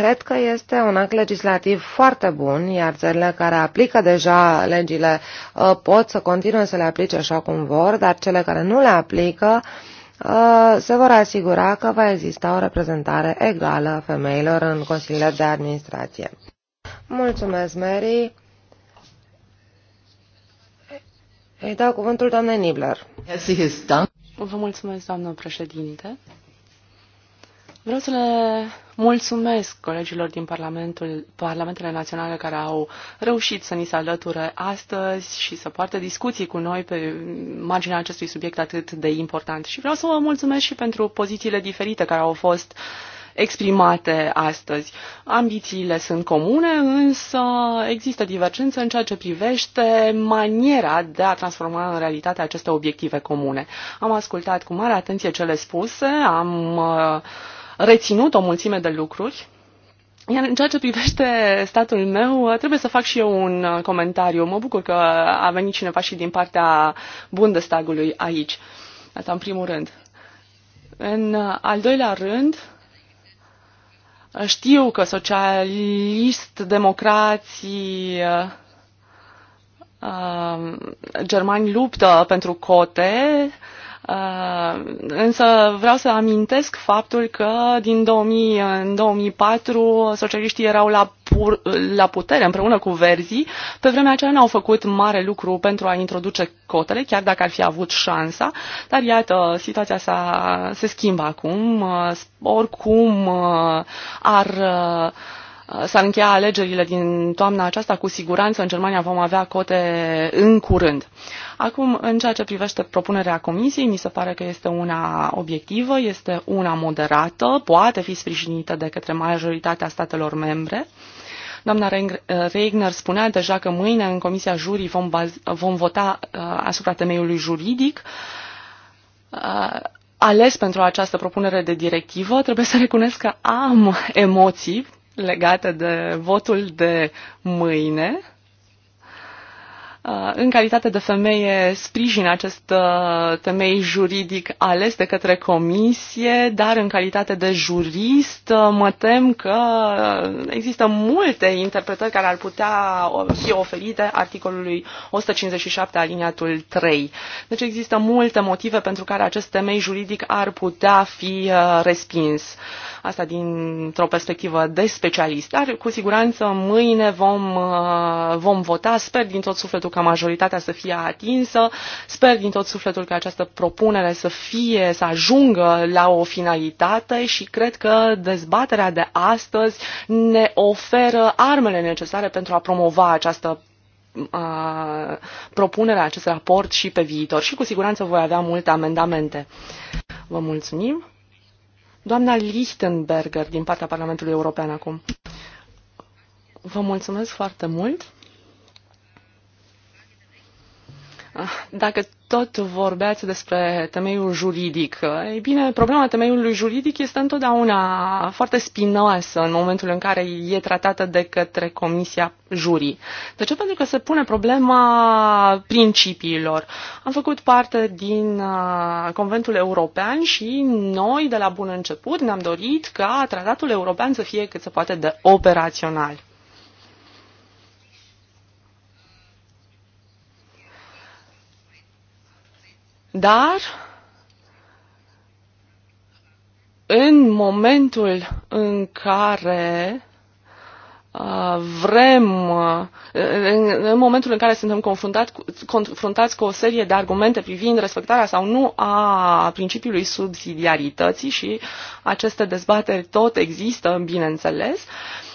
Cred că este un act legislativ foarte bun, iar țările care aplică deja legile uh, pot să continue să le aplice așa cum vor, dar cele care nu le aplică uh, se vor asigura că va exista o reprezentare egală a femeilor în consiliile de administrație. Mulțumesc, Mary. Îi dau cuvântul doamnei Nibler. Vă mulțumesc, doamnă președinte. Vreau să le mulțumesc colegilor din Parlamentul, Parlamentele Naționale care au reușit să ni se alăture astăzi și să poartă discuții cu noi pe marginea acestui subiect atât de important. Și vreau să vă mulțumesc și pentru pozițiile diferite care au fost exprimate astăzi. Ambițiile sunt comune, însă există divergență în ceea ce privește maniera de a transforma în realitate aceste obiective comune. Am ascultat cu mare atenție cele spuse, am uh, reținut o mulțime de lucruri. Iar în ceea ce privește statul meu, trebuie să fac și eu un uh, comentariu. Mă bucur că a venit cineva și din partea Bundestagului aici. Asta în primul rând. În uh, al doilea rând, știu că socialist-democrații uh, germani luptă pentru cote, Uh, însă vreau să amintesc faptul că din 2000 în 2004 socialiștii erau la, pur, la putere împreună cu verzii. Pe vremea aceea n-au făcut mare lucru pentru a introduce cotele, chiar dacă ar fi avut șansa. Dar iată, situația s-a, se schimbă acum. Uh, oricum uh, ar s-ar încheia alegerile din toamna aceasta, cu siguranță în Germania vom avea cote în curând. Acum, în ceea ce privește propunerea Comisiei, mi se pare că este una obiectivă, este una moderată, poate fi sprijinită de către majoritatea statelor membre. Doamna Regner spunea deja că mâine în Comisia Jurii vom, vom vota uh, asupra temeiului juridic uh, ales pentru această propunere de directivă, trebuie să recunosc că am emoții legată de votul de mâine. Uh, în calitate de femeie, sprijin acest uh, temei juridic ales de către comisie, dar în calitate de jurist uh, mă tem că există multe interpretări care ar putea fi oferite articolului 157 aliniatul 3. Deci există multe motive pentru care acest temei juridic ar putea fi respins asta dintr-o perspectivă de specialist, dar cu siguranță mâine vom, uh, vom vota. Sper din tot sufletul ca majoritatea să fie atinsă, sper din tot sufletul că această propunere să fie, să ajungă la o finalitate și cred că dezbaterea de astăzi ne oferă armele necesare pentru a promova această uh, propunerea acest raport și pe viitor și cu siguranță voi avea multe amendamente. Vă mulțumim. Doamna Lichtenberger din partea Parlamentului European acum. Vă mulțumesc foarte mult. Dacă tot vorbeați despre temeiul juridic, ei bine, problema temeiului juridic este întotdeauna foarte spinoasă în momentul în care e tratată de către Comisia Jurii. De ce? Pentru că se pune problema principiilor. Am făcut parte din uh, Conventul European și noi, de la bun început, ne-am dorit ca tratatul european să fie cât se poate de operațional. Dar în momentul în care Uh, vrem, uh, în momentul în care suntem confruntați cu o serie de argumente privind respectarea sau nu a principiului subsidiarității și aceste dezbateri tot există, bineînțeles,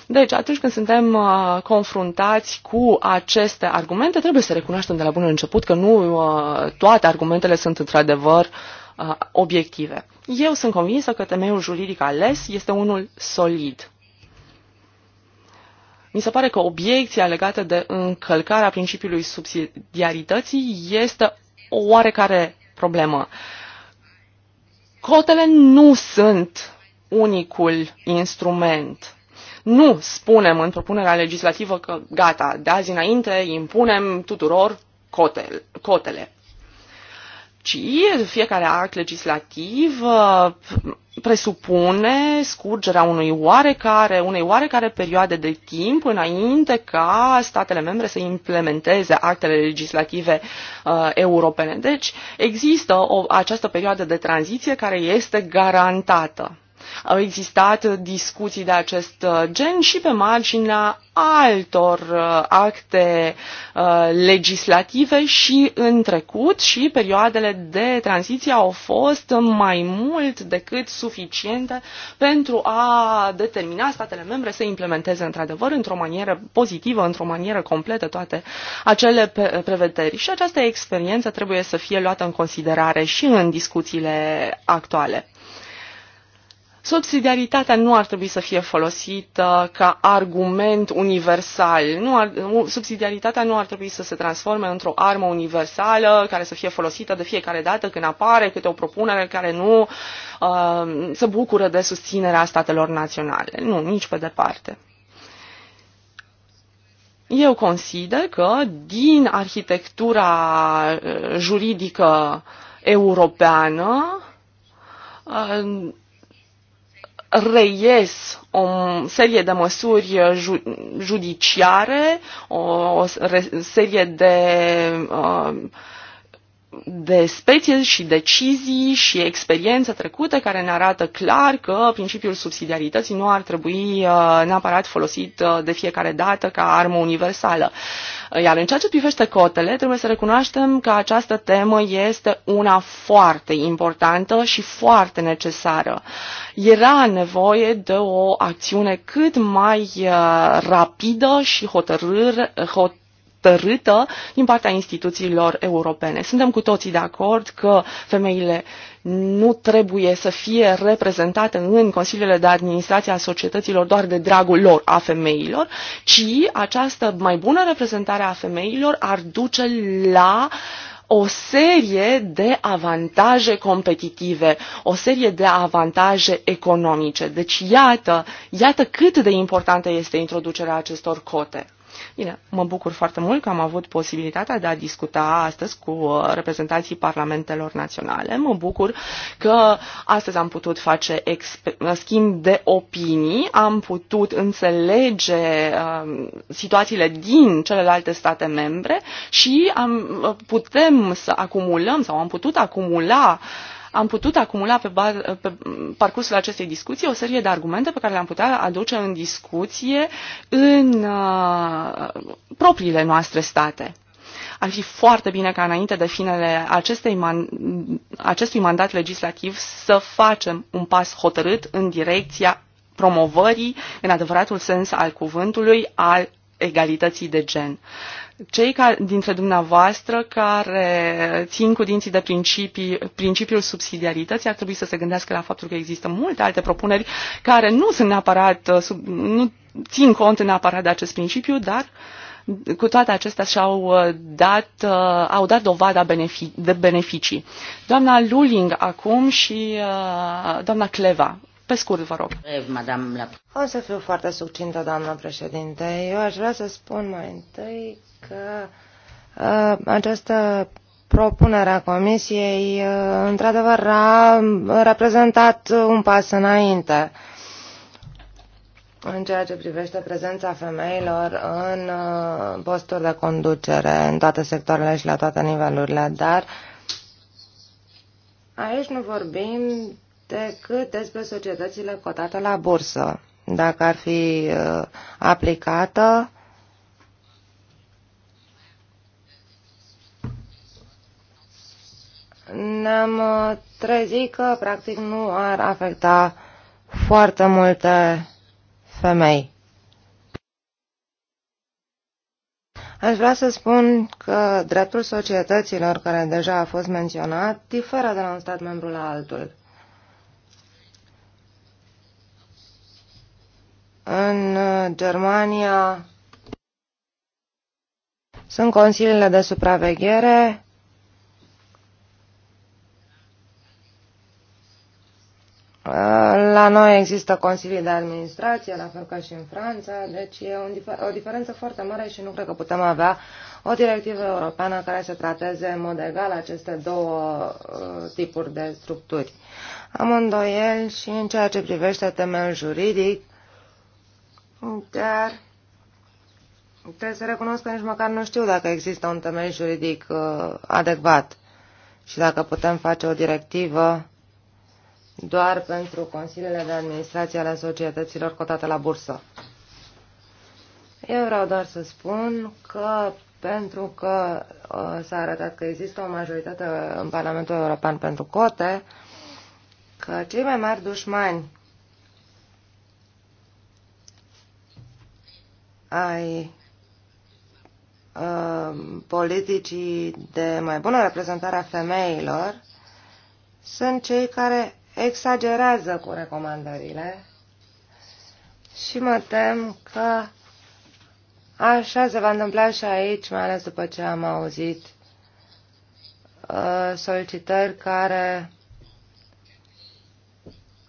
deci atunci când suntem uh, confruntați cu aceste argumente, trebuie să recunoaștem de la bun început că nu toate argumentele sunt într-adevăr obiective. Eu sunt convinsă că temeiul juridic ales este unul solid mi se pare că obiecția legată de încălcarea principiului subsidiarității este o oarecare problemă. Cotele nu sunt unicul instrument. Nu spunem în propunerea legislativă că gata, de azi înainte impunem tuturor cotele ci fiecare act legislativ uh, presupune scurgerea unui oarecare, unei oarecare perioade de timp înainte ca statele membre să implementeze actele legislative uh, europene. Deci există o, această perioadă de tranziție care este garantată. Au existat discuții de acest uh, gen și pe marginea altor uh, acte uh, legislative și în trecut și perioadele de tranziție au fost mai mult decât suficiente pentru a determina statele membre să implementeze într-adevăr într-o manieră pozitivă, într-o manieră completă toate acele prevederi. Și această experiență trebuie să fie luată în considerare și în discuțiile actuale. Subsidiaritatea nu ar trebui să fie folosită ca argument universal. Nu ar, subsidiaritatea nu ar trebui să se transforme într-o armă universală care să fie folosită de fiecare dată când apare câte o propunere care nu uh, se bucură de susținerea statelor naționale. Nu, nici pe departe. Eu consider că din arhitectura uh, juridică europeană uh, reies o serie de măsuri ju judiciare, o, o serie de uh, de specie și decizii și experiențe trecute care ne arată clar că principiul subsidiarității nu ar trebui uh, neapărat folosit uh, de fiecare dată ca armă universală. Uh, iar în ceea ce privește cotele, trebuie să recunoaștem că această temă este una foarte importantă și foarte necesară. Era nevoie de o acțiune cât mai rapidă și hotărâre, hot, hotărâtă din partea instituțiilor europene. Suntem cu toții de acord că femeile nu trebuie să fie reprezentate în consiliile de administrație a societăților doar de dragul lor a femeilor, ci această mai bună reprezentare a femeilor ar duce la o serie de avantaje competitive, o serie de avantaje economice. Deci iată, iată cât de importantă este introducerea acestor cote. Bine, mă bucur foarte mult că am avut posibilitatea de a discuta astăzi cu uh, reprezentanții parlamentelor naționale. Mă bucur că astăzi am putut face uh, schimb de opinii, am putut înțelege uh, situațiile din celelalte state membre și am, uh, putem să acumulăm sau am putut acumula uh, am putut acumula pe, bar, pe parcursul acestei discuții o serie de argumente pe care le-am putea aduce în discuție în uh, propriile noastre state. Ar fi foarte bine ca înainte de finele acestei man, acestui mandat legislativ să facem un pas hotărât în direcția promovării, în adevăratul sens al cuvântului, al egalității de gen. Uh, cei ca, dintre dumneavoastră care țin cu dinții de principii, principiul subsidiarității ar trebui să se gândească la faptul că există multe alte propuneri care nu sunt neapărat, uh, sub, nu țin cont neapărat de acest principiu, dar cu toate acestea și-au uh, dat, uh, au dat dovada benefic- de beneficii. Doamna Luling acum și doamna Cleva pe scurt, vă rog. Eh, o să fiu foarte succintă, doamnă președinte. Eu aș vrea să spun mai întâi că uh, această propunerea Comisiei, uh, într-adevăr, a reprezentat un pas înainte în ceea ce privește prezența femeilor în posturi de conducere, în toate sectoarele și la toate nivelurile, dar aici nu vorbim decât despre societățile cotate la bursă. Dacă ar fi uh, aplicată, ne-am uh, trezit că practic nu ar afecta foarte multe femei. Aș vrea să spun că dreptul societăților, care deja a fost menționat, diferă de la un stat membru la altul. În uh, Germania sunt consiliile de supraveghere uh, La noi există consilii de administrație, la fel ca și în Franța, deci e un, o diferență foarte mare și nu cred că putem avea o directivă europeană care să trateze în mod egal aceste două uh, tipuri de structuri. Am îndoiel și în ceea ce privește temel juridic dar trebuie să recunosc că nici măcar nu știu dacă există un temei juridic uh, adecvat și dacă putem face o directivă doar pentru consiliile de administrație ale societăților cotate la bursă. Eu vreau doar să spun că pentru că uh, s-a arătat că există o majoritate în Parlamentul European pentru cote, că cei mai mari dușmani ai um, politicii de mai bună reprezentare a femeilor sunt cei care exagerează cu recomandările și mă tem că așa se va întâmpla și aici, mai ales după ce am auzit uh, solicitări care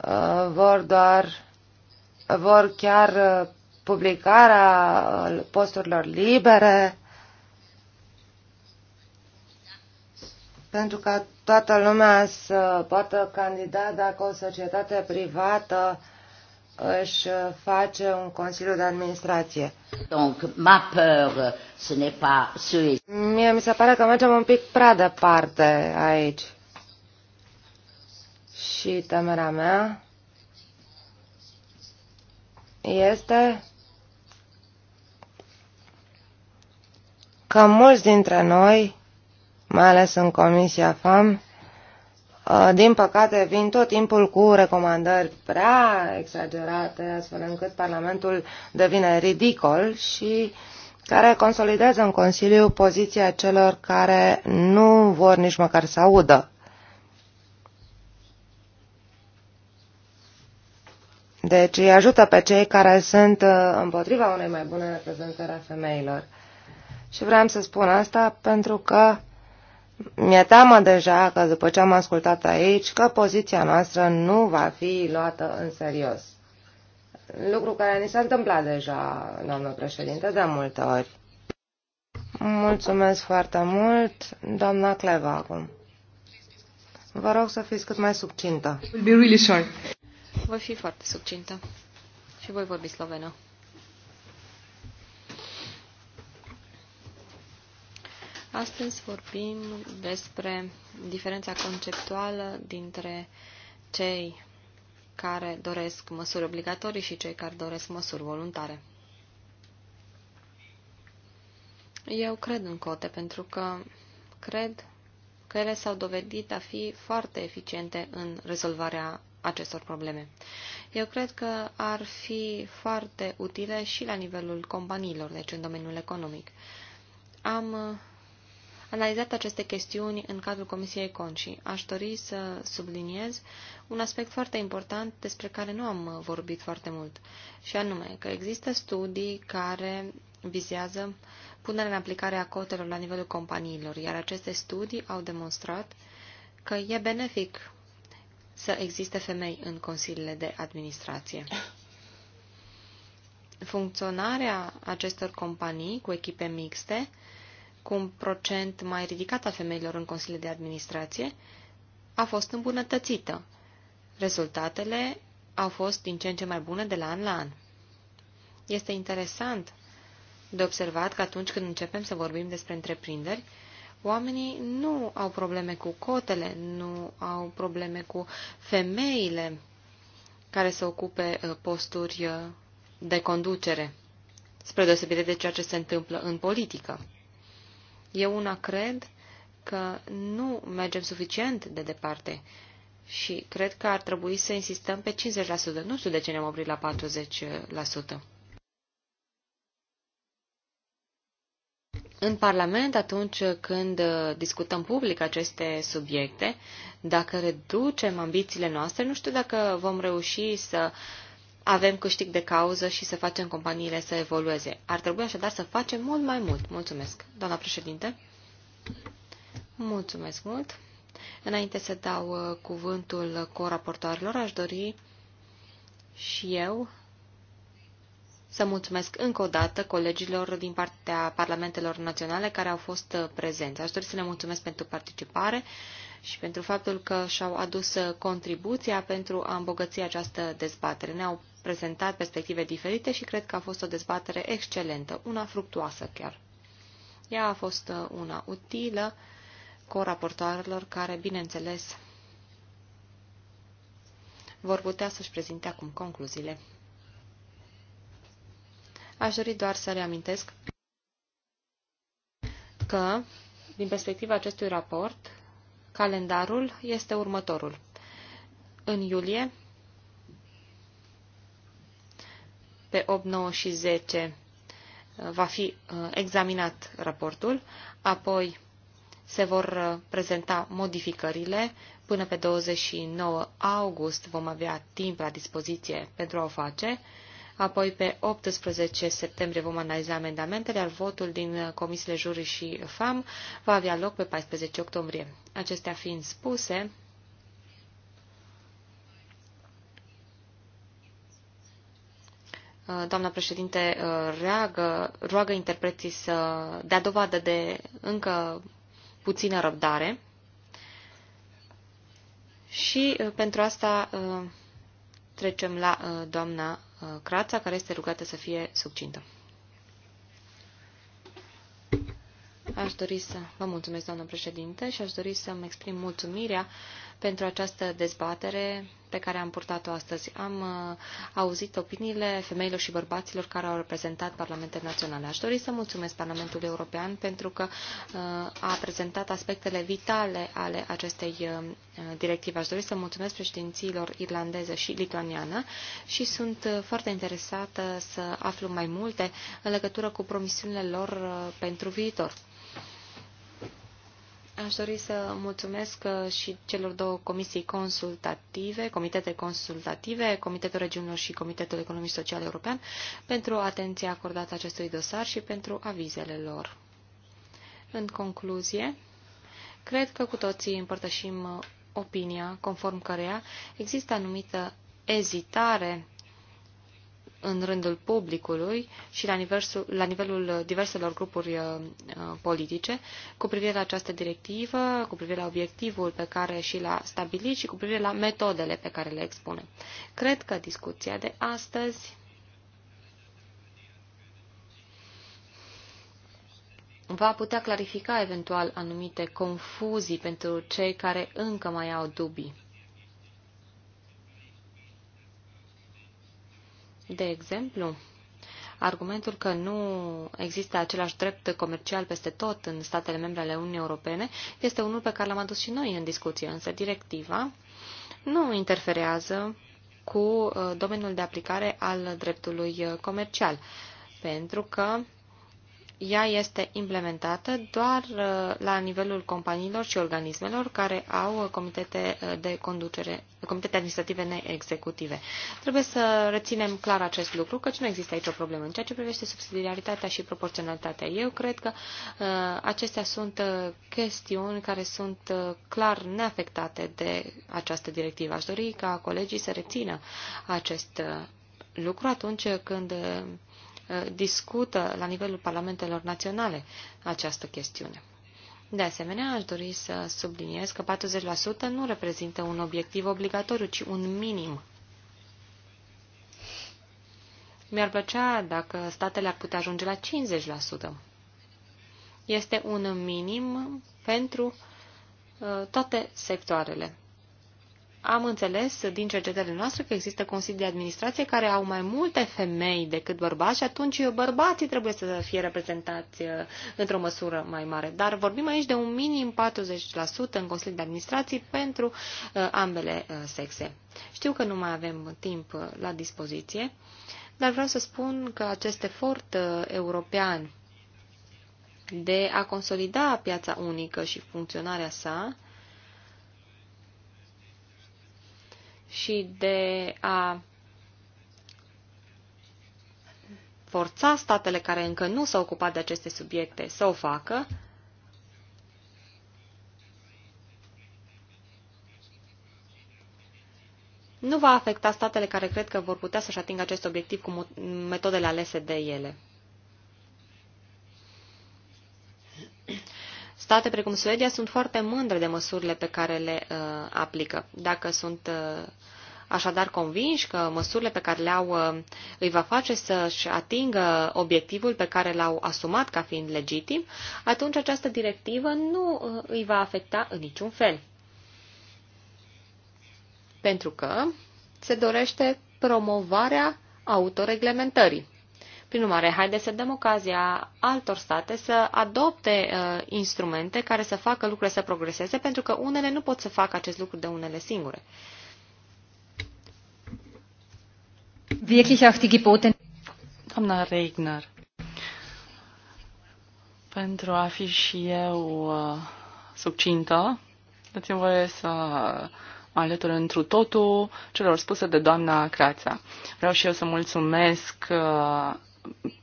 uh, vor doar vor chiar uh, publicarea posturilor libere, pentru ca toată lumea să poată candida dacă o societate privată își face un consiliu de administrație. Donc, ma peur, ce n'est pas ce... Mie mi se pare că mergem un pic prea departe aici. Și temerea mea este că mulți dintre noi, mai ales în Comisia FAM, uh, din păcate vin tot timpul cu recomandări prea exagerate, astfel încât Parlamentul devine ridicol și care consolidează în Consiliu poziția celor care nu vor nici măcar să audă Deci îi ajută pe cei care sunt uh, împotriva unei mai bune reprezentări a femeilor. Și vreau să spun asta pentru că mi-e teamă deja că după ce am ascultat aici, că poziția noastră nu va fi luată în serios. Lucru care ni s-a întâmplat deja, doamnă președinte, de multe ori. Mulțumesc foarte mult, doamna Cleva, acum. Vă rog să fiți cât mai subcintă. Voi fi foarte subcintă. și voi vorbi slovenă. Astăzi vorbim despre diferența conceptuală dintre cei care doresc măsuri obligatorii și cei care doresc măsuri voluntare. Eu cred în cote pentru că cred că ele s-au dovedit a fi foarte eficiente în rezolvarea acestor probleme. Eu cred că ar fi foarte utile și la nivelul companiilor, deci în domeniul economic. Am analizat aceste chestiuni în cadrul Comisiei Conci. Aș dori să subliniez un aspect foarte important despre care nu am vorbit foarte mult, și anume că există studii care vizează punerea în aplicare a cotelor la nivelul companiilor, iar aceste studii au demonstrat că e benefic să existe femei în consiliile de administrație. Funcționarea acestor companii cu echipe mixte cu un procent mai ridicat a femeilor în consiliile de Administrație, a fost îmbunătățită. Rezultatele au fost din ce în ce mai bune de la an la an. Este interesant de observat că atunci când începem să vorbim despre întreprinderi, oamenii nu au probleme cu cotele, nu au probleme cu femeile care se ocupe uh, posturi uh, de conducere, spre deosebire de ceea ce se întâmplă în politică. Eu una cred că nu mergem suficient de departe și cred că ar trebui să insistăm pe 50%. Nu știu de ce ne-am oprit la 40%. În Parlament, atunci când discutăm public aceste subiecte, dacă reducem ambițiile noastre, nu știu dacă vom reuși să uh, avem câștig de cauză și să facem companiile să evolueze. Ar trebui așadar să facem mult mai mult. Mulțumesc, doamna președinte. Mulțumesc mult. Înainte să dau uh, cuvântul coraportorilor, aș dori și eu să mulțumesc încă o dată colegilor din partea Parlamentelor Naționale care au fost uh, prezenți. Aș dori să le mulțumesc pentru participare și pentru faptul că și-au adus uh, contribuția pentru a îmbogăți această dezbatere. Ne-au prezentat perspective diferite și cred că a fost o dezbatere excelentă, una fructuoasă chiar. Ea a fost uh, una utilă co-raportoarelor care, bineînțeles, vor putea să-și prezinte acum concluziile. Aș dori doar să reamintesc că, din perspectiva acestui raport, calendarul este următorul. În iulie pe 8, 9 și 10 uh, va fi uh, examinat raportul, apoi se vor uh, prezenta modificările. Până pe 29 august vom avea timp la dispoziție pentru a o face. Apoi, pe 18 septembrie vom analiza amendamentele, iar votul din comisiile juri și FAM va avea loc pe 14 octombrie. Acestea fiind spuse, Uh, doamna președinte uh, reagă, roagă interpreții să dea dovadă de încă puțină răbdare și uh, pentru asta trecem la doamna Crața, care este rugată să fie subcintă. Aș dori să vă mulțumesc, doamnă președinte, și aș dori să-mi exprim mulțumirea pentru această dezbatere pe care am purtat-o astăzi. Am uh, auzit opiniile femeilor și bărbaților care au reprezentat Parlamentele Naționale. Aș dori să mulțumesc Parlamentului European pentru că uh, a prezentat aspectele vitale ale acestei uh, directive. Aș dori să mulțumesc președințiilor irlandeză și lituaniană și sunt uh, foarte interesată să aflu mai multe în legătură cu promisiunile lor uh, pentru viitor. Aș dori să mulțumesc uh, și celor două comisii consultative, comitete consultative, Comitetul Regiunilor și Comitetul Economic Social European, pentru atenția acordată acestui dosar și pentru avizele lor. În concluzie, cred că cu toții împărtășim uh, opinia conform căreia există anumită ezitare în rândul publicului și la, nivelul, la nivelul diverselor grupuri uh, uh, politice cu privire la această directivă, cu privire la obiectivul pe care și l-a stabilit și cu privire la metodele pe care le expune. Cred că discuția de astăzi va putea clarifica eventual anumite confuzii pentru cei care încă mai au dubii. De exemplu, argumentul că nu există același drept comercial peste tot în statele membre ale Uniunii Europene este unul pe care l-am adus și noi în discuție, însă directiva nu interferează cu uh, domeniul de aplicare al dreptului uh, comercial, pentru că ea este implementată doar uh, la nivelul companiilor și organismelor care au uh, comitete uh, de conducere, comitete administrative neexecutive. Trebuie să reținem clar acest lucru, căci nu există aici o problemă. În ceea ce privește subsidiaritatea și proporționalitatea, eu cred că acestea sunt chestiuni care sunt clar neafectate de această directivă. Aș dori ca colegii să rețină acest lucru atunci când Uh, discută la nivelul parlamentelor naționale această chestiune. De asemenea, aș dori să subliniez că 40% nu reprezintă un obiectiv obligatoriu, ci un minim. Mi-ar plăcea dacă statele ar putea ajunge la 50%. Este un minim pentru uh, toate sectoarele am înțeles din cercetările noastre că există consilii de administrație care au mai multe femei decât bărbați și atunci bărbații trebuie să fie reprezentați uh, într-o măsură mai mare. Dar vorbim aici de un minim 40% în consilii de administrații pentru uh, ambele uh, sexe. Știu că nu mai avem timp la dispoziție, dar vreau să spun că acest efort european de a consolida piața unică și funcționarea sa, și de a forța statele care încă nu s-au ocupat de aceste subiecte să o facă, nu va afecta statele care cred că vor putea să-și atingă acest obiectiv cu metodele alese de ele. State precum Suedia sunt foarte mândre de măsurile pe care le uh, aplică. Dacă sunt uh, așadar convinși că măsurile pe care le-au uh, îi va face să-și atingă obiectivul pe care l-au asumat ca fiind legitim, atunci această directivă nu uh, îi va afecta în niciun fel. Pentru că se dorește promovarea autoreglementării. Prin urmare, haideți să dăm ocazia altor state să adopte uh, instrumente care să facă lucrurile să progreseze, pentru că unele nu pot să facă acest lucru de unele singure. Doamna Regner, pentru a fi și eu uh, subcintă, dați-mi voie să mă alătur întru totul celor spuse de doamna Crața. Vreau și eu să mulțumesc uh,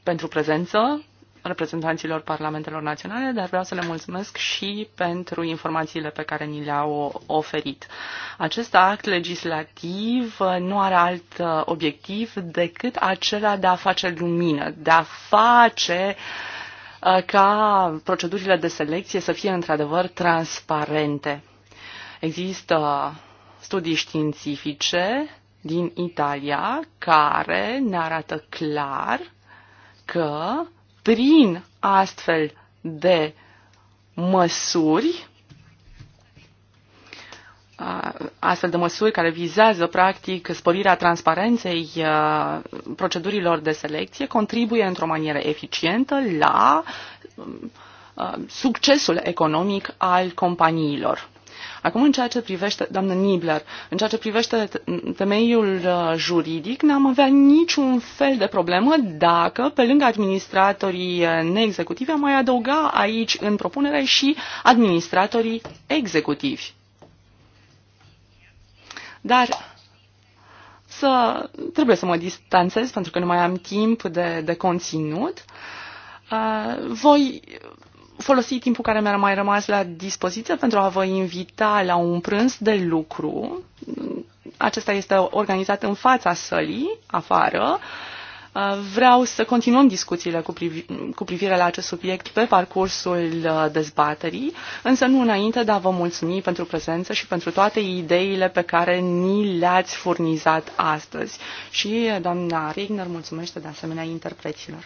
pentru prezență reprezentanților parlamentelor naționale, dar vreau să le mulțumesc și pentru informațiile pe care ni le-au oferit. Acest act legislativ nu are alt uh, obiectiv decât acela de a face lumină, de a face uh, ca procedurile de selecție să fie într-adevăr transparente. Există studii științifice din Italia care ne arată clar că prin astfel de măsuri, astfel de măsuri care vizează, practic, spălirea transparenței procedurilor de selecție, contribuie într-o manieră eficientă la succesul economic al companiilor. Acum, în ceea ce privește, doamnă Nibler, în ceea ce privește temeiul uh, juridic, n-am avea niciun fel de problemă dacă, pe lângă administratorii neexecutivi, am mai adăuga aici, în propunere, și administratorii executivi. Dar să, trebuie să mă distanțez pentru că nu mai am timp de, de conținut. Uh, voi folosi timpul care mi-a mai rămas la dispoziție pentru a vă invita la un prânz de lucru. Acesta este organizat în fața sălii, afară. Vreau să continuăm discuțiile cu, privi, cu privire la acest subiect pe parcursul uh, dezbaterii, însă nu înainte de a vă mulțumi pentru prezență și pentru toate ideile pe care ni le-ați furnizat astăzi. Și doamna Rigner mulțumește de asemenea interpreților.